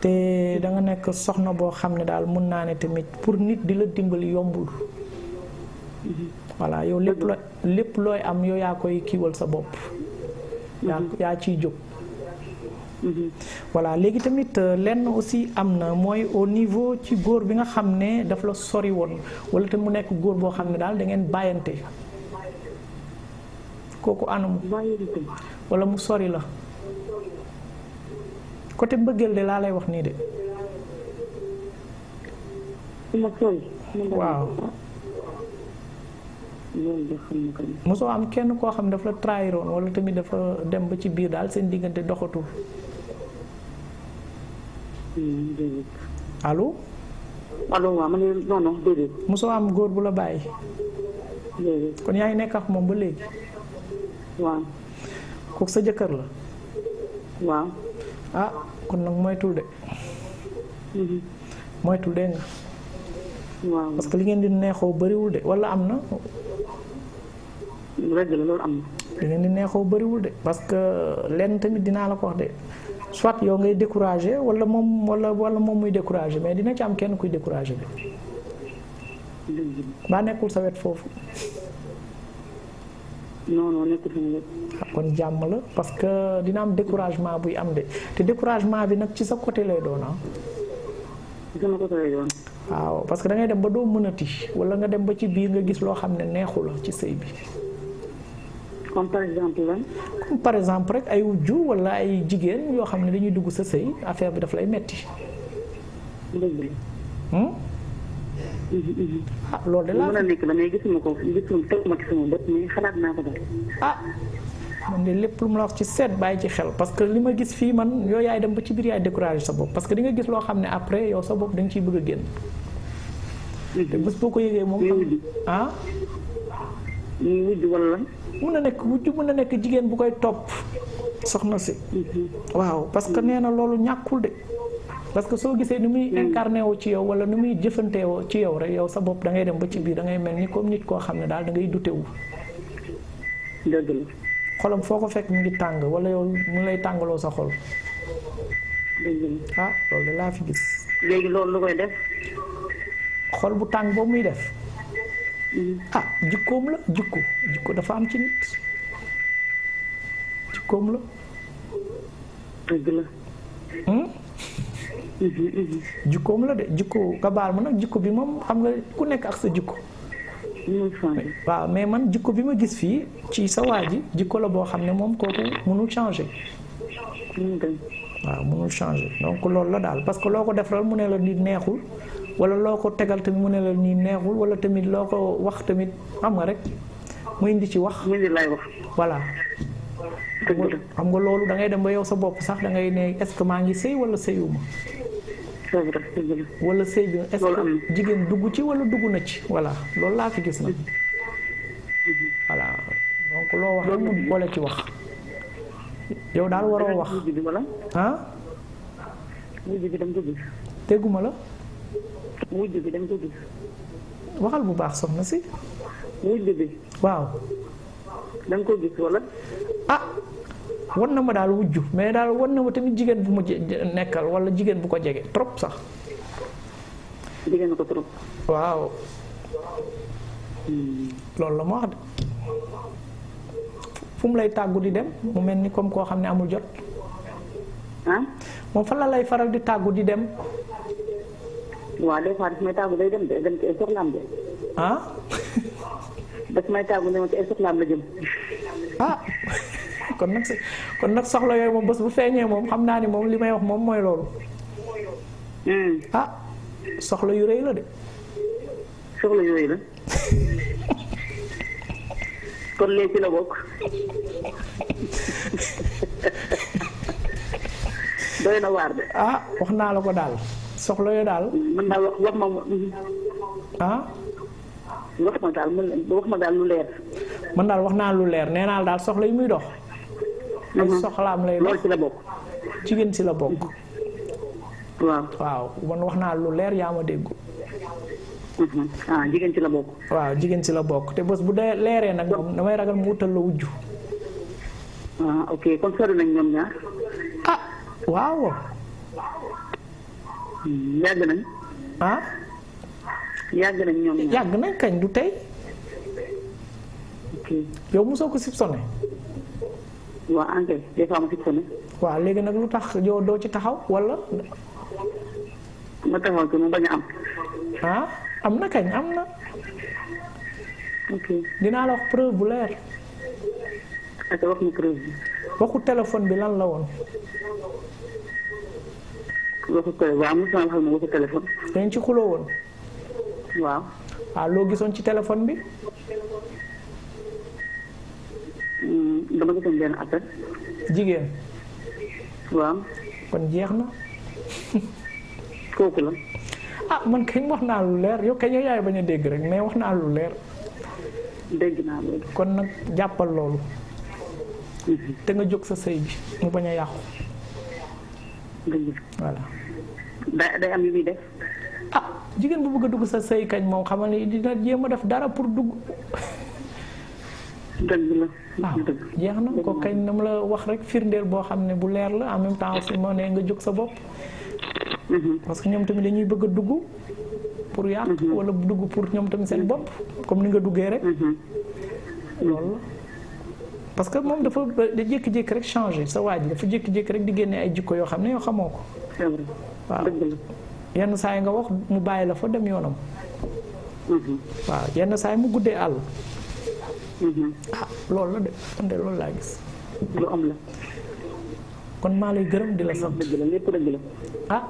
te da nga nekk soxna boo xam ne daal mun naa ne tamit pour nit di la dimbali yombul. voilà yow lépp looy lépp looy am yow yaa koy kiiwal sa bopp. yaa mhm. ciy jóg. Mm-hmm. voilà léegi tamit euh, lenn aussi am na mooy au niveau ci góor bi nga xam ne daf la sori woon wala te mu nekk góor boo xam ne daal da bàyyante kooku anam wala mu sori la côté mbëggeel de laa lay wax nii de waaw mosoo am kenn koo xam ne daf la trahiroon wala tamit dafa dem ba ci biir daal seen diggante doxatul allo. allo waaw man am góor bu la bàyyi. kon yaa ngi nekk ak moom ba léegi. waaw. kooku sa jëkkër la. waaw. ah kon nag moytul de. Mhm. moytul de nga. waaw parce que li ngeen di neexoo bariwul de walla am na. rëgg la li ngeen di neexoo bariwul de parce que lenn tamit dinaa la ko wax de. soit yow ngay découragé wala moom wala wala moom muy découragé mais dina ci am kenn kuy découragé bi baa nekkul sa wet foofu. non non nekkul ah, kon jàmm la parce que dina am découragement buy am de te découragement bi nag ci sa côté lay doon ah. ci sama waaw parce que da ngay dem ba doo mënati wala nga dem ba ci biir nga gis loo xam ne neexu la ci sëy bi. par exemple par exemple rek ay wujju wala ay jigen yo xamne dañuy dugg sa sey affaire bi daf lay metti. hmm mhm, mhm. ah loolu de la. mën na
nekk la mais gisuma ko gisuma teguma ci sama bët mais xalaat naa ko daal.
ah man de lépp lu mu wax ci seet bàyyi ci xel parce que li gis fii man yow yaay dem ba ci bir yaay décourager sa bop parce que di nga gis lo xamne après yo sa bop dang ci bëgg a mhm. te ah. wala mun na nekk wujj mun na nekk jigéen bu koy topp soxna si. waaw parce que nee na loolu ñàkkul de parce que soo gisee ni muy incarné woo ci yow wala ni muy jëfantee ci yow rek yow sa bopp da ngay dem ba ci biir da ngay mel ni comme nit koo xam ne daal dangay ngay dutewu dëgg foo ko fekk mu ngi tàng wala yow mu lay tàngaloo sa xol. dëgg la ah loolu laa fi gis.
léegi loolu lu koy def.
xol bu tàng boobu muy def. Mm. ah jikkoom la jikko jikko dafa am ci nit jikkoom la. dëgg la. Hmm? Mhm, mhm. jikkoom la de jikko nga baal ma nag jikko bi moom xam nga ku nekk ak sa jikko. waaw mais man jikko bi ma gis fii ci sa waa ji jikko la boo xam ne moom kooku mënul changer. waaw mënul changer donc loolu la daal parce que loo ko defaral mu ne la nit neexul. wala loo ko tegal tamit mu ne la nii neexul wala tamit loo ko wax tamit am nga rek mu indi ci wax. voilà. xam nga loolu da ngay dem ba yow sa bopp sax da ngay ne est-ce que maa ngi sëy wala sëyuma. wala sëy bi est jigéen dugg ci wala dugg na ci voilà loolu laa fi gis na voilà donc loo wax rek mu boole ci wax. yow daal waroo wax. ah. dégguma la.
wujj bi dañ ko gis.
waxal bu baax soxna si. wujj bi. waaw. da ko gis wala. ah wan na ma daal wujj mais daal wan na ma tamit jigéen bu ma nekkal wala jigéen bu ko jege trop sax. jigéen ko trop. waaw. Hmm. loolu la ma wax de. fu mu lay tàggu di dem mu mel ni comme koo xam ne amul jot. ah. moom fan la lay faral di tàggu di dem. waaw des fois daf may tàggu day dem de dem ci ay soxlaam de. ah. daf may tàggu ne ma la jëm. ah kon nag kon nag soxla yooyu moom bés bu feeñee moom xam naa ni moom li may wax moom mooy loolu. ah soxla yu rëy la de. soxla yu rëy la. kon léegi ci la bokk. doy na waar de. ah wax naa la ko daal. soxla yo daal. mën ma. Mhm. ah. ma daal wax ma daal lu leer. mën daal wax naa lu leer nee naa daal soxla yi muy dox. Mhm. ay soxlaam lay dox la bokk. jigéen ci la bokk. Mhm. waaw waaw man wax naa lu leer yaa ma déggu. Ah, jigéen ci la bokk. waaw jigéen ci la bokk te bés bu dee leeree nag moom damay ragal mu wutal la wujju. Ah, nañ ñoom ah waaw. yàgg nañ. ah. yàgg nañ ñoom ñoom. yàgg nañ kañ du tey. yow mosoo ko soupçonné. waa en fait des fois mu léegi nag lu tax yow doo ci taxaw wala. ma taxaw ci mu bañ a am. ah am na kañ am na. dinaa la wax preuve bu leer. ak wax bi. waxu téléphone bi lan la woon. nga ko koy waaw mos ah, naa wax ak moom nga ko téléphone. da ci téléphone bi. Mm, dama gisoon benn appel. jigéen. waaw. kon jeex na. kooku la. ah man kañ wax naa lu leer yow kañ yow yaay bañ a dégg rek mais wax naa lu leer. dégg naa loolu. kon nag jàppal loolu. Mm-hmm. te nga jóg sa sëy bi mu bañ a voilà day am yu muy def. ah jigéen bu bëgg a dugg sa sëy kañ moom xamal ni dina jéem a def dara pour dugg. dëgg la. waaw ah, jeex na ko kañ na mu la wax rek firndeel boo xam ne bu leer la en même temps su ma nee nga jóg sa bopp. Mm-hmm. parce que ñoom tamit dañuy bëgg a dugg. pour yàq mm-hmm. wala dugg pour ñoom tamit seen bopp comme ni nga duggee rek. Mm-hmm. loolu la parce que moom dafa da jékki-jékki rek changé sa waaj dafa jékki-jékki rek di génnee ay jikko yoo xam ne yoo xamoo ko. waaw yenn saa yi nga wax mu bàyyi la fa dem yoonam mm-hmm. waaw yenn saa yi mu guddee àll mm-hmm. ah loolu la de man de loolu laa gis lu am la kon maa lay gërëm di la sant dëgg la lépp dëgg la ah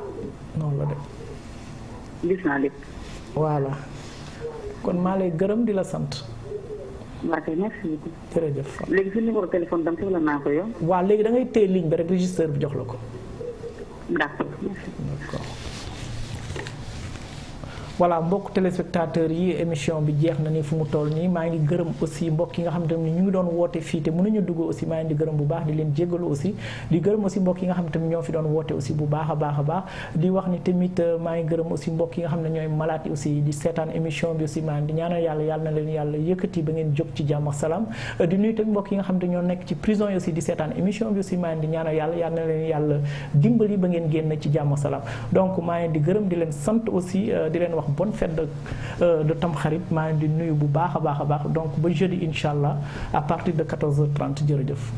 noonu la naa lépp voilà kon maa lay gërëm di la sant waa kay merci beaucoup jërëjëf léegi si numéro téléphone tam soxla naa ko yow waaw léegi da ngay téye ligne bi rek régisseur bi jox la ko D'accord. D'accord. voilà mbokk téléspectateurs yi émission bi jeex na ni fu mu toll nii maa ngi gërëm aussi mbokk yi nga xam te ni ngi doon woote fii te mënuñu dugg aussi maa ngi di gërëm bu baax di leen jégalu aussi di gërëm aussi mbokk yi nga xam te ñoo fi doon woote aussi bu baax a baax a baax di wax ni tamit euh, maa ngi gërëm aussi mbokk nga xam ne ñooy malaat aussi di seetaan émission bi aussi maa ngi di ñaanal yàlla yàlla na leen yàlla yëkkati ba ngeen jóg ci jàmm ak salaam euh, di nuyu tamit mbokk yi nga xam te ñoo nekk ci prison yi aussi di seetaan émission bi aussi maa dimbali ba ngeen génn ci jàmm salaam donc maa ngi di gërëm di leen sant aussi euh, di leen wax bonne fête de euh, de tamxarit maa ngi di nuyu bu donc ba jeudi Inch'Allah, à partir de 14h30 jërëjëf.